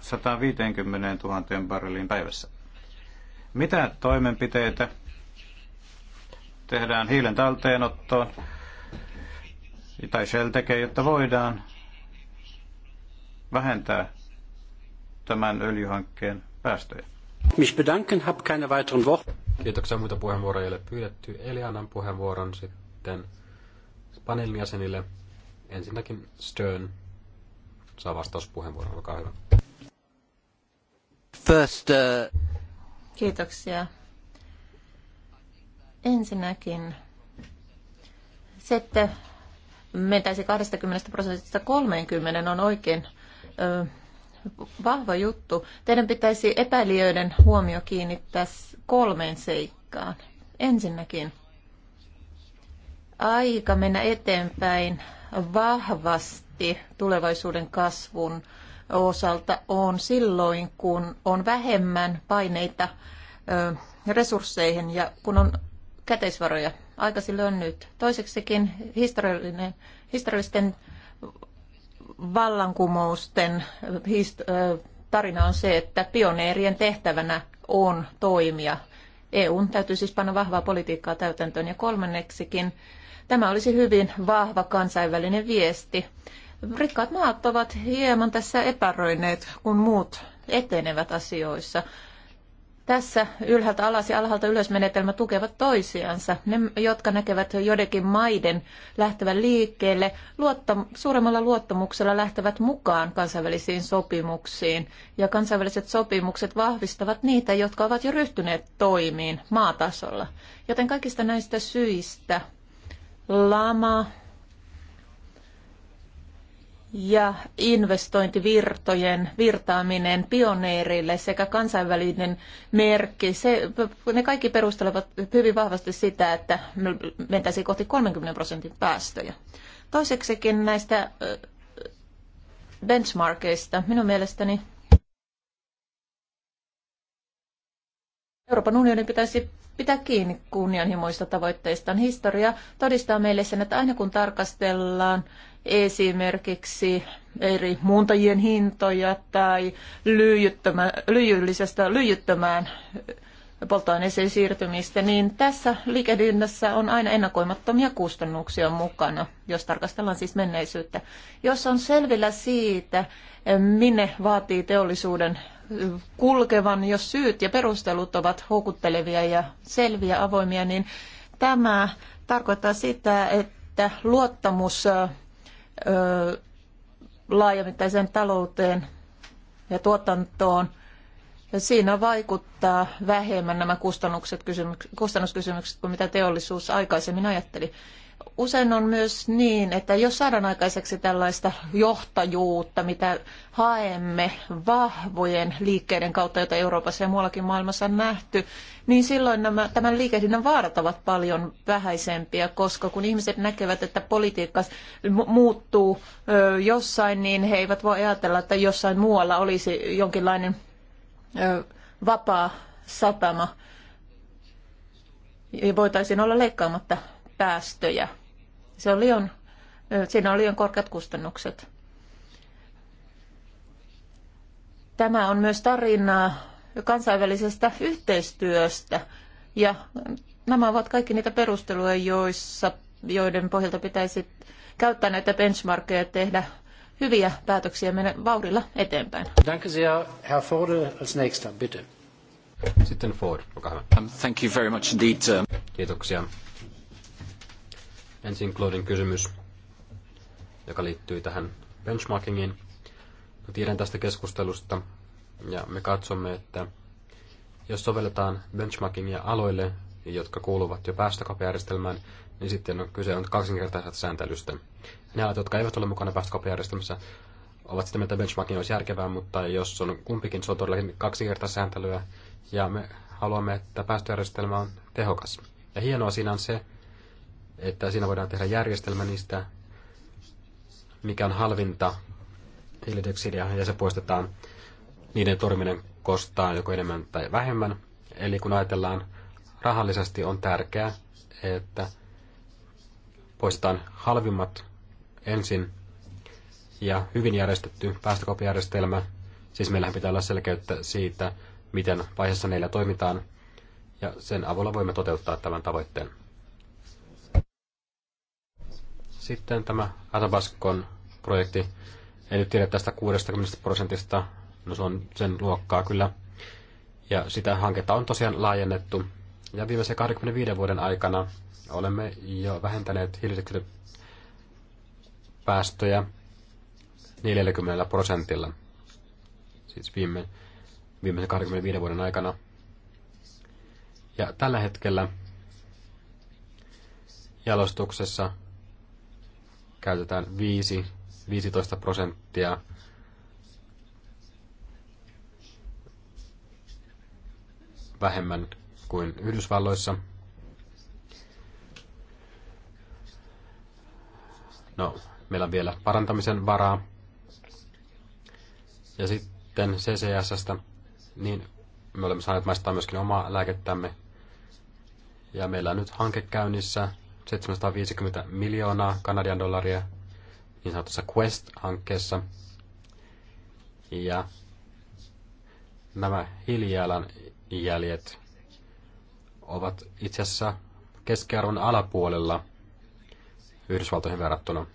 150 000 barreliin päivässä. Mitä toimenpiteitä tehdään hiilen talteenottoon tai Shell tekee, jotta voidaan vähentää tämän öljyhankkeen päästöjä? Mich bedanken, hab keine weiteren Worte. Kiitoksia muita puheenvuoroja ei ole pyydetty. Eli annan puheenvuoron sitten paneelin jäsenille. Ensinnäkin Stern saa vastauspuheenvuoron, olkaa hyvä. First, uh... Kiitoksia. Ensinnäkin se, että mentäisi 20 prosentista 30 on oikein ö, vahva juttu. Teidän pitäisi epäilijöiden huomio kiinnittää kolmeen seikkaan. Ensinnäkin – aika mennä eteenpäin vahvasti tulevaisuuden kasvun osalta on silloin, kun on vähemmän paineita resursseihin ja kun on käteisvaroja. Aika silloin nyt. Toiseksikin historiallinen, historiallisten vallankumousten tarina on se, että pioneerien tehtävänä on toimia. EUn täytyy siis panna vahvaa politiikkaa täytäntöön. Ja kolmanneksikin Tämä olisi hyvin vahva kansainvälinen viesti. Rikkaat maat ovat hieman tässä epäröineet, kun muut etenevät asioissa. Tässä ylhäältä alas ja alhaalta ylös menetelmä tukevat toisiansa. Ne, jotka näkevät joidenkin maiden lähtevän liikkeelle, luottam- suuremmalla luottamuksella lähtevät mukaan kansainvälisiin sopimuksiin. Ja kansainväliset sopimukset vahvistavat niitä, jotka ovat jo ryhtyneet toimiin maatasolla. Joten kaikista näistä syistä lama ja investointivirtojen virtaaminen pioneerille sekä kansainvälinen merkki, se, ne kaikki perustelevat hyvin vahvasti sitä, että mentäisiin kohti 30 prosentin päästöjä. Toiseksikin näistä benchmarkeista minun mielestäni Euroopan unionin pitäisi pitää kiinni kunnianhimoista tavoitteistaan. Historia todistaa meille sen, että aina kun tarkastellaan esimerkiksi eri muuntajien hintoja tai lyijyttömä, lyijyllisestä lyijyttömään polttoaineeseen siirtymistä, niin tässä liikehdinnässä on aina ennakoimattomia kustannuksia mukana, jos tarkastellaan siis menneisyyttä. Jos on selvillä siitä, minne vaatii teollisuuden kulkevan, jos syyt ja perustelut ovat houkuttelevia ja selviä, avoimia, niin tämä tarkoittaa sitä, että luottamus laajamittaiseen talouteen ja tuotantoon – siinä vaikuttaa vähemmän nämä kustannukset, kustannuskysymykset kuin mitä teollisuus aikaisemmin ajatteli. Usein on myös niin, että jos saadaan aikaiseksi tällaista johtajuutta, mitä haemme vahvojen liikkeiden kautta, joita Euroopassa ja muuallakin maailmassa on nähty, niin silloin nämä, tämän liikehdinnän vaarat ovat paljon vähäisempiä, koska kun ihmiset näkevät, että politiikka muuttuu jossain, niin he eivät voi ajatella, että jossain muualla olisi jonkinlainen vapaa satama ja voitaisiin olla leikkaamatta päästöjä. Se on liian, siinä on liian korkeat kustannukset. Tämä on myös tarinaa kansainvälisestä yhteistyöstä ja nämä ovat kaikki niitä perusteluja, joissa, joiden pohjalta pitäisi käyttää näitä benchmarkeja ja tehdä hyviä päätöksiä mennä vauhdilla eteenpäin. Danke sehr, Herr Forde, als nächster, bitte. Sitten Ford, olkaa hyvä. Um, thank you very much indeed. Kiitoksia. Ensin Claudin kysymys, joka liittyy tähän benchmarkingiin. Mä tiedän tästä keskustelusta ja me katsomme, että jos sovelletaan benchmarkingia aloille, jotka kuuluvat jo päästökauppajärjestelmään, niin sitten on, kyse on kaksinkertaisesta sääntelystä. Ne alat, jotka eivät ole mukana päästökauppajärjestelmässä, ovat sitä mieltä, että benchmarking olisi järkevää, mutta jos on kumpikin, se on todellakin kaksinkertaista sääntelyä, ja me haluamme, että päästöjärjestelmä on tehokas. Ja hienoa siinä on se, että siinä voidaan tehdä järjestelmä niistä, mikä on halvinta hiilidioksidia, ja se poistetaan niiden torminen kostaa joko enemmän tai vähemmän. Eli kun ajatellaan rahallisesti, on tärkeää, että poistetaan halvimmat ensin ja hyvin järjestetty päästökauppajärjestelmä. Siis meillähän pitää olla selkeyttä siitä, miten vaiheessa neillä toimitaan, ja sen avulla voimme toteuttaa tämän tavoitteen. Sitten tämä Atabaskon projekti. En nyt tiedä tästä 60 prosentista, no se on sen luokkaa kyllä. Ja sitä hanketta on tosiaan laajennettu ja viimeisen 25 vuoden aikana olemme jo vähentäneet päästöjä 40 prosentilla. Siis viime, viimeisen 25 vuoden aikana. Ja tällä hetkellä jalostuksessa käytetään 5, 15 prosenttia vähemmän kuin Yhdysvalloissa. No, meillä on vielä parantamisen varaa. Ja sitten CCSstä, niin me olemme saaneet maistaa myöskin omaa lääkettämme. Ja meillä on nyt hanke käynnissä 750 miljoonaa Kanadian dollaria niin sanotussa Quest-hankkeessa. Ja nämä hiilijalanjäljet ovat itse asiassa keskiarvon alapuolella Yhdysvaltoihin verrattuna.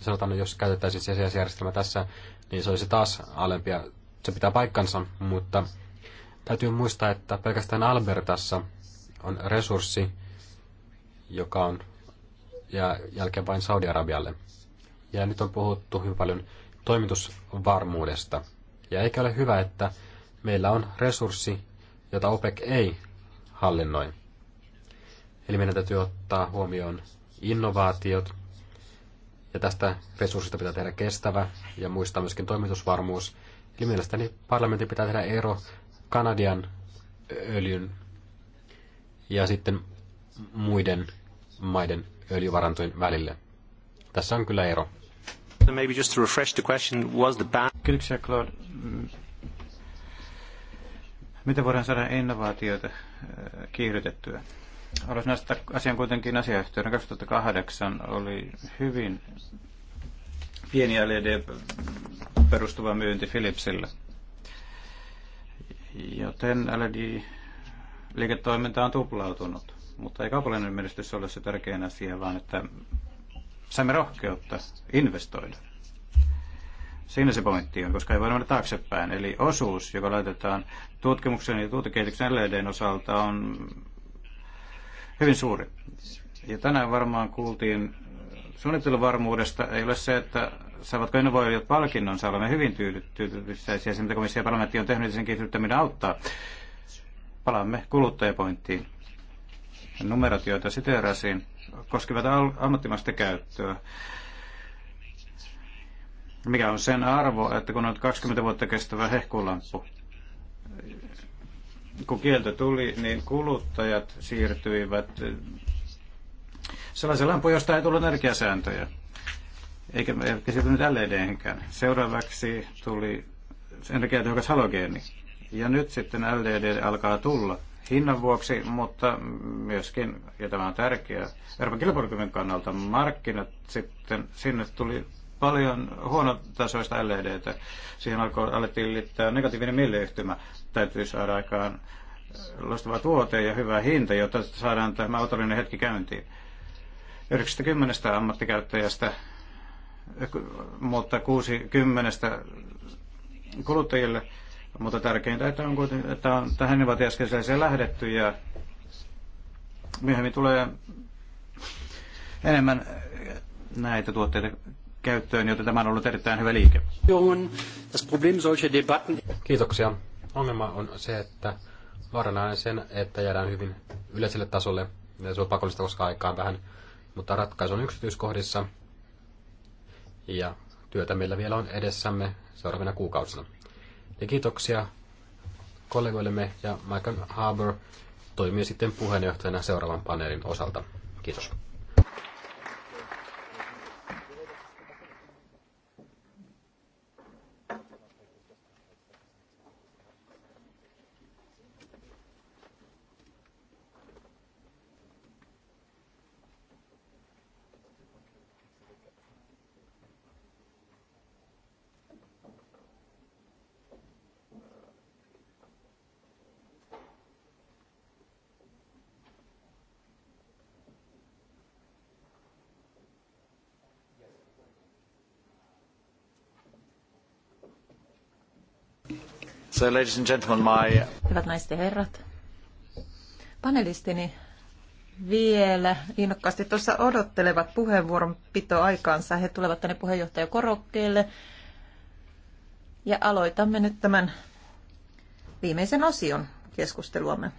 Sanotaan, että jos käytettäisiin CCS-järjestelmä tässä, niin se olisi taas alempi ja se pitää paikkansa, mutta täytyy muistaa, että pelkästään Albertassa on resurssi, joka on ja jälkeen vain Saudi-Arabialle. Ja nyt on puhuttu hyvin paljon toimitusvarmuudesta. Ja eikä ole hyvä, että meillä on resurssi, jota OPEC ei hallinnoin. Eli meidän täytyy ottaa huomioon innovaatiot, ja tästä resurssista pitää tehdä kestävä ja muistaa myöskin toimitusvarmuus. Eli mielestäni parlamentin pitää tehdä ero Kanadian öljyn ja sitten muiden maiden öljyvarantojen välille. Tässä on kyllä ero. Maybe just to refresh the question, was the ban... Kiitoksia Claude. Miten voidaan saada innovaatioita äh, kiihdytettyä? Haluaisin näistä asian kuitenkin asiayhteyden. 2008 oli hyvin pieni LED perustuva myynti Philipsille. Joten LED-liiketoiminta on tuplautunut. Mutta ei kaupallinen menestys ole se tärkein asia, vaan että saimme rohkeutta investoida. Siinä se pointti on, koska ei voida mennä taaksepäin. Eli osuus, joka laitetaan tutkimuksen ja tuotekehityksen LEDn osalta, on hyvin suuri. Ja tänään varmaan kuultiin suunnitteluvarmuudesta, ei ole se, että saavatko innovoijat palkinnon, saa olemme hyvin tyytyväisiä se, mitä komissio ja parlamentti on tehnyt, sen kiihdyttäminen auttaa. Palaamme kuluttajapointtiin. Numerot, joita siteerasin, koskevat ammattimaista käyttöä. Mikä on sen arvo, että kun on 20 vuotta kestävä hehkulamppu, kun kielto tuli, niin kuluttajat siirtyivät sellaisen lampun, josta ei tullut energiasääntöjä. Eikä, eikä nyt led Seuraavaksi tuli energiatehokas halogeeni. Ja nyt sitten LED alkaa tulla hinnan vuoksi, mutta myöskin, ja tämä on tärkeää, Euroopan kilpailukyvyn kannalta markkinat sitten, sinne tuli paljon huonotasoista LEDtä. Siihen alkoi, alettiin liittää negatiivinen mieleyhtymä. Täytyy saada aikaan loistava tuote ja hyvä hinta, jotta saadaan tämä otollinen hetki käyntiin. 90 ammattikäyttäjästä, mutta 60 kuluttajille. Mutta tärkeintä, että, on, että on, tähän ovat lähdetty ja myöhemmin tulee enemmän näitä tuotteita käyttöön, joten tämä on ollut erittäin hyvä liike. Kiitoksia. Ongelma on se, että vaarana on sen, että jäädään hyvin yleiselle tasolle. Ja se on pakollista, koska aikaan vähän. Mutta ratkaisu on yksityiskohdissa. Ja työtä meillä vielä on edessämme seuraavina kuukausina. Ja kiitoksia kollegoillemme ja Michael Harbour toimii sitten puheenjohtajana seuraavan paneelin osalta. Kiitos. ladies and gentlemen, my... Hyvät naiset ja herrat, panelistini vielä innokkaasti tuossa odottelevat puheenvuoron pitoaikaansa. He tulevat tänne puheenjohtajakorokkeelle. Ja aloitamme nyt tämän viimeisen osion keskusteluamme.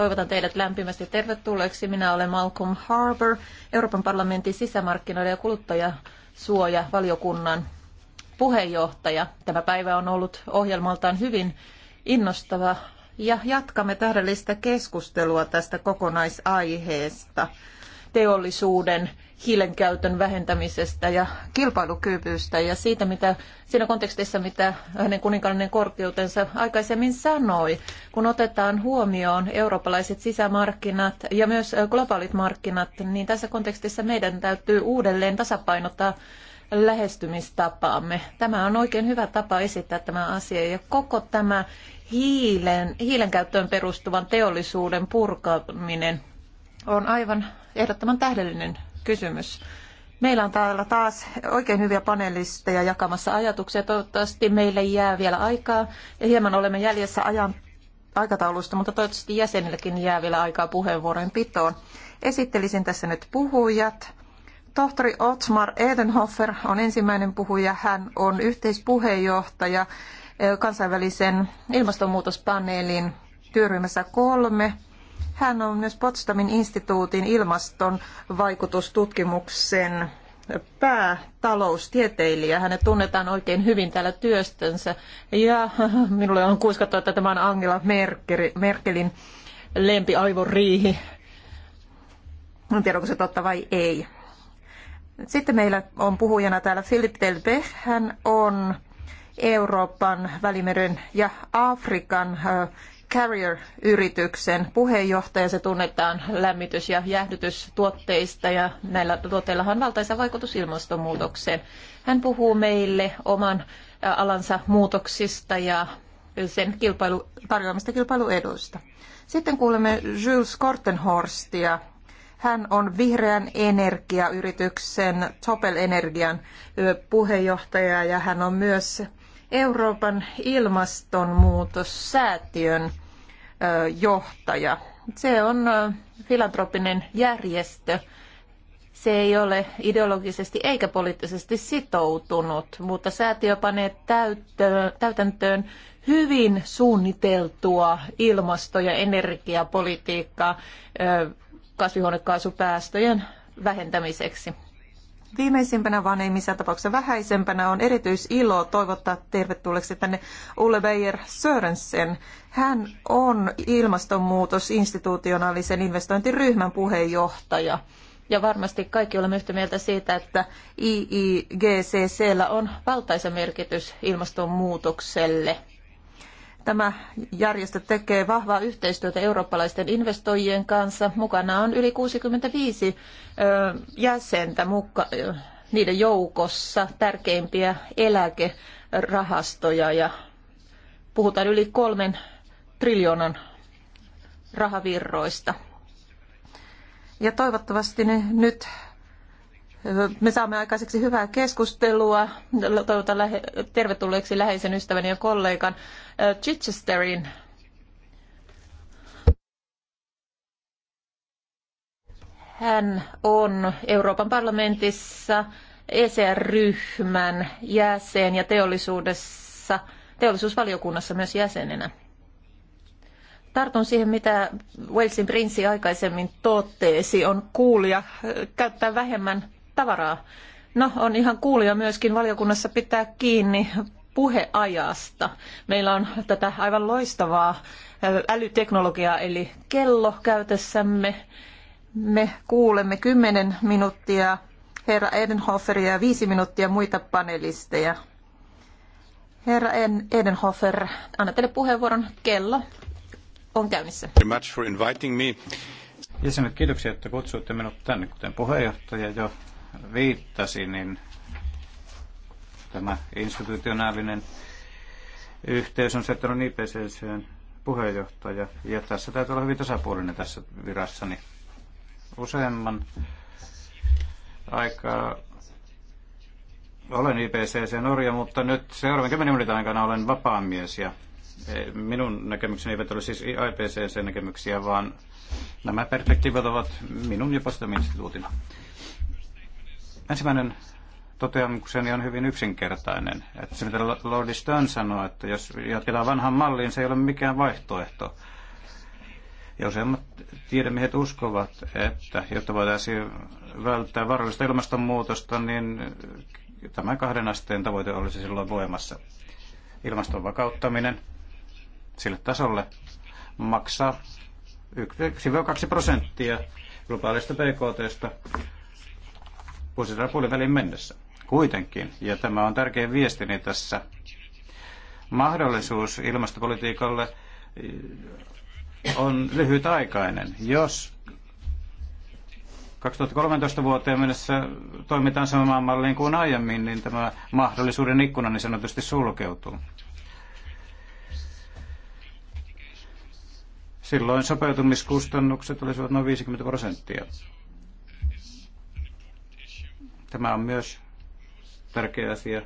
Toivotan teidät lämpimästi tervetulleeksi. Minä olen Malcolm Harbour, Euroopan parlamentin sisämarkkinoiden ja kuluttajasuoja-valiokunnan puheenjohtaja. Tämä päivä on ollut ohjelmaltaan hyvin innostava ja jatkamme tähdellistä keskustelua tästä kokonaisaiheesta teollisuuden hiilen käytön vähentämisestä ja kilpailukyvystä ja siitä, mitä, siinä kontekstissa, mitä hänen kuninkaallinen korkeutensa aikaisemmin sanoi, kun otetaan huomioon eurooppalaiset sisämarkkinat ja myös globaalit markkinat, niin tässä kontekstissa meidän täytyy uudelleen tasapainottaa lähestymistapaamme. Tämä on oikein hyvä tapa esittää tämä asia ja koko tämä hiilen, hiilen käyttöön perustuvan teollisuuden purkaminen on aivan ehdottoman tähdellinen kysymys. Meillä on täällä taas oikein hyviä panelisteja jakamassa ajatuksia. Toivottavasti meille jää vielä aikaa ja hieman olemme jäljessä ajan aikataulusta, mutta toivottavasti jäsenillekin jää vielä aikaa puheenvuorojen pitoon. Esittelisin tässä nyt puhujat. Tohtori Otmar Edenhofer on ensimmäinen puhuja. Hän on yhteispuheenjohtaja eh, kansainvälisen ilmastonmuutospaneelin työryhmässä kolme hän on myös Potsdamin instituutin ilmaston vaikutustutkimuksen päätaloustieteilijä. Hänet tunnetaan oikein hyvin täällä työstönsä. Ja minulle on kuiskattu, että tämä on Angela Merkelin lempiaivoriihi. En tiedä, onko se totta vai ei. Sitten meillä on puhujana täällä Philip Delbech. Hän on Euroopan, Välimeren ja Afrikan Carrier-yrityksen puheenjohtaja. Se tunnetaan lämmitys- ja jäähdytystuotteista ja näillä tuotteillahan on valtaisa vaikutus ilmastonmuutokseen. Hän puhuu meille oman alansa muutoksista ja sen kilpailu, tarjoamista kilpailueduista. Sitten kuulemme Jules Kortenhorstia. Hän on vihreän energiayrityksen Topel Energian puheenjohtaja ja hän on myös Euroopan ilmastonmuutossäätiön johtaja. Se on filantropinen järjestö. Se ei ole ideologisesti eikä poliittisesti sitoutunut, mutta säätiö panee täytäntöön hyvin suunniteltua ilmasto- ja energiapolitiikkaa kasvihuonekaasupäästöjen vähentämiseksi. Viimeisimpänä, vaan ei missään tapauksessa vähäisempänä, on erityisilo toivottaa tervetulleeksi tänne Ulle Beijer Sörensen. Hän on ilmastonmuutosinstitutionaalisen investointiryhmän puheenjohtaja. Ja varmasti kaikki olemme yhtä mieltä siitä, että IIGCCllä on valtaisa merkitys ilmastonmuutokselle – Tämä järjestö tekee vahvaa yhteistyötä eurooppalaisten investoijien kanssa. Mukana on yli 65 jäsentä niiden joukossa tärkeimpiä eläkerahastoja ja puhutaan yli kolmen triljoonan rahavirroista. Ja toivottavasti ne nyt me saamme aikaiseksi hyvää keskustelua. Toivotan lähe, tervetulleeksi läheisen ystäväni ja kollegan äh, Chichesterin. Hän on Euroopan parlamentissa ECR-ryhmän jäsen ja teollisuudessa, teollisuusvaliokunnassa myös jäsenenä. Tartun siihen, mitä Walesin prinssi aikaisemmin totesi, on kuulia äh, käyttää vähemmän tavaraa. No, on ihan kuulija myöskin valiokunnassa pitää kiinni puheajasta. Meillä on tätä aivan loistavaa älyteknologiaa, eli kello käytössämme. Me kuulemme kymmenen minuuttia herra Edenhoferia ja viisi minuuttia muita panelisteja. Herra Edenhofer, anna teille puheenvuoron. Kello on käynnissä. Jäsenet, kiitoksia, että kutsuitte minut tänne, kuten puheenjohtaja jo viittasi, niin tämä institutionaalinen yhteys on se, että on IPCC puheenjohtaja. Ja tässä täytyy olla hyvin tasapuolinen tässä virassani. Useamman aikaa olen IPCC Norja, mutta nyt seuraavan 10 minuutin aikana olen vapaamies ja e, minun näkemykseni eivät ole siis IPCC-näkemyksiä, vaan nämä perspektiivit ovat minun ja Potsdam-instituutin Ensimmäinen toteamukseni on hyvin yksinkertainen. Että se, mitä Lordi Stern sanoi, että jos jatketaan vanhan malliin, se ei ole mikään vaihtoehto. Ja useimmat tiedemiehet uskovat, että jotta voitaisiin välttää varallista ilmastonmuutosta, niin tämä kahden asteen tavoite olisi silloin voimassa. Ilmaston vakauttaminen sille tasolle maksaa 1-2 prosenttia globaalista BKTstä vuosisadan puolivälin mennessä. Kuitenkin, ja tämä on tärkeä viestini tässä, mahdollisuus ilmastopolitiikalle eh, on lyhytaikainen. Jos 2013 vuoteen mennessä toimitaan samaan malliin kuin aiemmin, niin tämä mahdollisuuden ikkuna niin sanotusti sulkeutuu. Silloin sopeutumiskustannukset olisivat noin 50 prosenttia. Tämä on myös tärkeä asia.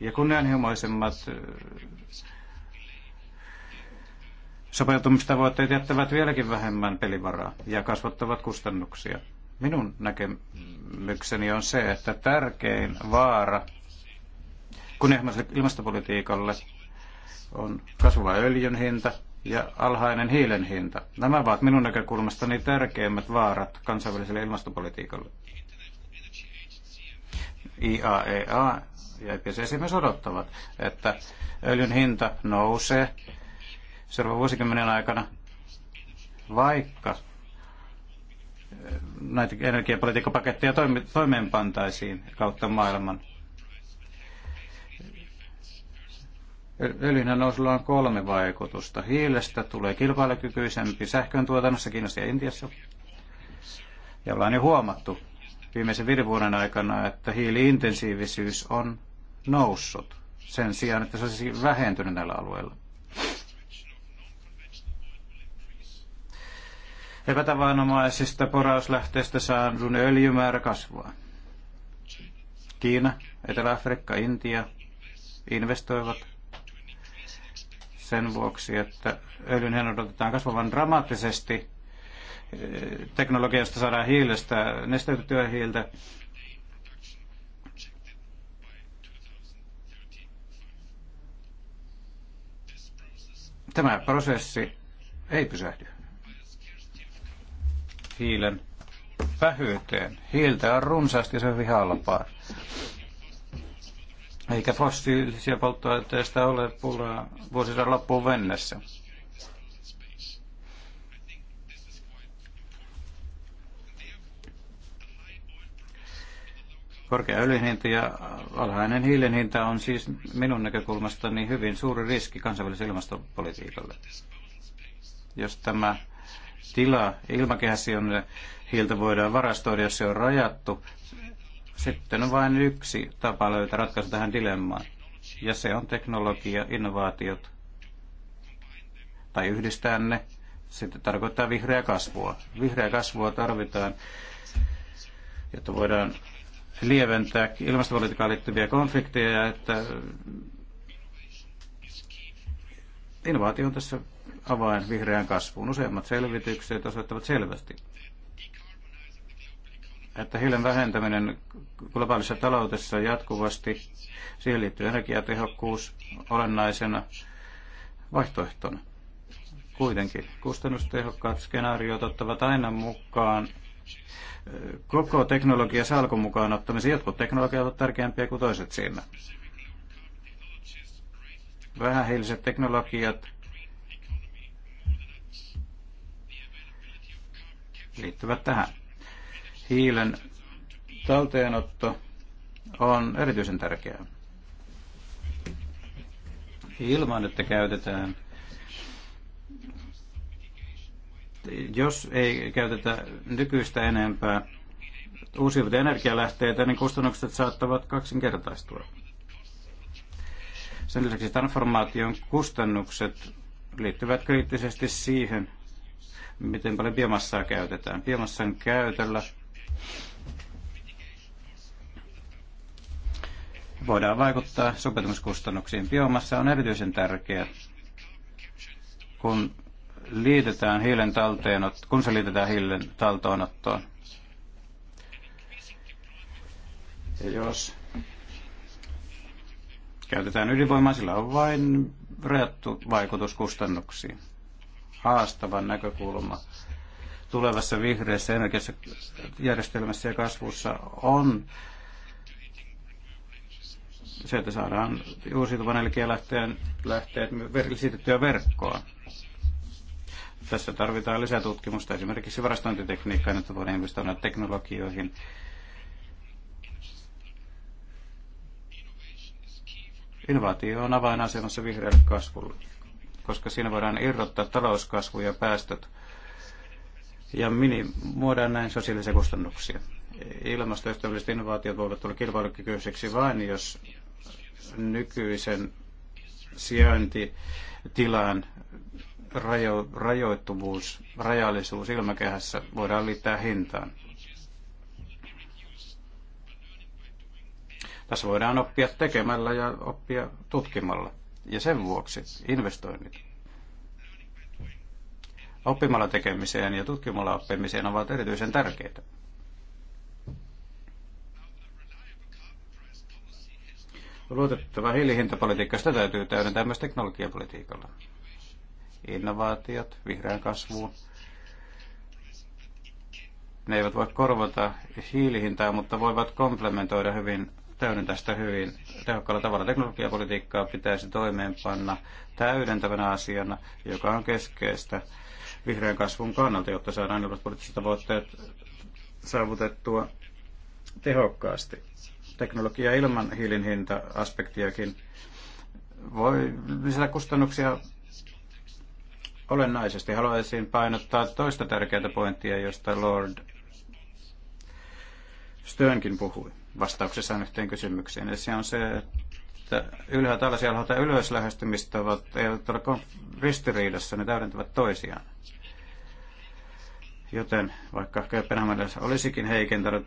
Ja kunnianhimoisemmat sopeutumistavoitteet jättävät vieläkin vähemmän pelivaraa ja kasvattavat kustannuksia. Minun näkemykseni on se, että tärkein vaara kunnianhimoiselle ilmastopolitiikalle on kasvava öljyn hinta ja alhainen hiilen hinta. Nämä ovat minun näkökulmastani tärkeimmät vaarat kansainväliselle ilmastopolitiikalle. IAEA e ja IPCC myös odottavat, että öljyn hinta nousee seuraavan vuosikymmenen aikana, vaikka eh, näitä energiapolitiikkapaketteja toimeenpantaisiin kautta maailman. Öljynhän nousulla on kolme vaikutusta. Hiilestä tulee kilpailukykyisempi sähkön tuotannossa Kiinassa ja Intiassa. Ja ollaan jo huomattu, viimeisen viiden vuoden aikana, että hiiliintensiivisyys on noussut sen sijaan, että se olisi vähentynyt näillä alueilla. Epätavanomaisista porauslähteistä saadun öljymäärä kasvaa. Kiina, Etelä-Afrikka, Intia investoivat sen vuoksi, että öljyn odotetaan kasvavan dramaattisesti josta saadaan hiilestä, nesteytettyä hiiltä. Tämä prosessi ei pysähdy hiilen vähyyteen. Hiiltä on runsaasti ja se on Eikä fossiilisia polttoaineista ole pulaa vuosisadan loppuun mennessä. Korkea öljyhinta ja alhainen hiilen hinta on siis minun näkökulmastani hyvin suuri riski kansainväliselle ilmastopolitiikalle. Jos tämä tila ilmakehässä, jonne hiiltä voidaan varastoida, jos se on rajattu, sitten on vain yksi tapa löytää ratkaisu tähän dilemmaan, ja se on teknologia, innovaatiot, tai yhdistää ne. Sitten tarkoittaa vihreää kasvua. Vihreää kasvua tarvitaan, jotta voidaan lieventää ilmastopolitiikkaan liittyviä konflikteja ja että innovaatio on tässä avain vihreään kasvuun. Useimmat selvitykset osoittavat selvästi, että hiilen vähentäminen globaalissa taloudessa jatkuvasti, siihen liittyy energiatehokkuus olennaisena vaihtoehtona. Kuitenkin kustannustehokkaat skenaariot ottavat aina mukaan koko teknologia salkun mukaan ottamisen. Jotkut teknologiat ovat tärkeämpiä kuin toiset siinä. Vähähiiliset teknologiat liittyvät tähän. Hiilen talteenotto on erityisen tärkeää. Ilman, että käytetään jos ei käytetä nykyistä enempää uusiutuvia energialähteitä, niin kustannukset saattavat kaksinkertaistua. Sen lisäksi transformaation kustannukset liittyvät kriittisesti siihen, miten paljon biomassaa käytetään. Biomassan käytöllä voidaan vaikuttaa sopeutumiskustannuksiin. Biomassa on erityisen tärkeä, kun liitetään hiilen talteen, kun se liitetään hiilen taltoonottoon. Ja jos käytetään ydinvoimaa, sillä on vain rajattu vaikutus kustannuksiin. Haastavan näkökulma tulevassa vihreässä energiassa järjestelmässä ja kasvussa on se, että saadaan uusiutuvan energialähteen lähteet siirrettyä verkkoon. Tässä tarvitaan lisää tutkimusta esimerkiksi varastointitekniikkaan, että voidaan investoida teknologioihin. Innovaatio on avainasemassa vihreälle kasvulle, koska siinä voidaan irrottaa talouskasvu ja päästöt ja minimoida näin sosiaalisia kustannuksia. Ilmastoystävälliset innovaatiot voivat tulla kilpailukykyiseksi vain, jos nykyisen sijaintitilaan rajo, rajoittuvuus, rajallisuus ilmakehässä voidaan liittää hintaan. Tässä voidaan oppia tekemällä ja oppia tutkimalla. Ja sen vuoksi investoinnit oppimalla tekemiseen ja tutkimalla oppimiseen ovat erityisen tärkeitä. Luotettava hiilihintapolitiikka, sitä täytyy täydentää myös teknologiapolitiikalla innovaatiot vihreään kasvuun. Ne eivät voi korvata hiilihintaa, mutta voivat komplementoida hyvin täydentää sitä hyvin tehokkaalla tavalla. Teknologiapolitiikkaa pitäisi toimeenpanna täydentävänä asiana, joka on keskeistä vihreän kasvun kannalta, jotta saadaan ilmastopoliittiset tavoitteet saavutettua tehokkaasti. Teknologia ilman hiilin hinta-aspektiakin voi lisätä kustannuksia olennaisesti. Haluaisin painottaa toista tärkeää pointtia, josta Lord Stönkin puhui vastauksessaan yhteen kysymykseen. Eli se on se, että ylhäältä alas ja alhaalta ylös ovat, eivät ole ristiriidassa, ne täydentävät toisiaan. Joten vaikka Kööpenhamen olisikin heikentänyt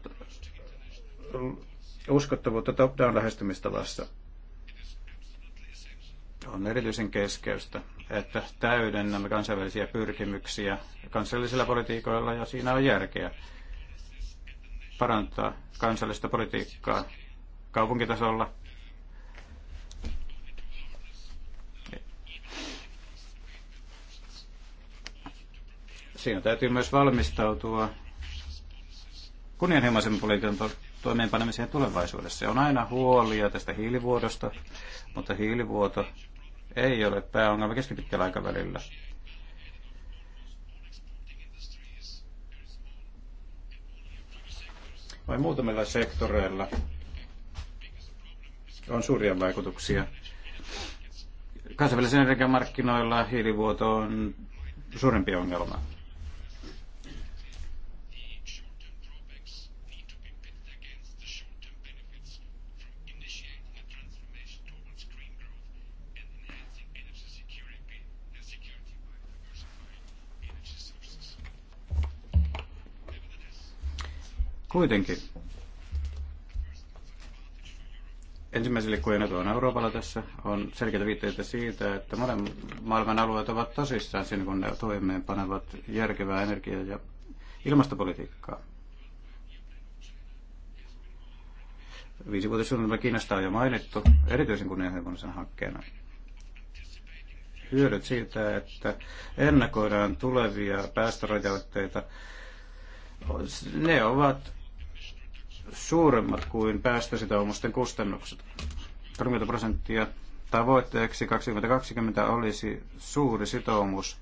uskottavuutta top-down lähestymistavassa, on erityisen keskeistä, että täydennämme kansainvälisiä pyrkimyksiä kansallisilla politiikoilla ja siinä on järkeä parantaa kansallista politiikkaa kaupunkitasolla. Siinä täytyy myös valmistautua kunnianhimoisen politiikan to- toimeenpanemiseen tulevaisuudessa. On aina huolia tästä hiilivuodosta, mutta hiilivuoto ei ole pääongelma keskipitkällä aikavälillä. Vain muutamilla sektoreilla on suuria vaikutuksia. Kansainvälisen energiamarkkinoilla hiilivuoto on suurempi ongelma. Kuitenkin ensimmäiselle kuin on Euroopalla tässä on selkeitä viitteitä siitä, että monen maailman alueet ovat tosissaan siinä, kun ne toimeenpanevat järkevää energiaa ja ilmastopolitiikkaa. Viisivuotissuunnitelma Kiinasta on jo mainittu erityisen kunnianhimoisen hankkeena. Hyödyt siitä, että ennakoidaan tulevia päästörajoitteita, ne ovat suuremmat kuin päästösitoumusten kustannukset. 30 prosenttia tavoitteeksi 2020 olisi suuri sitoumus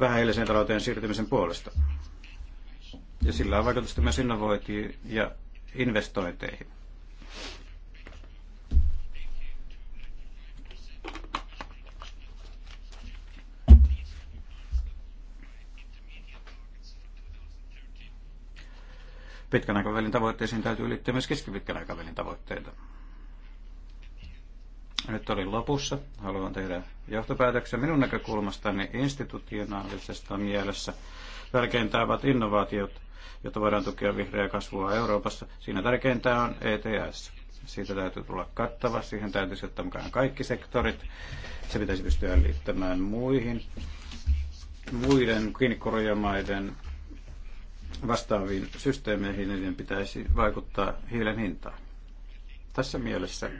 vähähiiliseen talouteen siirtymisen puolesta. Ja sillä on vaikutusta myös innovointiin ja investointeihin. Pitkän aikavälin tavoitteisiin täytyy liittyä myös keskipitkän aikavälin tavoitteita. Nyt olin lopussa. Haluan tehdä johtopäätöksen minun näkökulmastani institutionaalisesta mielessä. Tärkeintä ovat innovaatiot, jotta voidaan tukea vihreää kasvua Euroopassa. Siinä tärkeintä on ETS. Siitä täytyy tulla kattava, siihen täytyisi ottaa mukaan kaikki sektorit. Se pitäisi pystyä liittämään muihin, muiden kiinnikorjamaiden vastaaviin systeemeihin, niin pitäisi vaikuttaa hiilen hintaan. Tässä mielessä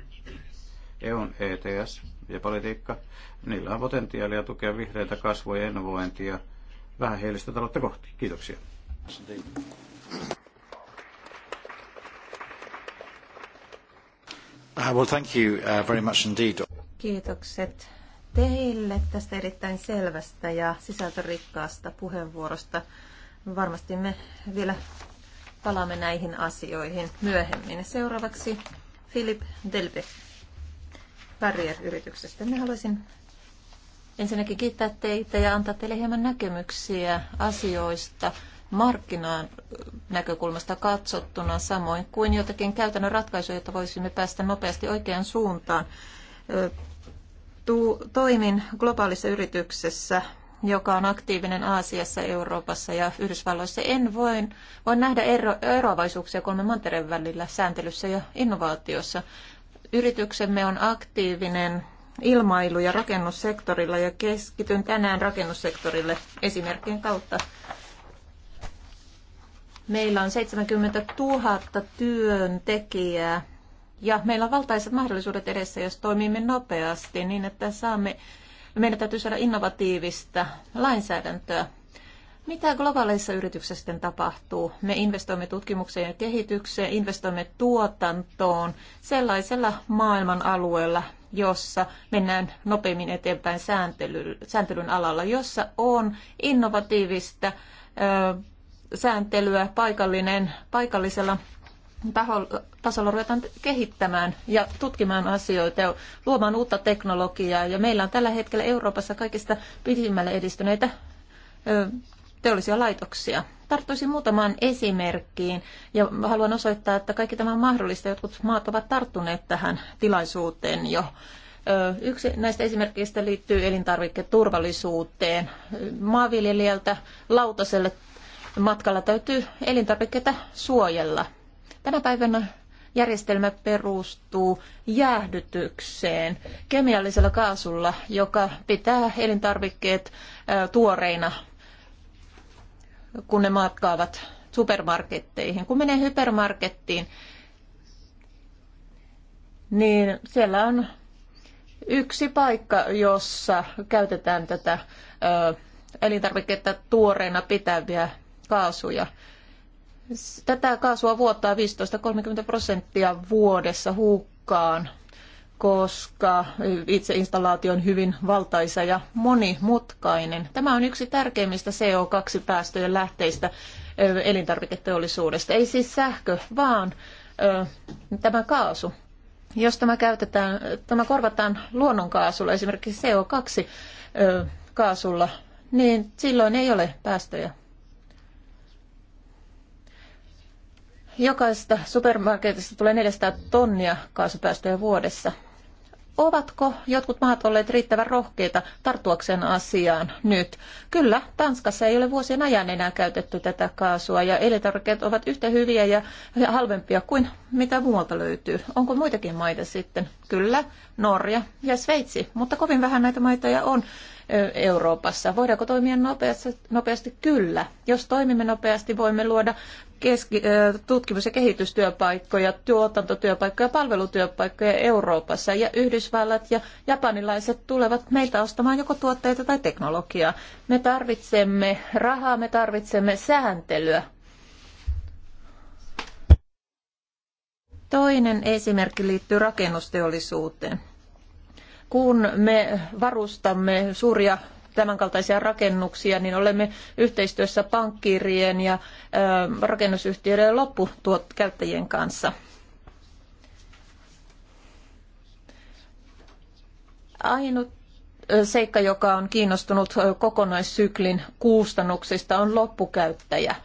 EUn ETS ja politiikka, niillä on potentiaalia tukea vihreitä kasvua ja innovointia vähän hiilistä taloutta kohti. Kiitoksia. Uh, well, thank you uh, very much indeed. Kiitokset teille tästä erittäin selvästä ja sisältörikkaasta puheenvuorosta. Varmasti me vielä palaamme näihin asioihin myöhemmin. Seuraavaksi Philip Delbe Barrier-yrityksestä. Minä haluaisin ensinnäkin kiittää teitä ja antaa teille hieman näkemyksiä asioista markkinaan näkökulmasta katsottuna, samoin kuin jotakin käytännön ratkaisuja, jotta voisimme päästä nopeasti oikeaan suuntaan. Toimin globaalissa yrityksessä joka on aktiivinen Aasiassa, Euroopassa ja Yhdysvalloissa. En voi, voi nähdä ero, eroavaisuuksia kolmen mantereen välillä sääntelyssä ja innovaatiossa. Yrityksemme on aktiivinen ilmailu- ja rakennussektorilla ja keskityn tänään rakennussektorille esimerkkien kautta. Meillä on 70 000 työntekijää ja meillä on valtaiset mahdollisuudet edessä, jos toimimme nopeasti niin, että saamme meidän täytyy saada innovatiivista lainsäädäntöä. Mitä globaaleissa yrityksissä sitten tapahtuu? Me investoimme tutkimukseen ja kehitykseen, investoimme tuotantoon sellaisella maailman alueella, jossa mennään nopeammin eteenpäin sääntelyn, sääntelyn alalla, jossa on innovatiivista ö, sääntelyä paikallinen, paikallisella tasolla ruvetaan kehittämään ja tutkimaan asioita ja luomaan uutta teknologiaa. Ja meillä on tällä hetkellä Euroopassa kaikista pidimmälle edistyneitä teollisia laitoksia. Tarttuisin muutamaan esimerkkiin ja haluan osoittaa, että kaikki tämä on mahdollista. Jotkut maat ovat tarttuneet tähän tilaisuuteen jo. Yksi näistä esimerkkeistä liittyy elintarviketurvallisuuteen. Maanviljelijältä lautaselle matkalla täytyy elintarvikkeita suojella. Tänä päivänä järjestelmä perustuu jäähdytykseen kemiallisella kaasulla, joka pitää elintarvikkeet tuoreina, kun ne matkaavat supermarketteihin. Kun menee hypermarkettiin, niin siellä on yksi paikka, jossa käytetään tätä elintarvikkeita tuoreena pitäviä kaasuja. Tätä kaasua vuottaa 15-30 prosenttia vuodessa hukkaan, koska itse installaatio on hyvin valtaisa ja monimutkainen. Tämä on yksi tärkeimmistä CO2-päästöjen lähteistä elintarviketeollisuudesta. Ei siis sähkö, vaan ö, tämä kaasu. Jos tämä, käytetään, tämä korvataan luonnonkaasulla, esimerkiksi CO2-kaasulla, niin silloin ei ole päästöjä Jokaisesta supermarketista tulee 400 tonnia kaasupäästöjä vuodessa. Ovatko jotkut maat olleet riittävän rohkeita tarttuakseen asiaan nyt? Kyllä, Tanskassa ei ole vuosien ajan enää käytetty tätä kaasua ja elintarvikkeet ovat yhtä hyviä ja halvempia kuin mitä muualta löytyy. Onko muitakin maita sitten? Kyllä, Norja ja Sveitsi, mutta kovin vähän näitä maita on, Euroopassa. Voidaanko toimia nopeasti? nopeasti? Kyllä. Jos toimimme nopeasti, voimme luoda keski, tutkimus- ja kehitystyöpaikkoja, tuotantotyöpaikkoja, palvelutyöpaikkoja Euroopassa. Ja Yhdysvallat ja japanilaiset tulevat meiltä ostamaan joko tuotteita tai teknologiaa. Me tarvitsemme rahaa, me tarvitsemme sääntelyä. Toinen esimerkki liittyy rakennusteollisuuteen. Kun me varustamme suuria tämänkaltaisia rakennuksia, niin olemme yhteistyössä pankkiirien ja rakennusyhtiöiden ja loppukäyttäjien kanssa. Ainut seikka, joka on kiinnostunut kokonaissyklin kustannuksista, on loppukäyttäjä –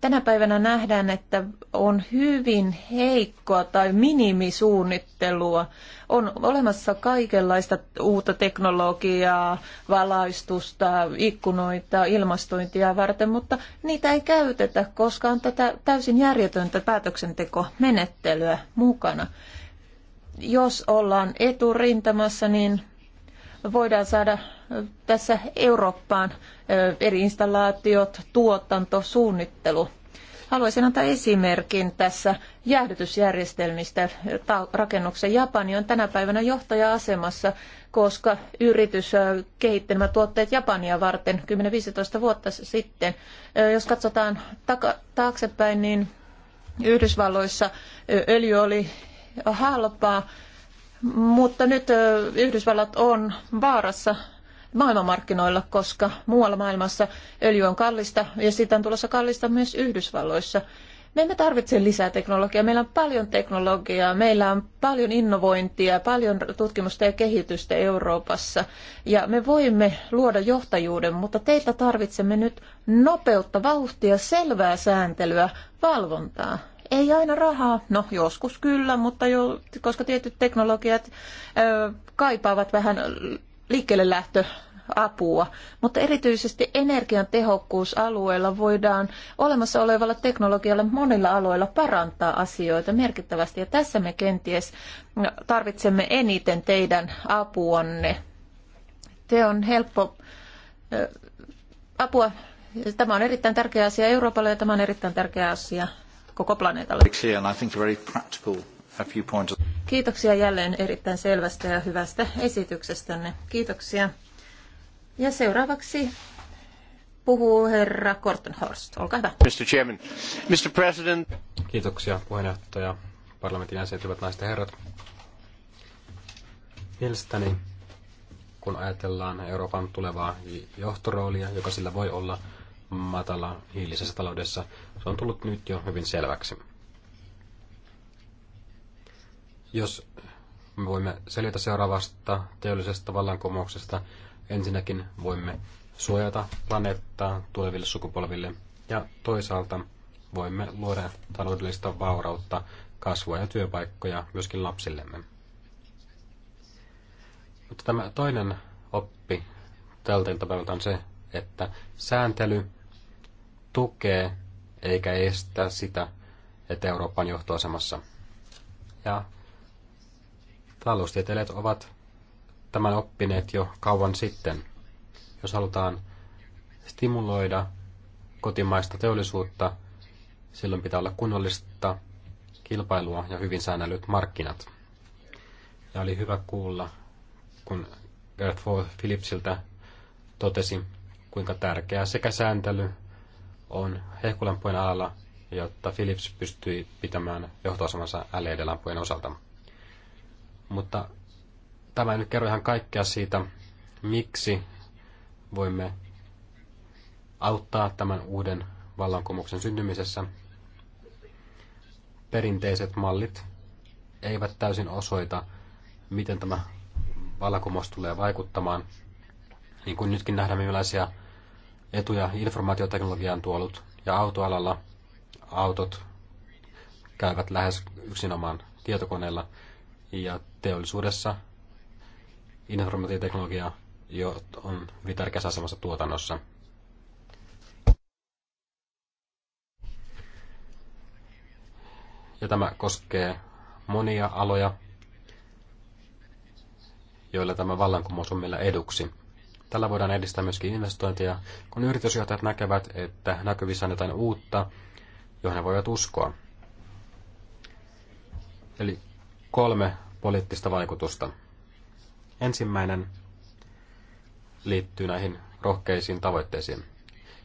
tänä päivänä nähdään, että on hyvin heikkoa tai minimisuunnittelua. On olemassa kaikenlaista uutta teknologiaa, valaistusta, ikkunoita, ilmastointia varten, mutta niitä ei käytetä, koska on tätä täysin järjetöntä päätöksentekomenettelyä mukana. Jos ollaan eturintamassa, niin voidaan saada tässä Eurooppaan eri installaatiot, tuotanto, suunnittelu. Haluaisin antaa esimerkin tässä jäähdytysjärjestelmistä. Rakennuksen Japani on tänä päivänä johtaja-asemassa, koska yritys kehitti nämä tuotteet Japania varten 10-15 vuotta sitten. Jos katsotaan taaksepäin, niin Yhdysvalloissa öljy oli halpaa mutta nyt Yhdysvallat on vaarassa maailmanmarkkinoilla, koska muualla maailmassa öljy on kallista ja siitä on tulossa kallista myös Yhdysvalloissa. Me emme tarvitse lisää teknologiaa. Meillä on paljon teknologiaa, meillä on paljon innovointia, paljon tutkimusta ja kehitystä Euroopassa. Ja me voimme luoda johtajuuden, mutta teiltä tarvitsemme nyt nopeutta, vauhtia, selvää sääntelyä, valvontaa. Ei aina rahaa, no joskus kyllä, mutta jo, koska tietyt teknologiat ö, kaipaavat vähän liikkeelle lähtö apua, mutta erityisesti energiantehokkuusalueella voidaan olemassa olevalla teknologialla monilla aloilla parantaa asioita merkittävästi ja tässä me kenties tarvitsemme eniten teidän apuanne. Te on helppo apua. Tämä on erittäin tärkeä asia Euroopalle ja tämä on erittäin tärkeä asia koko planeetalle. Kiitoksia jälleen erittäin selvästä ja hyvästä esityksestänne. Kiitoksia. Ja seuraavaksi puhuu herra Kortenhorst. Olkaa hyvä. Mr. Chairman. Mr. President. Kiitoksia puheenjohtaja, parlamentin jäsenet, hyvät naiset ja herrat. Mielestäni, kun ajatellaan Euroopan tulevaa johtoroolia, joka sillä voi olla – matala hiilisessä taloudessa. Se on tullut nyt jo hyvin selväksi. Jos me voimme selitä seuraavasta teollisesta vallankumouksesta, ensinnäkin voimme suojata planeettaa tuleville sukupolville ja toisaalta voimme luoda taloudellista vaurautta, kasvua ja työpaikkoja myöskin lapsillemme. Mutta tämä toinen oppi tältä iltapäivältä on se, että sääntely tukee eikä estä sitä, että Eurooppa on johtoasemassa. Ja taloustieteilijät ovat tämän oppineet jo kauan sitten. Jos halutaan stimuloida kotimaista teollisuutta, silloin pitää olla kunnollista kilpailua ja hyvin säännellyt markkinat. Ja oli hyvä kuulla, kun Gert Philipsiltä totesi, kuinka tärkeää sekä sääntely on hehkulampujen alla, jotta Philips pystyi pitämään johtoasemansa LED-lampujen osalta. Mutta tämä ei nyt kerro ihan kaikkea siitä, miksi voimme auttaa tämän uuden vallankumouksen syntymisessä. Perinteiset mallit eivät täysin osoita, miten tämä vallankumous tulee vaikuttamaan. Niin kuin nytkin nähdään, millaisia etuja informaatioteknologiaan tuolut ja autoalalla autot käyvät lähes yksinomaan tietokoneella ja teollisuudessa informaatioteknologia jo on hyvin tärkeässä asemassa tuotannossa. Ja tämä koskee monia aloja, joilla tämä vallankumous on meillä eduksi. Tällä voidaan edistää myöskin investointeja, kun yritysjohtajat näkevät, että näkyvissä on jotain uutta, johon he voivat uskoa. Eli kolme poliittista vaikutusta. Ensimmäinen liittyy näihin rohkeisiin tavoitteisiin.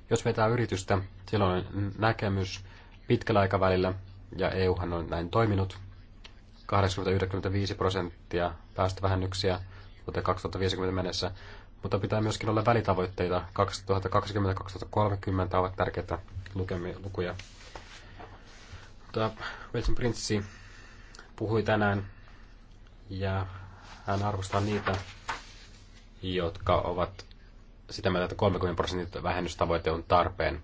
Jos vetää yritystä, silloin on näkemys pitkällä aikavälillä, ja EUhan on näin toiminut. 80-95 prosenttia päästövähennyksiä vuoteen 2050 mennessä mutta pitää myöskin olla välitavoitteita. 2020-2030 ovat tärkeitä lukemia, lukuja. Mutta Wilson Prinssi puhui tänään ja hän arvostaa niitä, jotka ovat sitä mieltä, että 30 prosentin vähennystavoite on tarpeen.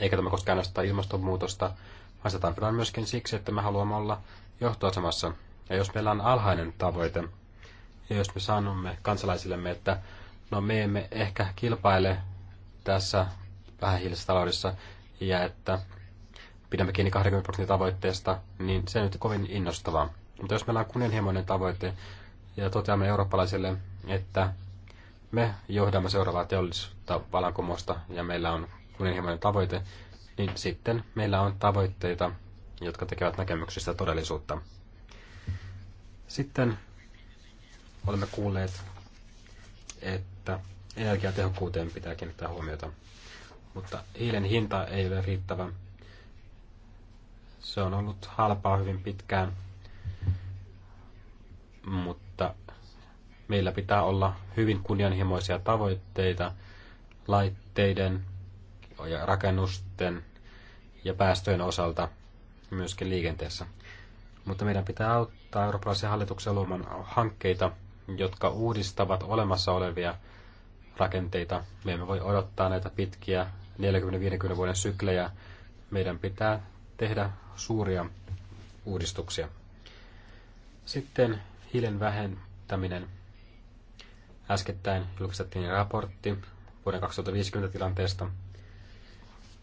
Eikä tämä koskaan ainoastaan ilmastonmuutosta, vaan se tarvitaan myöskin siksi, että me haluamme olla johtoasemassa. Ja jos meillä on alhainen tavoite, ja jos me sanomme kansalaisillemme, että no me emme ehkä kilpaile tässä vähähiilisessä taloudessa ja että pidämme kiinni 20 prosentin tavoitteesta, niin se on nyt kovin innostavaa. Mutta jos meillä on kunnianhimoinen tavoite ja toteamme eurooppalaisille, että me johdamme seuraavaa teollisuutta valankumosta ja meillä on kunnianhimoinen tavoite, niin sitten meillä on tavoitteita, jotka tekevät näkemyksistä todellisuutta. Sitten olemme kuulleet, että energiatehokkuuteen pitää kiinnittää huomiota. Mutta hiilen hinta ei ole riittävä. Se on ollut halpaa hyvin pitkään, mutta meillä pitää olla hyvin kunnianhimoisia tavoitteita laitteiden ja rakennusten ja päästöjen osalta myöskin liikenteessä. Mutta meidän pitää auttaa eurooppalaisia hallituksia luomaan hankkeita, jotka uudistavat olemassa olevia rakenteita. Me emme voi odottaa näitä pitkiä 40-50 vuoden syklejä. Meidän pitää tehdä suuria uudistuksia. Sitten hiilen vähentäminen. Äskettäin julkistettiin raportti vuoden 2050 tilanteesta.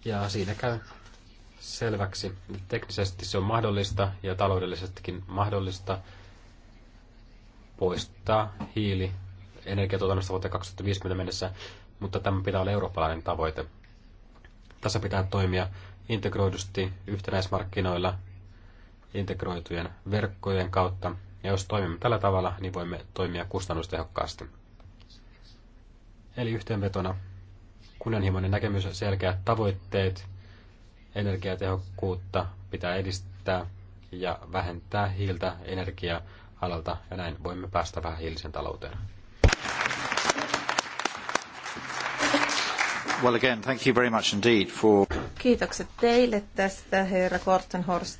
Ja siinä käy selväksi, että teknisesti se on mahdollista ja taloudellisestikin mahdollista – poistaa hiili energiatuotannosta vuoteen 2050 mennessä, mutta tämä pitää olla eurooppalainen tavoite. Tässä pitää toimia integroidusti yhtenäismarkkinoilla integroitujen verkkojen kautta, ja jos toimimme tällä tavalla, niin voimme toimia kustannustehokkaasti. Eli yhteenvetona kunnianhimoinen näkemys, selkeät tavoitteet, energiatehokkuutta pitää edistää ja vähentää hiiltä energiaa alalta ja näin voimme päästä vähän hiilisen talouteen. Well again, thank you very much indeed for... Kiitokset teille tästä, herra Kortenhorst.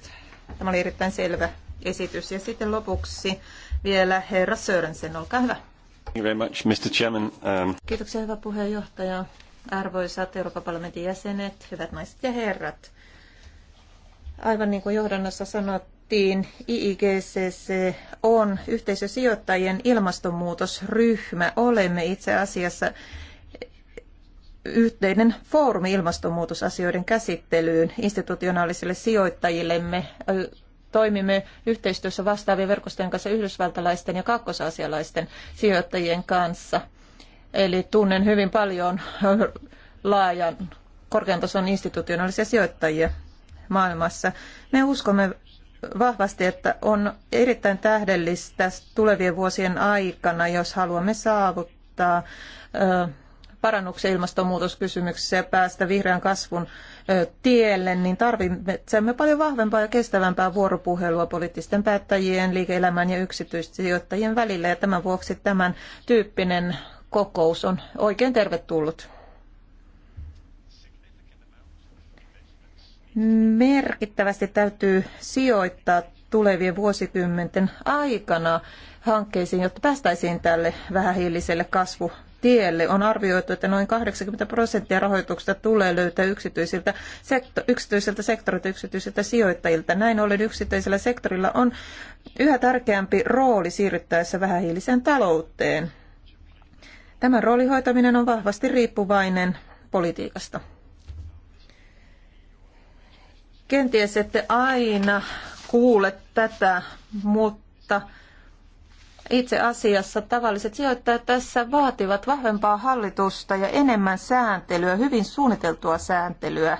Tämä oli erittäin selvä esitys. Ja sitten lopuksi vielä herra Sörensen, olkaa hyvä. Thank you very much, Mr. Chairman. Um... Kiitoksia, hyvä puheenjohtaja. Arvoisat Euroopan parlamentin jäsenet, hyvät naiset ja herrat. Aivan niin kuin johdannossa sanottiin, todettiin, IIGCC on yhteisösijoittajien ilmastonmuutosryhmä. Olemme itse asiassa yhteinen foorumi ilmastonmuutosasioiden käsittelyyn institutionaalisille sijoittajillemme. Toimimme yhteistyössä vastaavien verkostojen kanssa yhdysvaltalaisten ja kakkosasialaisten sijoittajien kanssa. Eli tunnen hyvin paljon laajan korkean tason institutionaalisia sijoittajia maailmassa. Me uskomme vahvasti, että on erittäin tähdellistä tulevien vuosien aikana, jos haluamme saavuttaa parannuksen ilmastonmuutoskysymyksissä ja päästä vihreän kasvun tielle, niin tarvitsemme paljon vahvempaa ja kestävämpää vuoropuhelua poliittisten päättäjien, liike-elämän ja yksityissijoittajien välillä. Ja tämän vuoksi tämän tyyppinen kokous on oikein tervetullut. merkittävästi täytyy sijoittaa tulevien vuosikymmenten aikana hankkeisiin, jotta päästäisiin tälle vähähiiliselle kasvu tielle. On arvioitu, että noin 80 prosenttia rahoituksesta tulee löytää yksityisiltä, sektor, yksityisiltä sektorilta, yksityisiltä sijoittajilta. Näin ollen yksityisellä sektorilla on yhä tärkeämpi rooli siirryttäessä vähähiiliseen talouteen. Tämän roolin hoitaminen on vahvasti riippuvainen politiikasta. Kenties ette aina kuule tätä, mutta itse asiassa tavalliset sijoittajat tässä vaativat vahvempaa hallitusta ja enemmän sääntelyä, hyvin suunniteltua sääntelyä.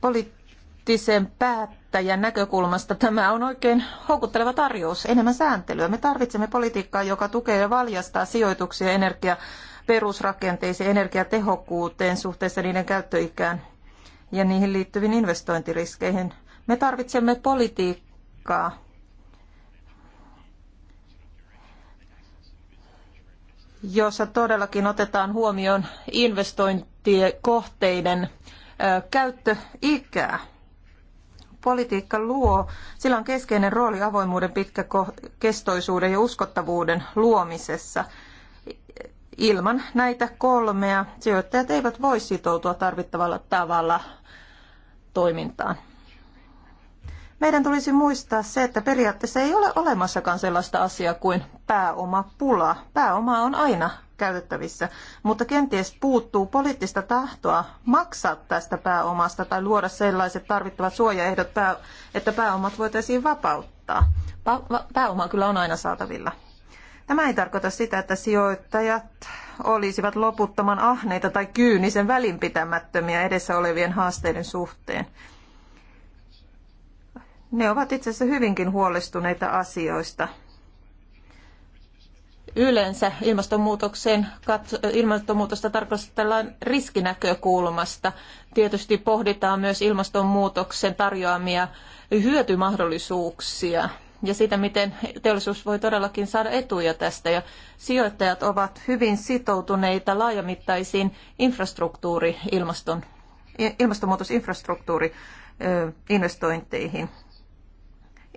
Poliittisen päättäjän näkökulmasta tämä on oikein houkutteleva tarjous, enemmän sääntelyä. Me tarvitsemme politiikkaa, joka tukee ja valjastaa sijoituksia energia perusrakenteisiin, energiatehokkuuteen suhteessa niiden käyttöikään ja niihin liittyviin investointiriskeihin. Me tarvitsemme politiikkaa, jossa todellakin otetaan huomioon investointikohteiden käyttöikää. Politiikka luo, sillä on keskeinen rooli avoimuuden pitkäkestoisuuden ja uskottavuuden luomisessa. Ilman näitä kolmea sijoittajat eivät voi sitoutua tarvittavalla tavalla toimintaan. Meidän tulisi muistaa se, että periaatteessa ei ole olemassakaan sellaista asiaa kuin pääomapula. Pääoma on aina käytettävissä, mutta kenties puuttuu poliittista tahtoa maksaa tästä pääomasta tai luoda sellaiset tarvittavat suojaehdot, että pääomat voitaisiin vapauttaa. pääoma kyllä on aina saatavilla. Tämä ei tarkoita sitä, että sijoittajat olisivat loputtoman ahneita tai kyynisen välinpitämättömiä edessä olevien haasteiden suhteen. Ne ovat itse asiassa hyvinkin huolestuneita asioista. Yleensä ilmastonmuutokseen, ilmastonmuutosta tarkastellaan riskinäkökulmasta. Tietysti pohditaan myös ilmastonmuutoksen tarjoamia hyötymahdollisuuksia – ja siitä, miten teollisuus voi todellakin saada etuja tästä. Ja sijoittajat ovat hyvin sitoutuneita laajamittaisiin infrastruktuuri, ilmaston, investointeihin.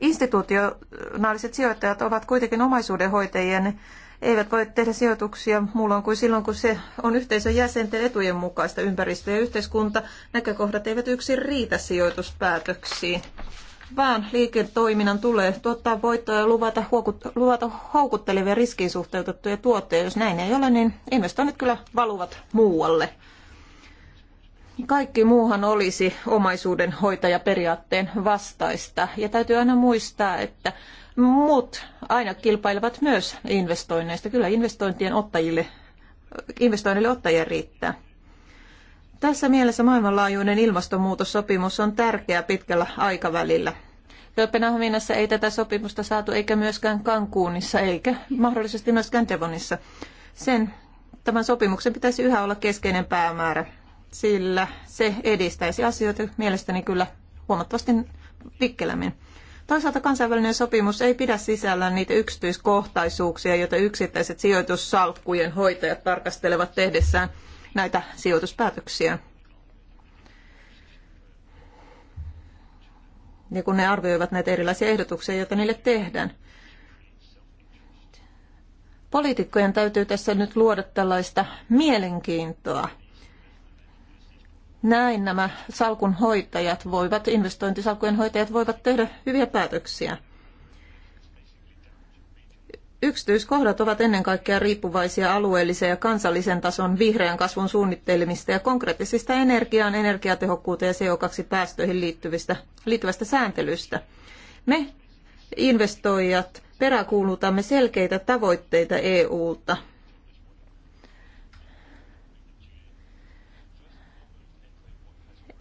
Institutionaaliset sijoittajat ovat kuitenkin omaisuudenhoitajia, ne eivät voi tehdä sijoituksia muulloin kuin silloin, kun se on yhteisön jäsenten etujen mukaista ympäristö- ja yhteiskunta. Näkökohdat eivät yksin riitä sijoituspäätöksiin vaan liiketoiminnan tulee tuottaa voittoa ja luvata, huokut, luvata houkuttelevia riskiin suhteutettuja tuotteita. Jos näin ei ole, niin investoinnit kyllä valuvat muualle. Kaikki muuhan olisi omaisuuden hoitajaperiaatteen vastaista. Ja täytyy aina muistaa, että muut aina kilpailevat myös investoinneista. Kyllä investointien ottajille, investoinnille ottajia riittää. Tässä mielessä maailmanlaajuinen ilmastonmuutossopimus on tärkeä pitkällä aikavälillä. Kööpenhaminassa ei tätä sopimusta saatu eikä myöskään Kankuunissa eikä mahdollisesti myöskään Devonissa. Sen, tämän sopimuksen pitäisi yhä olla keskeinen päämäärä, sillä se edistäisi asioita mielestäni kyllä huomattavasti vikkelämmin. Toisaalta kansainvälinen sopimus ei pidä sisällään niitä yksityiskohtaisuuksia, joita yksittäiset sijoitussalkkujen hoitajat tarkastelevat tehdessään näitä sijoituspäätöksiä. Ja kun ne arvioivat näitä erilaisia ehdotuksia, joita niille tehdään. Poliitikkojen täytyy tässä nyt luoda tällaista mielenkiintoa. Näin nämä salkunhoitajat voivat, investointisalkujen hoitajat voivat tehdä hyviä päätöksiä. Yksityiskohdat ovat ennen kaikkea riippuvaisia alueellisen ja kansallisen tason vihreän kasvun suunnittelemista ja konkreettisista energiaan, energiatehokkuuteen ja CO2-päästöihin liittyvistä, liittyvästä sääntelystä. Me investoijat peräkuulutamme selkeitä tavoitteita EUlta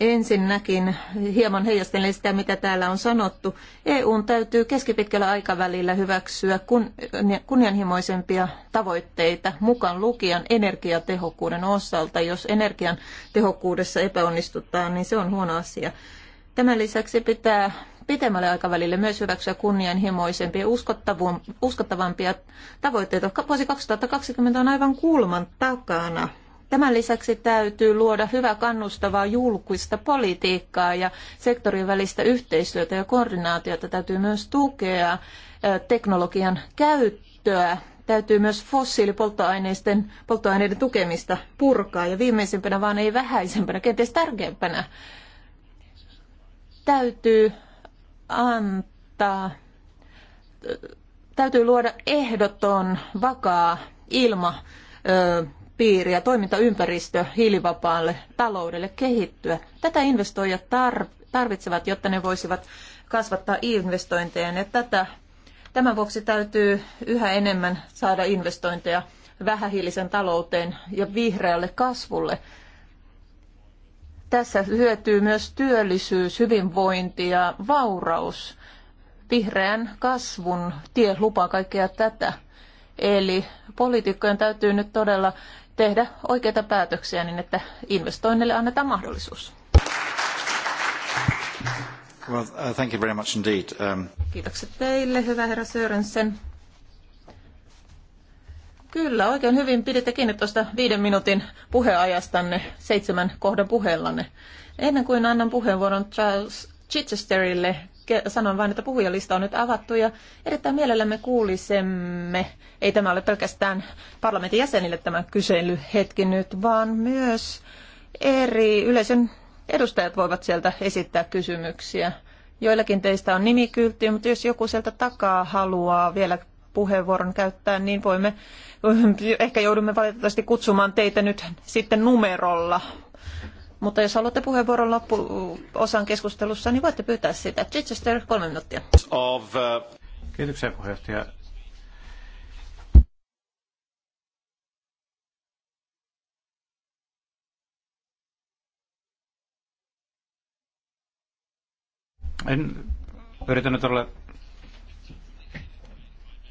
Ensinnäkin hieman heijastelen sitä, mitä täällä on sanottu. EUn täytyy keskipitkällä aikavälillä hyväksyä kunnianhimoisempia tavoitteita mukaan lukijan energiatehokkuuden osalta. Jos energian tehokkuudessa epäonnistutaan, niin se on huono asia. Tämän lisäksi pitää pitemmälle aikavälille myös hyväksyä kunnianhimoisempia ja uskottavampia tavoitteita. Vuosi 2020 on aivan kulman takana. Tämän lisäksi täytyy luoda hyvä kannustavaa julkista politiikkaa ja sektorin välistä yhteistyötä ja koordinaatiota täytyy myös tukea teknologian käyttöä. Täytyy myös fossiilipolttoaineiden polttoaineiden tukemista purkaa ja viimeisimpänä vaan ei vähäisempänä, kenties tärkeimpänä täytyy antaa, täytyy luoda ehdoton, vakaa ilma piiri ja toimintaympäristö hiilivapaalle taloudelle kehittyä. Tätä investoijat tarvitsevat, jotta ne voisivat kasvattaa investointeja. Ja tätä, tämän vuoksi täytyy yhä enemmän saada investointeja vähähiilisen talouteen ja vihreälle kasvulle. Tässä hyötyy myös työllisyys, hyvinvointi ja vauraus. Vihreän kasvun tie lupaa kaikkea tätä. Eli poliitikkojen täytyy nyt todella tehdä oikeita päätöksiä niin, että investoinnille annetaan mahdollisuus. Well, uh, thank you very much indeed. Um... Kiitokset teille, hyvä herra Sörensen. Kyllä, oikein hyvin piditte kiinni tuosta viiden minuutin puheajastanne, seitsemän kohdan puheellanne. Ennen kuin annan puheenvuoron Charles Chichesterille, sanon vain, että puhujalista on nyt avattu ja erittäin mielellämme kuulisemme, ei tämä ole pelkästään parlamentin jäsenille tämä kyselyhetki nyt, vaan myös eri yleisön edustajat voivat sieltä esittää kysymyksiä. Joillakin teistä on nimikyltti, mutta jos joku sieltä takaa haluaa vielä puheenvuoron käyttää, niin voimme, ehkä joudumme valitettavasti kutsumaan teitä nyt sitten numerolla mutta jos haluatte puheenvuoron loppuosan keskustelussa, niin voitte pyytää sitä. Chichester, kolme minuuttia. Of, uh... Kiitoksia puheenjohtaja. En nyt olla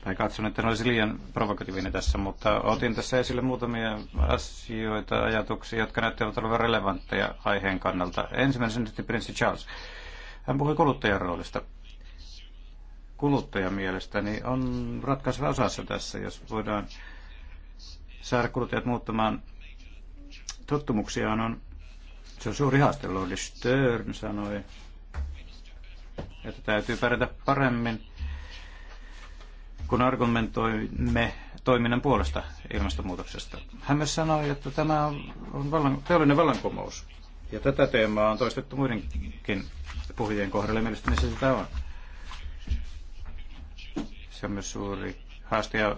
tai katson, että ne olisi liian provokatiivinen tässä, mutta otin tässä esille muutamia asioita, ajatuksia, jotka näyttävät olevan relevantteja aiheen kannalta. Ensimmäisenä sitten prinssi Charles. Hän puhui kuluttajan roolista. Kuluttaja mielestäni on ratkaisuva osassa tässä, jos voidaan saada kuluttajat muuttamaan tottumuksiaan. On, se on suuri haaste, Lord Stern sanoi, että täytyy pärjätä paremmin – kun argumentoimme toiminnan puolesta ilmastonmuutoksesta. Hän myös sanoi, että tämä on vallan, teollinen vallankumous. Ja tätä teemaa on toistettu muidenkin puhujien kohdalla, mielestäni se sitä on. Se on myös suuri haaste ja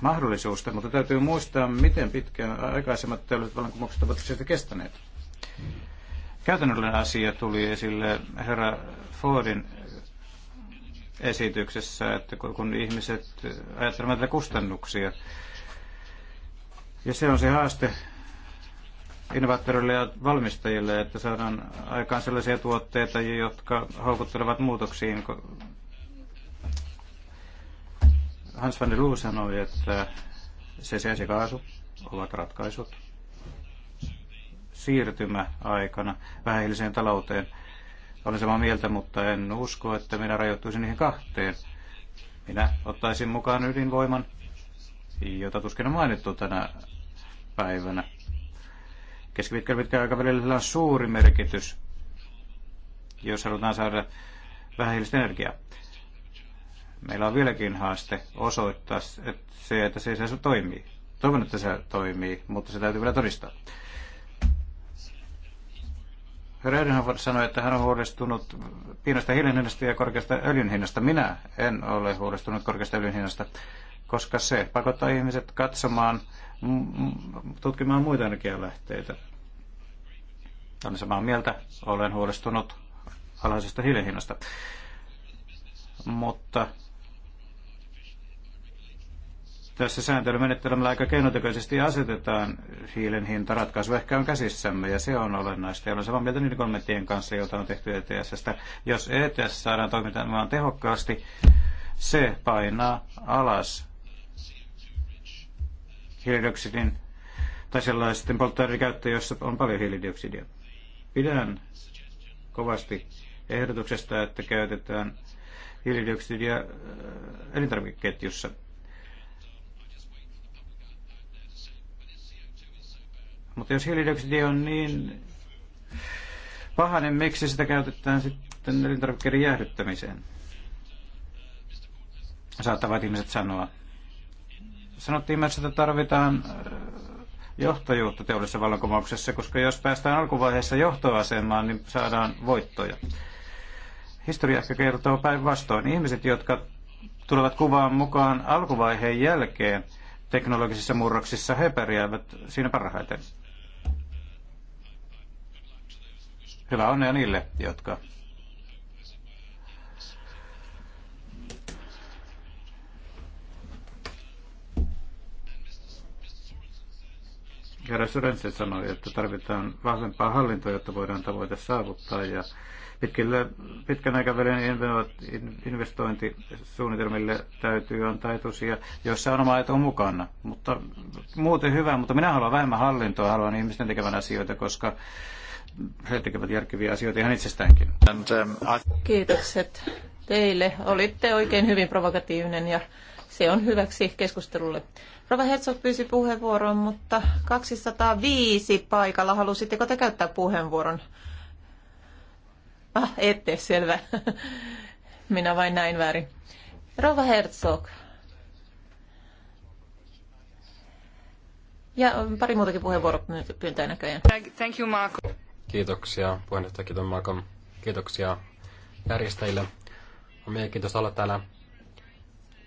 mahdollisuus, mutta täytyy muistaa, miten pitkään aikaisemmat teolliset vallankumoukset ovat sieltä kestäneet. Käytännöllinen asia tuli esille herra Fordin esityksessä, että kun ihmiset ajattelevat näitä kustannuksia. Ja se on se haaste innovaattoreille ja valmistajille, että saadaan aikaan sellaisia tuotteita, jotka houkuttelevat muutoksiin. Hans van der Loo sanoi, että se ja kaasu ovat ratkaisut siirtymäaikana vähähiiliseen talouteen – olen samaa mieltä, mutta en usko, että minä rajoittuisin niihin kahteen. Minä ottaisin mukaan ydinvoiman, jota tuskin on mainittu tänä päivänä. Keskipitkällä pitkällä aikavälillä on suuri merkitys, jos halutaan saada vähähiilistä energiaa. Meillä on vieläkin haaste osoittaa että se, että se, saa toimii. Toivon, että se toimii, mutta se täytyy vielä todistaa. Herra sanoi, että hän on huolestunut pienestä hiilen ja korkeasta öljynhinnasta. Minä en ole huolestunut korkeasta öljynhinnasta, koska se pakottaa ihmiset katsomaan, tutkimaan muita energialähteitä. Olen samaa mieltä, olen huolestunut alhaisesta hiilen Mutta tässä sääntelymenettelemällä aika keinotekoisesti asetetaan hiilen hinta. ehkä on käsissämme ja se on olennaista. Ja olen samaa mieltä niiden kommenttien kanssa, joita on tehty ets Jos ETS saadaan toimintaan tehokkaasti, se painaa alas hiilidioksidin tai sellaisten polttoaineiden käyttö, jossa on paljon hiilidioksidia. Pidän kovasti ehdotuksesta, että käytetään hiilidioksidia äh, elintarvikeketjussa Mutta jos hiilidioksidi on niin paha, niin miksi sitä käytetään sitten elintarvikkeiden jäähdyttämiseen? Saattavat ihmiset sanoa. Sanottiin myös, että tarvitaan äh, johtajuutta teollisessa vallankumouksessa, koska jos päästään alkuvaiheessa johtoasemaan, niin saadaan voittoja. Historia ehkä kertoo päinvastoin. Ihmiset, jotka tulevat kuvaan mukaan alkuvaiheen jälkeen teknologisissa murroksissa, he pärjäävät siinä parhaiten. Hyvää onnea niille, jotka Herra Sörensen sanoi, että tarvitaan vahvempaa hallintoa, jotta voidaan tavoite saavuttaa. Ja pitkillä, pitkän aikavälin investointisuunnitelmille täytyy antaa etusia, joissa on oma etu mukana. Mutta muuten hyvä, mutta minä haluan vähemmän hallintoa, haluan ihmisten tekevän asioita, koska he tekevät järkeviä asioita ihan itsestäänkin. Um, Kiitokset teille. Olitte oikein hyvin provokatiivinen ja se on hyväksi keskustelulle. Rova Herzog pyysi puheenvuoron, mutta 205 paikalla. Halusitteko te käyttää puheenvuoron? Ah, ette, selvä. Minä vain näin väärin. Rova Herzog. Ja pari muutakin pyyntää näköjään. Thank you, Marco. Kiitoksia puheenjohtaja Kiiton Malcolm. Kiitoksia järjestäjille. On mielenkiintoista olla täällä.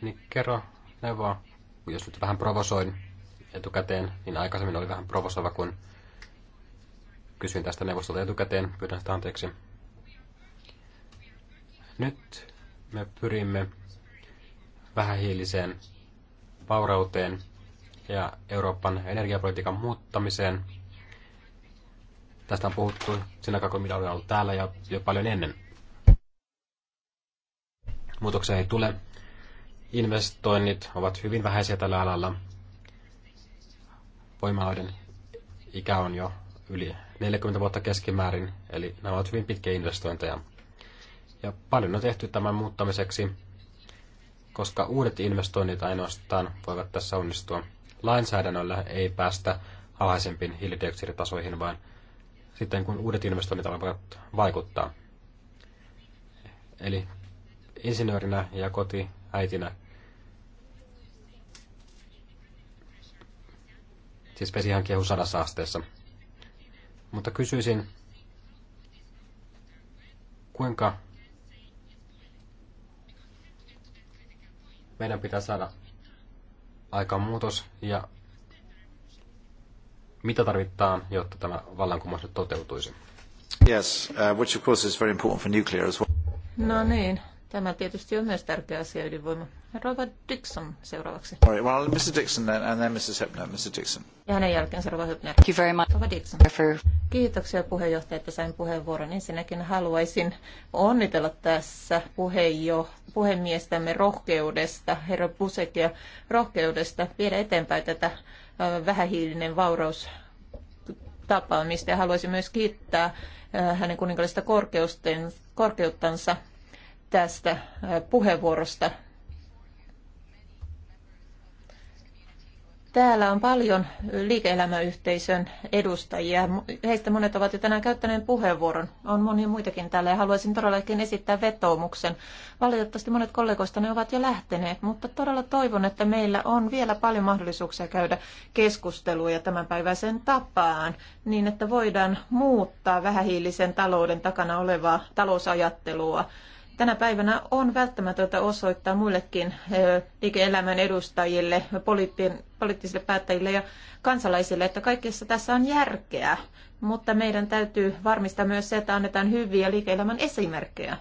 Niin kerro neuvoa, jos nyt vähän provosoin etukäteen, niin aikaisemmin oli vähän provosoiva, kun kysyin tästä neuvostolta etukäteen. Pyydän sitä anteeksi. Nyt me pyrimme vähähiiliseen vaurauteen ja Euroopan energiapolitiikan muuttamiseen – Tästä on puhuttu sillä aikaa, kun minä olen ollut täällä ja jo paljon ennen. Muutoksia ei tule. Investoinnit ovat hyvin vähäisiä tällä alalla. Voimaloiden ikä on jo yli 40 vuotta keskimäärin, eli nämä ovat hyvin pitkiä investointeja. Ja paljon on tehty tämän muuttamiseksi, koska uudet investoinnit ainoastaan voivat tässä onnistua. Lainsäädännöllä ei päästä alhaisempiin hiilidioksiditasoihin, vaan sitten, kun uudet investoinnit alkavat vaikuttaa. Eli insinöörinä ja kotiäitinä. Siis vesi ihan kehu sadassa asteessa. Mutta kysyisin, kuinka meidän pitää saada aikaan muutos ja mitä tarvitaan, jotta tämä vallankumous nyt toteutuisi? Yes, uh, which of course is very important for nuclear as well. No niin, tämä tietysti on myös tärkeä asia ydinvoima. Robert Dixon seuraavaksi. All right, well, Mr. Dixon then, and then Mrs. Hepner, Mr. Dixon. Ja hänen jälkeensä Rova Hepner. Thank you very much. Robert Dixon. For... Kiitoksia puheenjohtaja, että sain puheenvuoron. Ensinnäkin haluaisin onnitella tässä puheenjo- puhemiestämme rohkeudesta, herra Pusekia rohkeudesta viedä eteenpäin tätä Äh, vähähiilinen vauraus tapaamista ja haluaisin myös kiittää äh, hänen kuninkallisesta korkeuttansa tästä äh, puheenvuorosta Täällä on paljon liike-elämäyhteisön edustajia. Heistä monet ovat jo tänään käyttäneet puheenvuoron. On monia muitakin täällä ja haluaisin todellakin esittää vetoomuksen. Valitettavasti monet kollegoista ne ovat jo lähteneet, mutta todella toivon, että meillä on vielä paljon mahdollisuuksia käydä keskusteluja päiväisen tapaan, niin että voidaan muuttaa vähähiilisen talouden takana olevaa talousajattelua Tänä päivänä on välttämätöntä osoittaa muillekin liike-elämän edustajille, poliittisille päättäjille ja kansalaisille, että kaikessa tässä on järkeä. Mutta meidän täytyy varmistaa myös se, että annetaan hyviä liike-elämän esimerkkejä.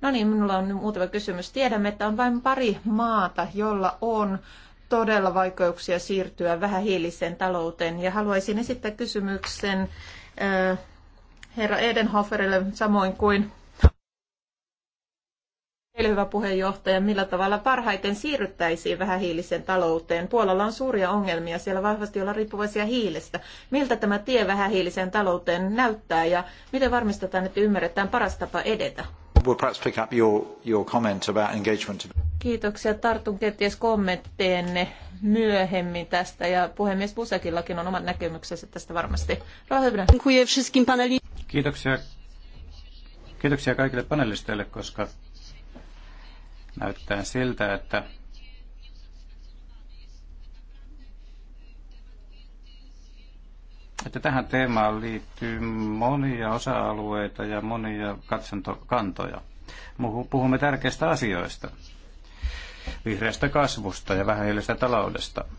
No niin, minulla on muutama kysymys. Tiedämme, että on vain pari maata, jolla on todella vaikeuksia siirtyä vähähiiliseen talouteen. Ja haluaisin esittää kysymyksen äh, herra Edenhoferille samoin kuin teille, hyvä puheenjohtaja, millä tavalla parhaiten siirryttäisiin vähähiiliseen talouteen. Puolalla on suuria ongelmia, siellä vahvasti olla riippuvaisia hiilestä. Miltä tämä tie vähähiiliseen talouteen näyttää ja miten varmistetaan, että ymmärretään paras tapa edetä? We'll perhaps pick up your, your comment about engagement. Kiitoksia. Tartun kenties kommentteenne myöhemmin tästä ja puhemies Busekillakin on omat näkemyksensä tästä varmasti. Kiitoksia. Kiitoksia kaikille panelisteille, koska Näyttää siltä, että että tähän teemaan liittyy monia osa-alueita ja monia katsantokantoja. Puhumme tärkeistä asioista, vihreästä kasvusta ja vähäisestä taloudesta –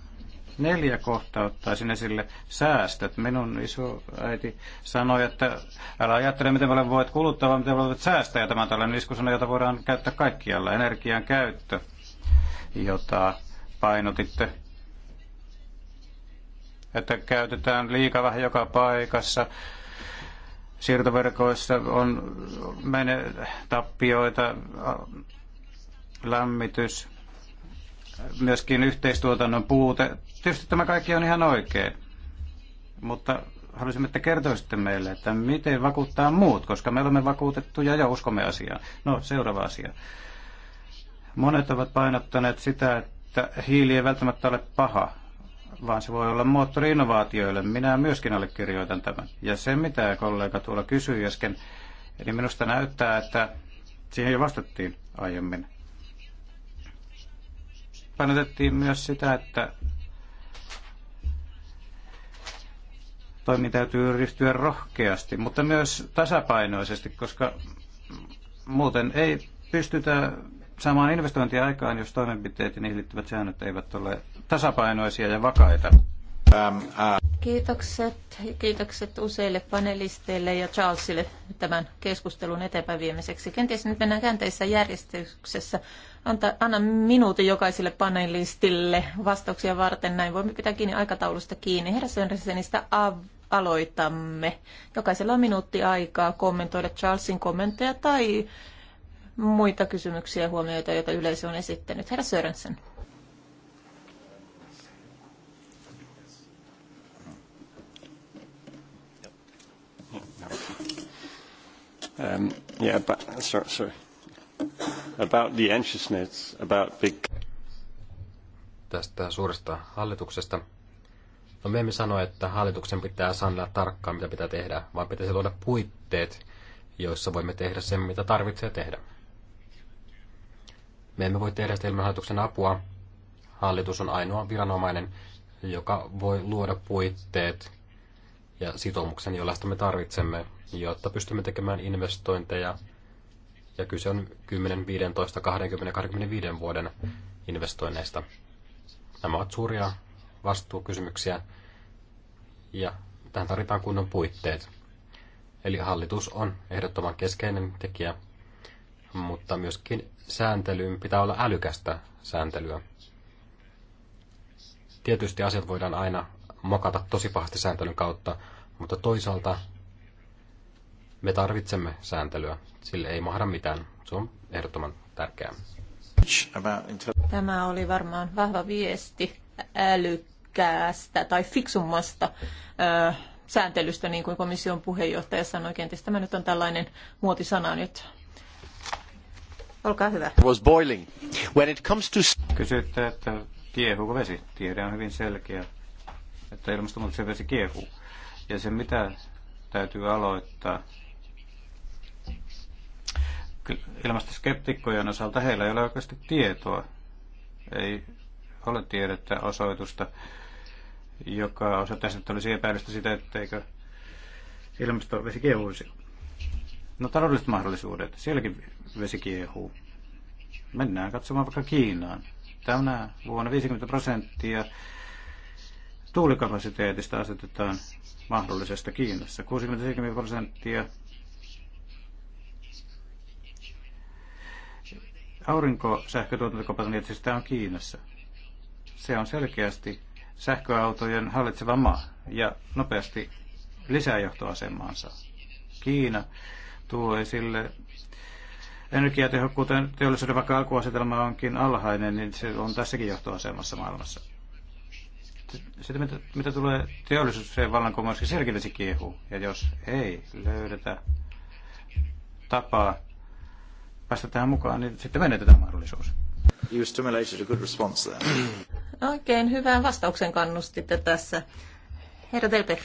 Neljä kohtaa ottaisin esille säästöt. Minun iso äiti sanoi, että älä ajattele, miten paljon voit kuluttaa, vaan miten voit säästää. Ja tämä on tällainen iskusana, jota voidaan käyttää kaikkialla. Energian käyttö, jota painotitte että käytetään liika vähän joka paikassa. Siirtoverkoissa on mene, tappioita, lämmitys, myöskin yhteistuotannon puute Tietysti tämä kaikki on ihan oikein, mutta haluaisimme, että kertoisitte meille, että miten vakuuttaa muut, koska me olemme vakuutettuja ja uskomme asiaan. No, seuraava asia. Monet ovat painottaneet sitä, että hiili ei välttämättä ole paha, vaan se voi olla moottori innovaatioille. Minä myöskin allekirjoitan tämän. Ja se, mitä kollega tuolla kysyi äsken, eli minusta näyttää, että siihen jo vastattiin aiemmin. Painotettiin myös sitä, että toimiin täytyy ryhtyä rohkeasti, mutta myös tasapainoisesti, koska muuten ei pystytä saamaan investointia aikaan, jos toimenpiteet ja niihin liittyvät säännöt eivät ole tasapainoisia ja vakaita. Ähm, äh. Kiitokset. Kiitokset useille panelisteille ja Charlesille tämän keskustelun eteenpäin viemiseksi. Kenties nyt mennään käänteisessä järjestyksessä. Anta, anna minuutin jokaiselle panelistille vastauksia varten. Näin voimme pitää kiinni aikataulusta kiinni. Herra Sönresenistä aloitamme. Jokaisella on minuutti aikaa kommentoida Charlesin kommentteja tai muita kysymyksiä ja huomioita, joita yleisö on esittänyt. Herra Sörensen. Um, yeah, but, sorry, sorry. About the anxiousness, about big... Tästä suuresta hallituksesta No me emme sano, että hallituksen pitää sanoa tarkkaan, mitä pitää tehdä, vaan pitäisi luoda puitteet, joissa voimme tehdä sen, mitä tarvitsee tehdä. Me emme voi tehdä sitä ilman hallituksen apua. Hallitus on ainoa viranomainen, joka voi luoda puitteet ja sitoumuksen, jollaista me tarvitsemme, jotta pystymme tekemään investointeja. Ja kyse on 10, 15, 20, 25 vuoden investoinneista. Nämä ovat suuria vastuukysymyksiä ja tähän tarvitaan kunnon puitteet. Eli hallitus on ehdottoman keskeinen tekijä, mutta myöskin sääntelyyn pitää olla älykästä sääntelyä. Tietysti asiat voidaan aina mokata tosi pahasti sääntelyn kautta, mutta toisaalta me tarvitsemme sääntelyä. Sille ei mahda mitään. Se on ehdottoman tärkeää. Tämä oli varmaan vahva viesti Älykkä älykkäästä tai fiksummasta ö, sääntelystä, niin kuin komission puheenjohtaja sanoi. Kenties tämä nyt on tällainen muotisana nyt. Olkaa hyvä. Was boiling. When it comes to... Kysytte, että kiehuuko vesi? Tiede on hyvin selkeä, että ilmastonmuutoksen vesi kiehuu. Ja se, mitä täytyy aloittaa, ilmastoskeptikkojen osalta heillä ei ole oikeasti tietoa. Ei ole tiedettä, osoitusta joka osoittaisi, että olisi epäilystä sitä, etteikö ilmasto vesi kiehuisi. No taloudelliset mahdollisuudet. Sielläkin vesi kiehuu. Mennään katsomaan vaikka Kiinaan. Tänä vuonna 50 prosenttia tuulikapasiteetista asetetaan mahdollisesta Kiinassa. 60-70 prosenttia aurinkosähkötuotantokapasiteetista on Kiinassa. Se on selkeästi sähköautojen hallitseva maa ja nopeasti lisää johtoasemaansa. Kiina tuo esille energiatehokkuuteen teollisuuden vaikka alkuasetelma onkin alhainen, niin se on tässäkin johtoasemassa maailmassa. Sitten mitä, mitä tulee teollisuuteen vallankumoukseen, sielläkin se kiehuu. Ja jos ei löydetä tapaa päästä tähän mukaan, niin sitten menetetään mahdollisuus. You stimulated a good response there. Oikein hyvän vastauksen kannustitte tässä. Herra Delper.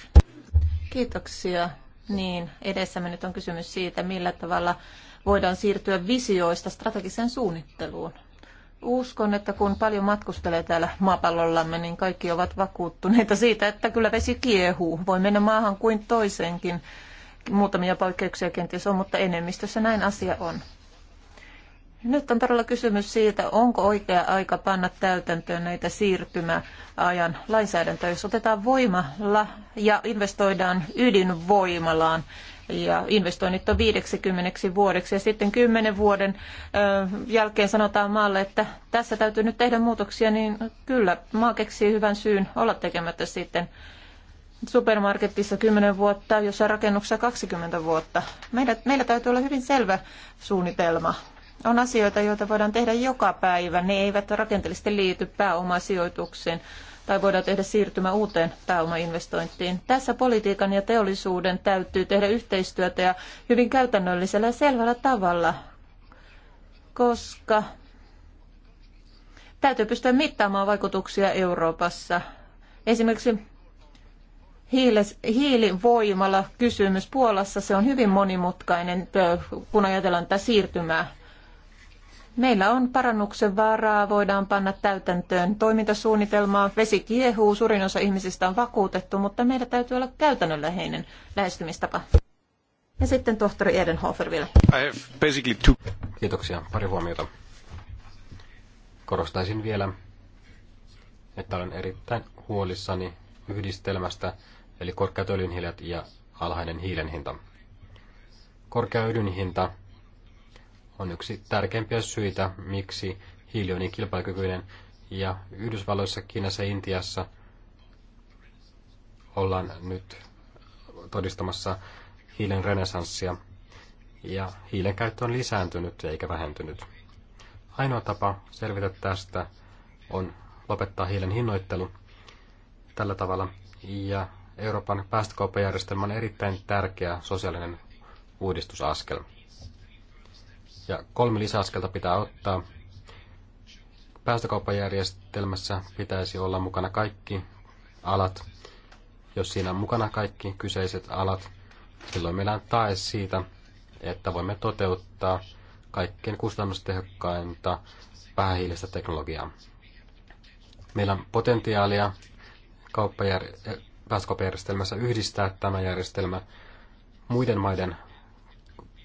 Kiitoksia. Niin, edessämme nyt on kysymys siitä, millä tavalla voidaan siirtyä visioista strategiseen suunnitteluun. Uskon, että kun paljon matkustelee täällä maapallollamme, niin kaikki ovat vakuuttuneita siitä, että kyllä vesi kiehuu. Voi mennä maahan kuin toiseenkin. Muutamia poikkeuksia kenties on, mutta enemmistössä näin asia on. Nyt on todella kysymys siitä, onko oikea aika panna täytäntöön näitä siirtymäajan lainsäädäntöä. Jos otetaan voimalla ja investoidaan ydinvoimalaan, ja investoinnit on 50 vuodeksi ja sitten 10 vuoden jälkeen sanotaan maalle, että tässä täytyy nyt tehdä muutoksia, niin kyllä maa keksii hyvän syyn olla tekemättä sitten supermarketissa 10 vuotta, jossa rakennuksessa 20 vuotta. Meillä, meillä täytyy olla hyvin selvä suunnitelma on asioita, joita voidaan tehdä joka päivä. Ne eivät rakenteellisesti liity pääomasijoitukseen tai voidaan tehdä siirtymä uuteen pääomainvestointiin. Tässä politiikan ja teollisuuden täytyy tehdä yhteistyötä ja hyvin käytännöllisellä ja selvällä tavalla, koska täytyy pystyä mittaamaan vaikutuksia Euroopassa. Esimerkiksi hiilivoimalla kysymys Puolassa, se on hyvin monimutkainen, kun ajatellaan tätä siirtymää Meillä on parannuksen varaa, voidaan panna täytäntöön toimintasuunnitelmaa. Vesi kiehuu, suurin osa ihmisistä on vakuutettu, mutta meillä täytyy olla käytännönläheinen lähestymistapa. Ja sitten tohtori Edenhofer vielä. Kiitoksia. Pari huomiota. Korostaisin vielä, että olen erittäin huolissani yhdistelmästä, eli korkeat öljynhiljat ja alhainen hiilen hinta. Korkea öljyn hinta on yksi tärkeimpiä syitä, miksi hiili on niin kilpailukykyinen. Ja Yhdysvalloissa, Kiinassa ja Intiassa ollaan nyt todistamassa hiilen renesanssia. Ja hiilen käyttö on lisääntynyt eikä vähentynyt. Ainoa tapa selvitä tästä on lopettaa hiilen hinnoittelu tällä tavalla. Ja Euroopan päästökauppajärjestelmä on erittäin tärkeä sosiaalinen uudistusaskel. Ja kolme lisäaskelta pitää ottaa. Päästökauppajärjestelmässä pitäisi olla mukana kaikki alat. Jos siinä on mukana kaikki kyseiset alat, silloin meillä on tae siitä, että voimme toteuttaa kaikkein kustannustehokkainta vähähiilistä teknologiaa. Meillä on potentiaalia kauppajär- eh, päästökauppajärjestelmässä yhdistää tämä järjestelmä muiden maiden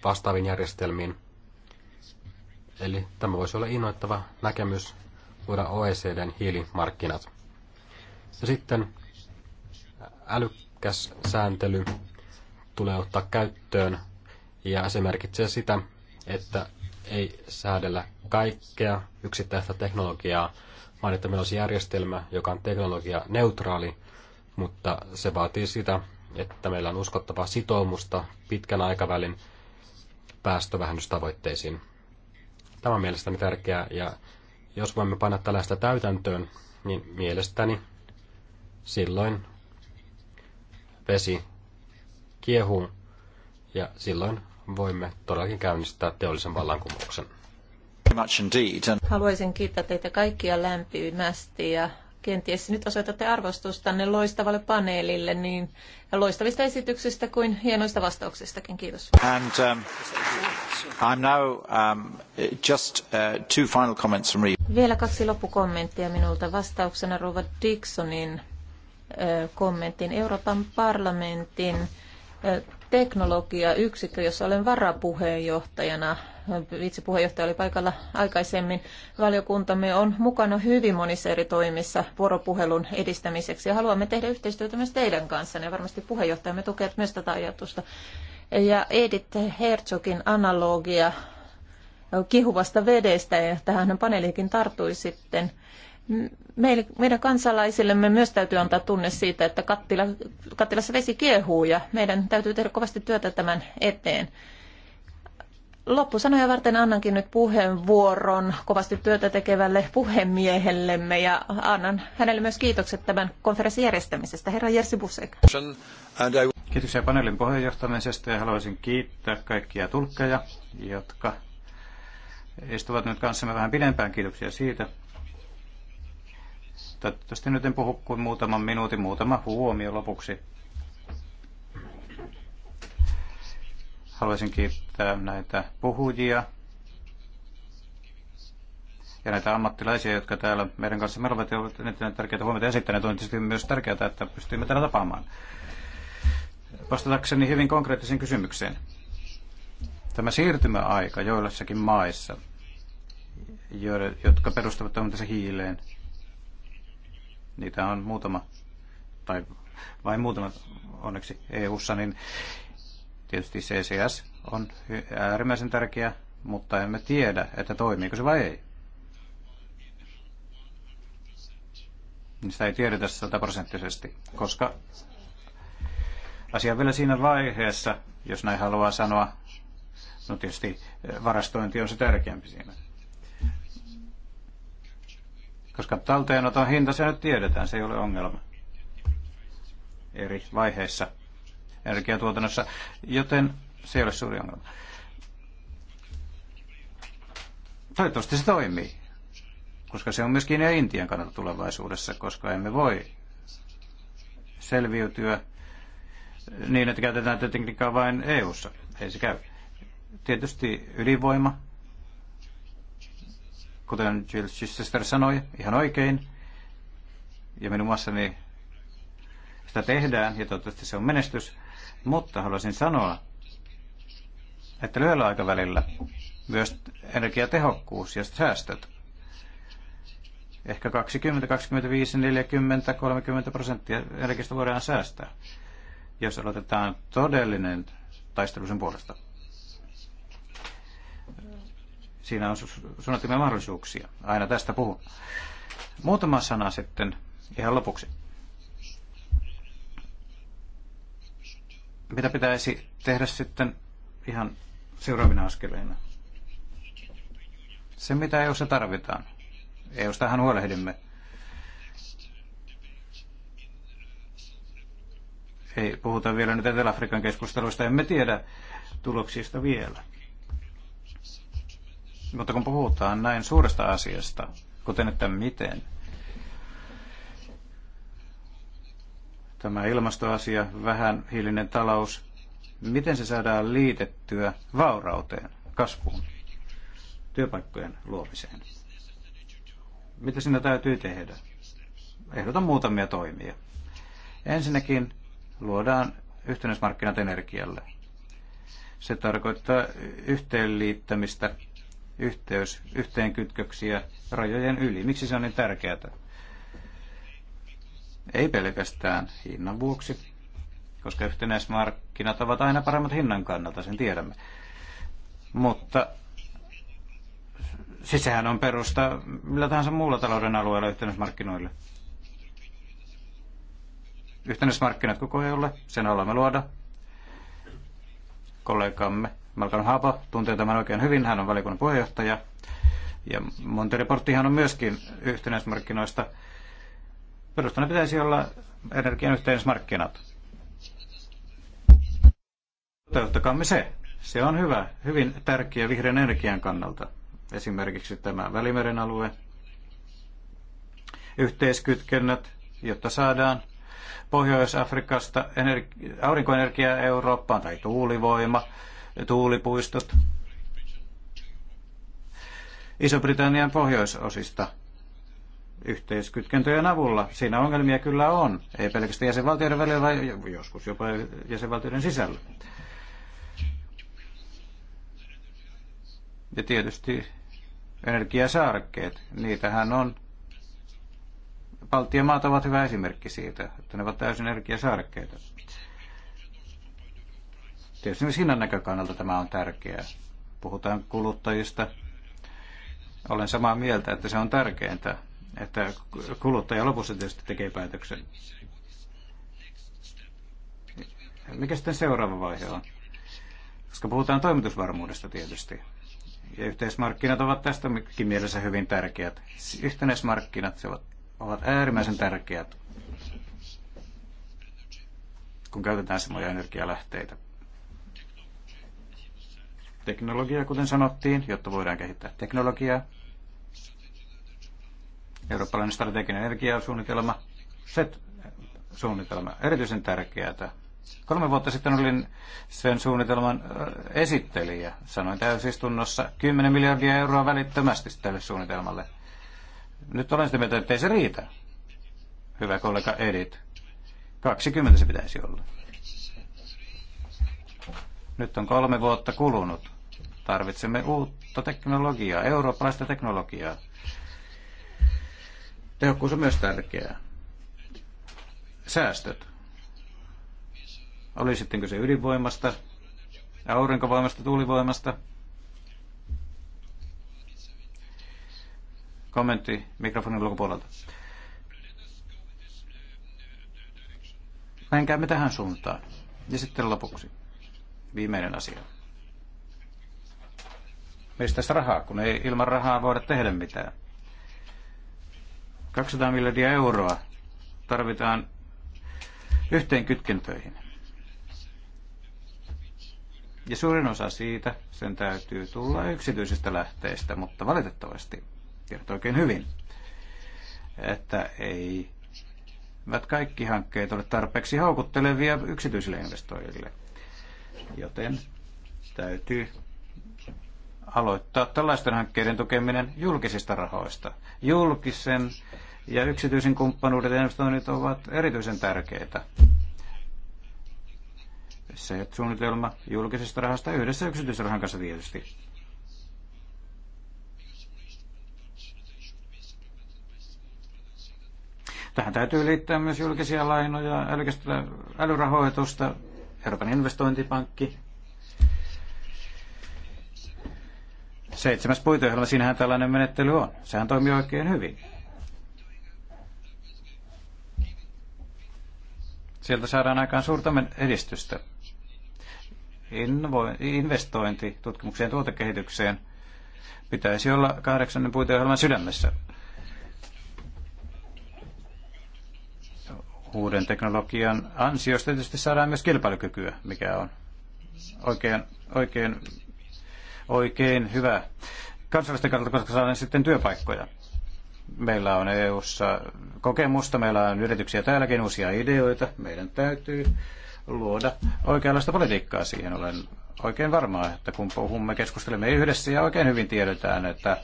vastaaviin järjestelmiin. Eli tämä voisi olla innoittava näkemys luoda OECDn hiilimarkkinat. Ja sitten älykkäs sääntely tulee ottaa käyttöön ja se merkitsee sitä, että ei säädellä kaikkea yksittäistä teknologiaa, vaan että meillä olisi järjestelmä, joka on teknologia-neutraali, mutta se vaatii sitä, että meillä on uskottava sitoumusta pitkän aikavälin päästövähennystavoitteisiin. Tämä on mielestäni tärkeää ja jos voimme panna tällaista täytäntöön, niin mielestäni silloin vesi kiehuu ja silloin voimme todellakin käynnistää teollisen vallankumouksen. Haluaisin kiittää teitä kaikkia lämpimästi ja kenties nyt osoitatte arvostustanne loistavalle paneelille niin loistavista esityksistä kuin hienoista vastauksistakin. Kiitos. And, um, I'm now, um, just, uh, two final comments from Vielä kaksi loppukommenttia minulta vastauksena Rova Dixonin uh, kommentin Euroopan parlamentin uh, teknologiayksikkö, jossa olen varapuheenjohtajana itse puheenjohtaja oli paikalla aikaisemmin. Valiokuntamme on mukana hyvin monissa eri toimissa vuoropuhelun edistämiseksi ja haluamme tehdä yhteistyötä myös teidän kanssanne ja varmasti puheenjohtajamme tukee myös tätä ajatusta. Ja Edith Herzogin analogia kihuvasta vedestä, ja tähän paneelikin tarttui sitten. Meille, meidän kansalaisillemme myös täytyy antaa tunne siitä, että kattila, kattilassa vesi kiehuu ja meidän täytyy tehdä kovasti työtä tämän eteen. Loppusanoja varten annankin nyt puheenvuoron kovasti työtä tekevälle puhemiehellemme ja annan hänelle myös kiitokset tämän konferenssin järjestämisestä. Herra Jersi Busek. Kiitoksia paneelin puheenjohtamisesta ja haluaisin kiittää kaikkia tulkkeja, jotka istuvat nyt kanssamme vähän pidempään. Kiitoksia siitä. Toivottavasti nyt en puhu kuin muutaman minuutin, muutama huomio lopuksi. Haluaisin kiittää näitä puhujia ja näitä ammattilaisia, jotka täällä meidän kanssa me ovat tärkeitä huomioita esittäneet. On tietysti myös tärkeää, että pystymme täällä tapaamaan. Vastatakseni hyvin konkreettiseen kysymykseen. Tämä siirtymäaika joillakin maissa, jotka perustavat toimintansa hiileen, niitä on muutama, tai vain muutama onneksi EU-ssa, niin Tietysti CCS on äärimmäisen tärkeä, mutta emme tiedä, että toimiiko se vai ei. Niistä ei tiedetä sataprosenttisesti, koska asia on vielä siinä vaiheessa, jos näin haluaa sanoa. No tietysti eh, varastointi on se tärkeämpi siinä. Koska talteenoton hinta se nyt tiedetään, se ei ole ongelma eri vaiheissa energiatuotannossa, joten se ei ole suuri ongelma. Toivottavasti se toimii, koska se on myöskin ja Intian kannalta tulevaisuudessa, koska emme voi selviytyä niin, että käytetään tätä tekniikkaa vain EU-ssa. Ei se käy. Tietysti ydinvoima, kuten Jill Schuster sanoi, ihan oikein. Ja minun muassani sitä tehdään, ja toivottavasti se on menestys. Mutta haluaisin sanoa, että lyhyellä aikavälillä myös energiatehokkuus ja säästöt. Ehkä 20, 25, 40, 30 prosenttia energiasta voidaan säästää, jos aloitetaan todellinen taistelu sen puolesta. Siinä on suunnattomia mahdollisuuksia. Aina tästä puhun. Muutama sana sitten ihan lopuksi. mitä pitäisi tehdä sitten ihan seuraavina askeleina? Se, mitä EUssa tarvitaan. EUstahan huolehdimme. Ei puhuta vielä nyt Etelä-Afrikan keskusteluista, emme tiedä tuloksista vielä. Mutta kun puhutaan näin suuresta asiasta, kuten että miten – tämä ilmastoasia, vähän hiilinen talous, miten se saadaan liitettyä vaurauteen, kasvuun, työpaikkojen luomiseen? Mitä sinä täytyy tehdä? Ehdotan muutamia toimia. Ensinnäkin luodaan yhtenäismarkkinat energialle. Se tarkoittaa yhteenliittämistä, yhteys, yhteenkytköksiä rajojen yli. Miksi se on niin tärkeää? Ei pelkästään hinnan vuoksi, koska yhtenäismarkkinat ovat aina paremmat hinnan kannalta, sen tiedämme. Mutta siis sehän on perusta millä tahansa muulla talouden alueella yhtenäismarkkinoille. Yhtenäismarkkinat koko EUlle, sen haluamme luoda. Kollegamme Malcolm Haapa tuntee tämän oikein hyvin, hän on valikunnan puheenjohtaja. Ja Monteriporttihan on myöskin yhtenäismarkkinoista Perustana pitäisi olla energian yhteismarkkinat. Toteuttakaamme se. Se on hyvä, hyvin tärkeä vihreän energian kannalta. Esimerkiksi tämä Välimeren alue, yhteiskytkennät, jotta saadaan Pohjois-Afrikasta energi- aurinkoenergiaa Eurooppaan tai tuulivoima, tuulipuistot. Iso-Britannian pohjoisosista yhteiskytkentöjen avulla. Siinä ongelmia kyllä on, ei pelkästään jäsenvaltioiden välillä, vaan joskus jopa jäsenvaltioiden sisällä. Ja tietysti energiasaarekkeet, niitähän on. Baltian maat ovat hyvä esimerkki siitä, että ne ovat täysin energiasaarekkeita. Tietysti myös hinnan näkökannalta tämä on tärkeää. Puhutaan kuluttajista. Olen samaa mieltä, että se on tärkeintä että kuluttaja lopussa tietysti tekee päätöksen. Mikä sitten seuraava vaihe on? Koska puhutaan toimitusvarmuudesta tietysti. Ja yhteismarkkinat ovat tästä mielessä hyvin tärkeät. Yhteismarkkinat ovat, ovat äärimmäisen tärkeät, kun käytetään samoja energialähteitä. Teknologia, kuten sanottiin, jotta voidaan kehittää teknologiaa, Eurooppalainen strateginen energiasuunnitelma, SET-suunnitelma, erityisen tärkeää. Kolme vuotta sitten olin sen suunnitelman äh, esittelijä. Sanoin täysistunnossa 10 miljardia euroa välittömästi tälle suunnitelmalle. Nyt olen sitä mieltä, että ei se riitä. Hyvä kollega Edit. 20 se pitäisi olla. Nyt on kolme vuotta kulunut. Tarvitsemme uutta teknologiaa, eurooppalaista teknologiaa. Tehokkuus on myös tärkeää. Säästöt. Oli sitten kyse ydinvoimasta, aurinkovoimasta, tuulivoimasta. Kommentti mikrofonin ulkopuolelta. Menkäämme tähän suuntaan. Ja sitten lopuksi viimeinen asia. Mistä rahaa, kun ei ilman rahaa voida tehdä mitään? 200 miljardia euroa tarvitaan yhteen kytkentöihin. Ja suurin osa siitä, sen täytyy tulla yksityisistä lähteistä, mutta valitettavasti tiedät oikein hyvin, että ei Vät kaikki hankkeet ole tarpeeksi houkuttelevia yksityisille investoijille. Joten täytyy aloittaa tällaisten hankkeiden tukeminen julkisista rahoista. Julkisen ja yksityisen kumppanuudet ja investoinnit ovat erityisen tärkeitä. Se suunnitelma julkisesta rahasta yhdessä yksityisrahan kanssa tietysti. Tähän täytyy liittää myös julkisia lainoja, älyrahoitusta, Euroopan investointipankki. Seitsemäs puiteohjelma, siinähän tällainen menettely on. Sehän toimii oikein hyvin. Sieltä saadaan aikaan suurta edistystä. Investointi tutkimukseen ja tuotekehitykseen pitäisi olla kahdeksannen puiteohjelman sydämessä. Uuden teknologian ansiosta tietysti saadaan myös kilpailukykyä, mikä on oikein, oikein, oikein hyvä kansallisten kannalta, koska saadaan sitten työpaikkoja. Meillä on EU-ssa kokemusta, meillä on yrityksiä täälläkin, uusia ideoita. Meidän täytyy luoda oikeanlaista politiikkaa siihen. Olen oikein varmaa, että kun puhumme, keskustelemme yhdessä ja oikein hyvin tiedetään, että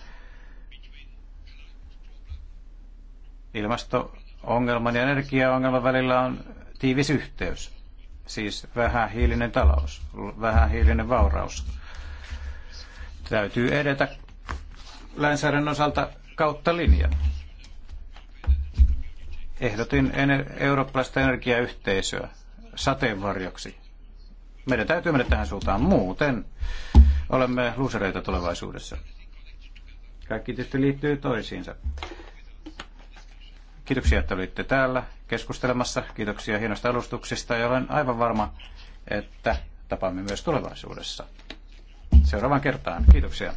ilmasto-ongelman ja energiaongelman välillä on tiivis yhteys. Siis vähähiilinen talous, vähähiilinen vauraus. Täytyy edetä lainsäädännön osalta kautta linjan. Ehdotin eurooppalaista energiayhteisöä sateenvarjoksi. Meidän täytyy mennä tähän suuntaan, muuten olemme lusereita tulevaisuudessa. Kaikki tietysti liittyy toisiinsa. Kiitoksia, että olitte täällä keskustelemassa. Kiitoksia hienosta alustuksista ja olen aivan varma, että tapaamme myös tulevaisuudessa. Seuraavaan kertaan. Kiitoksia.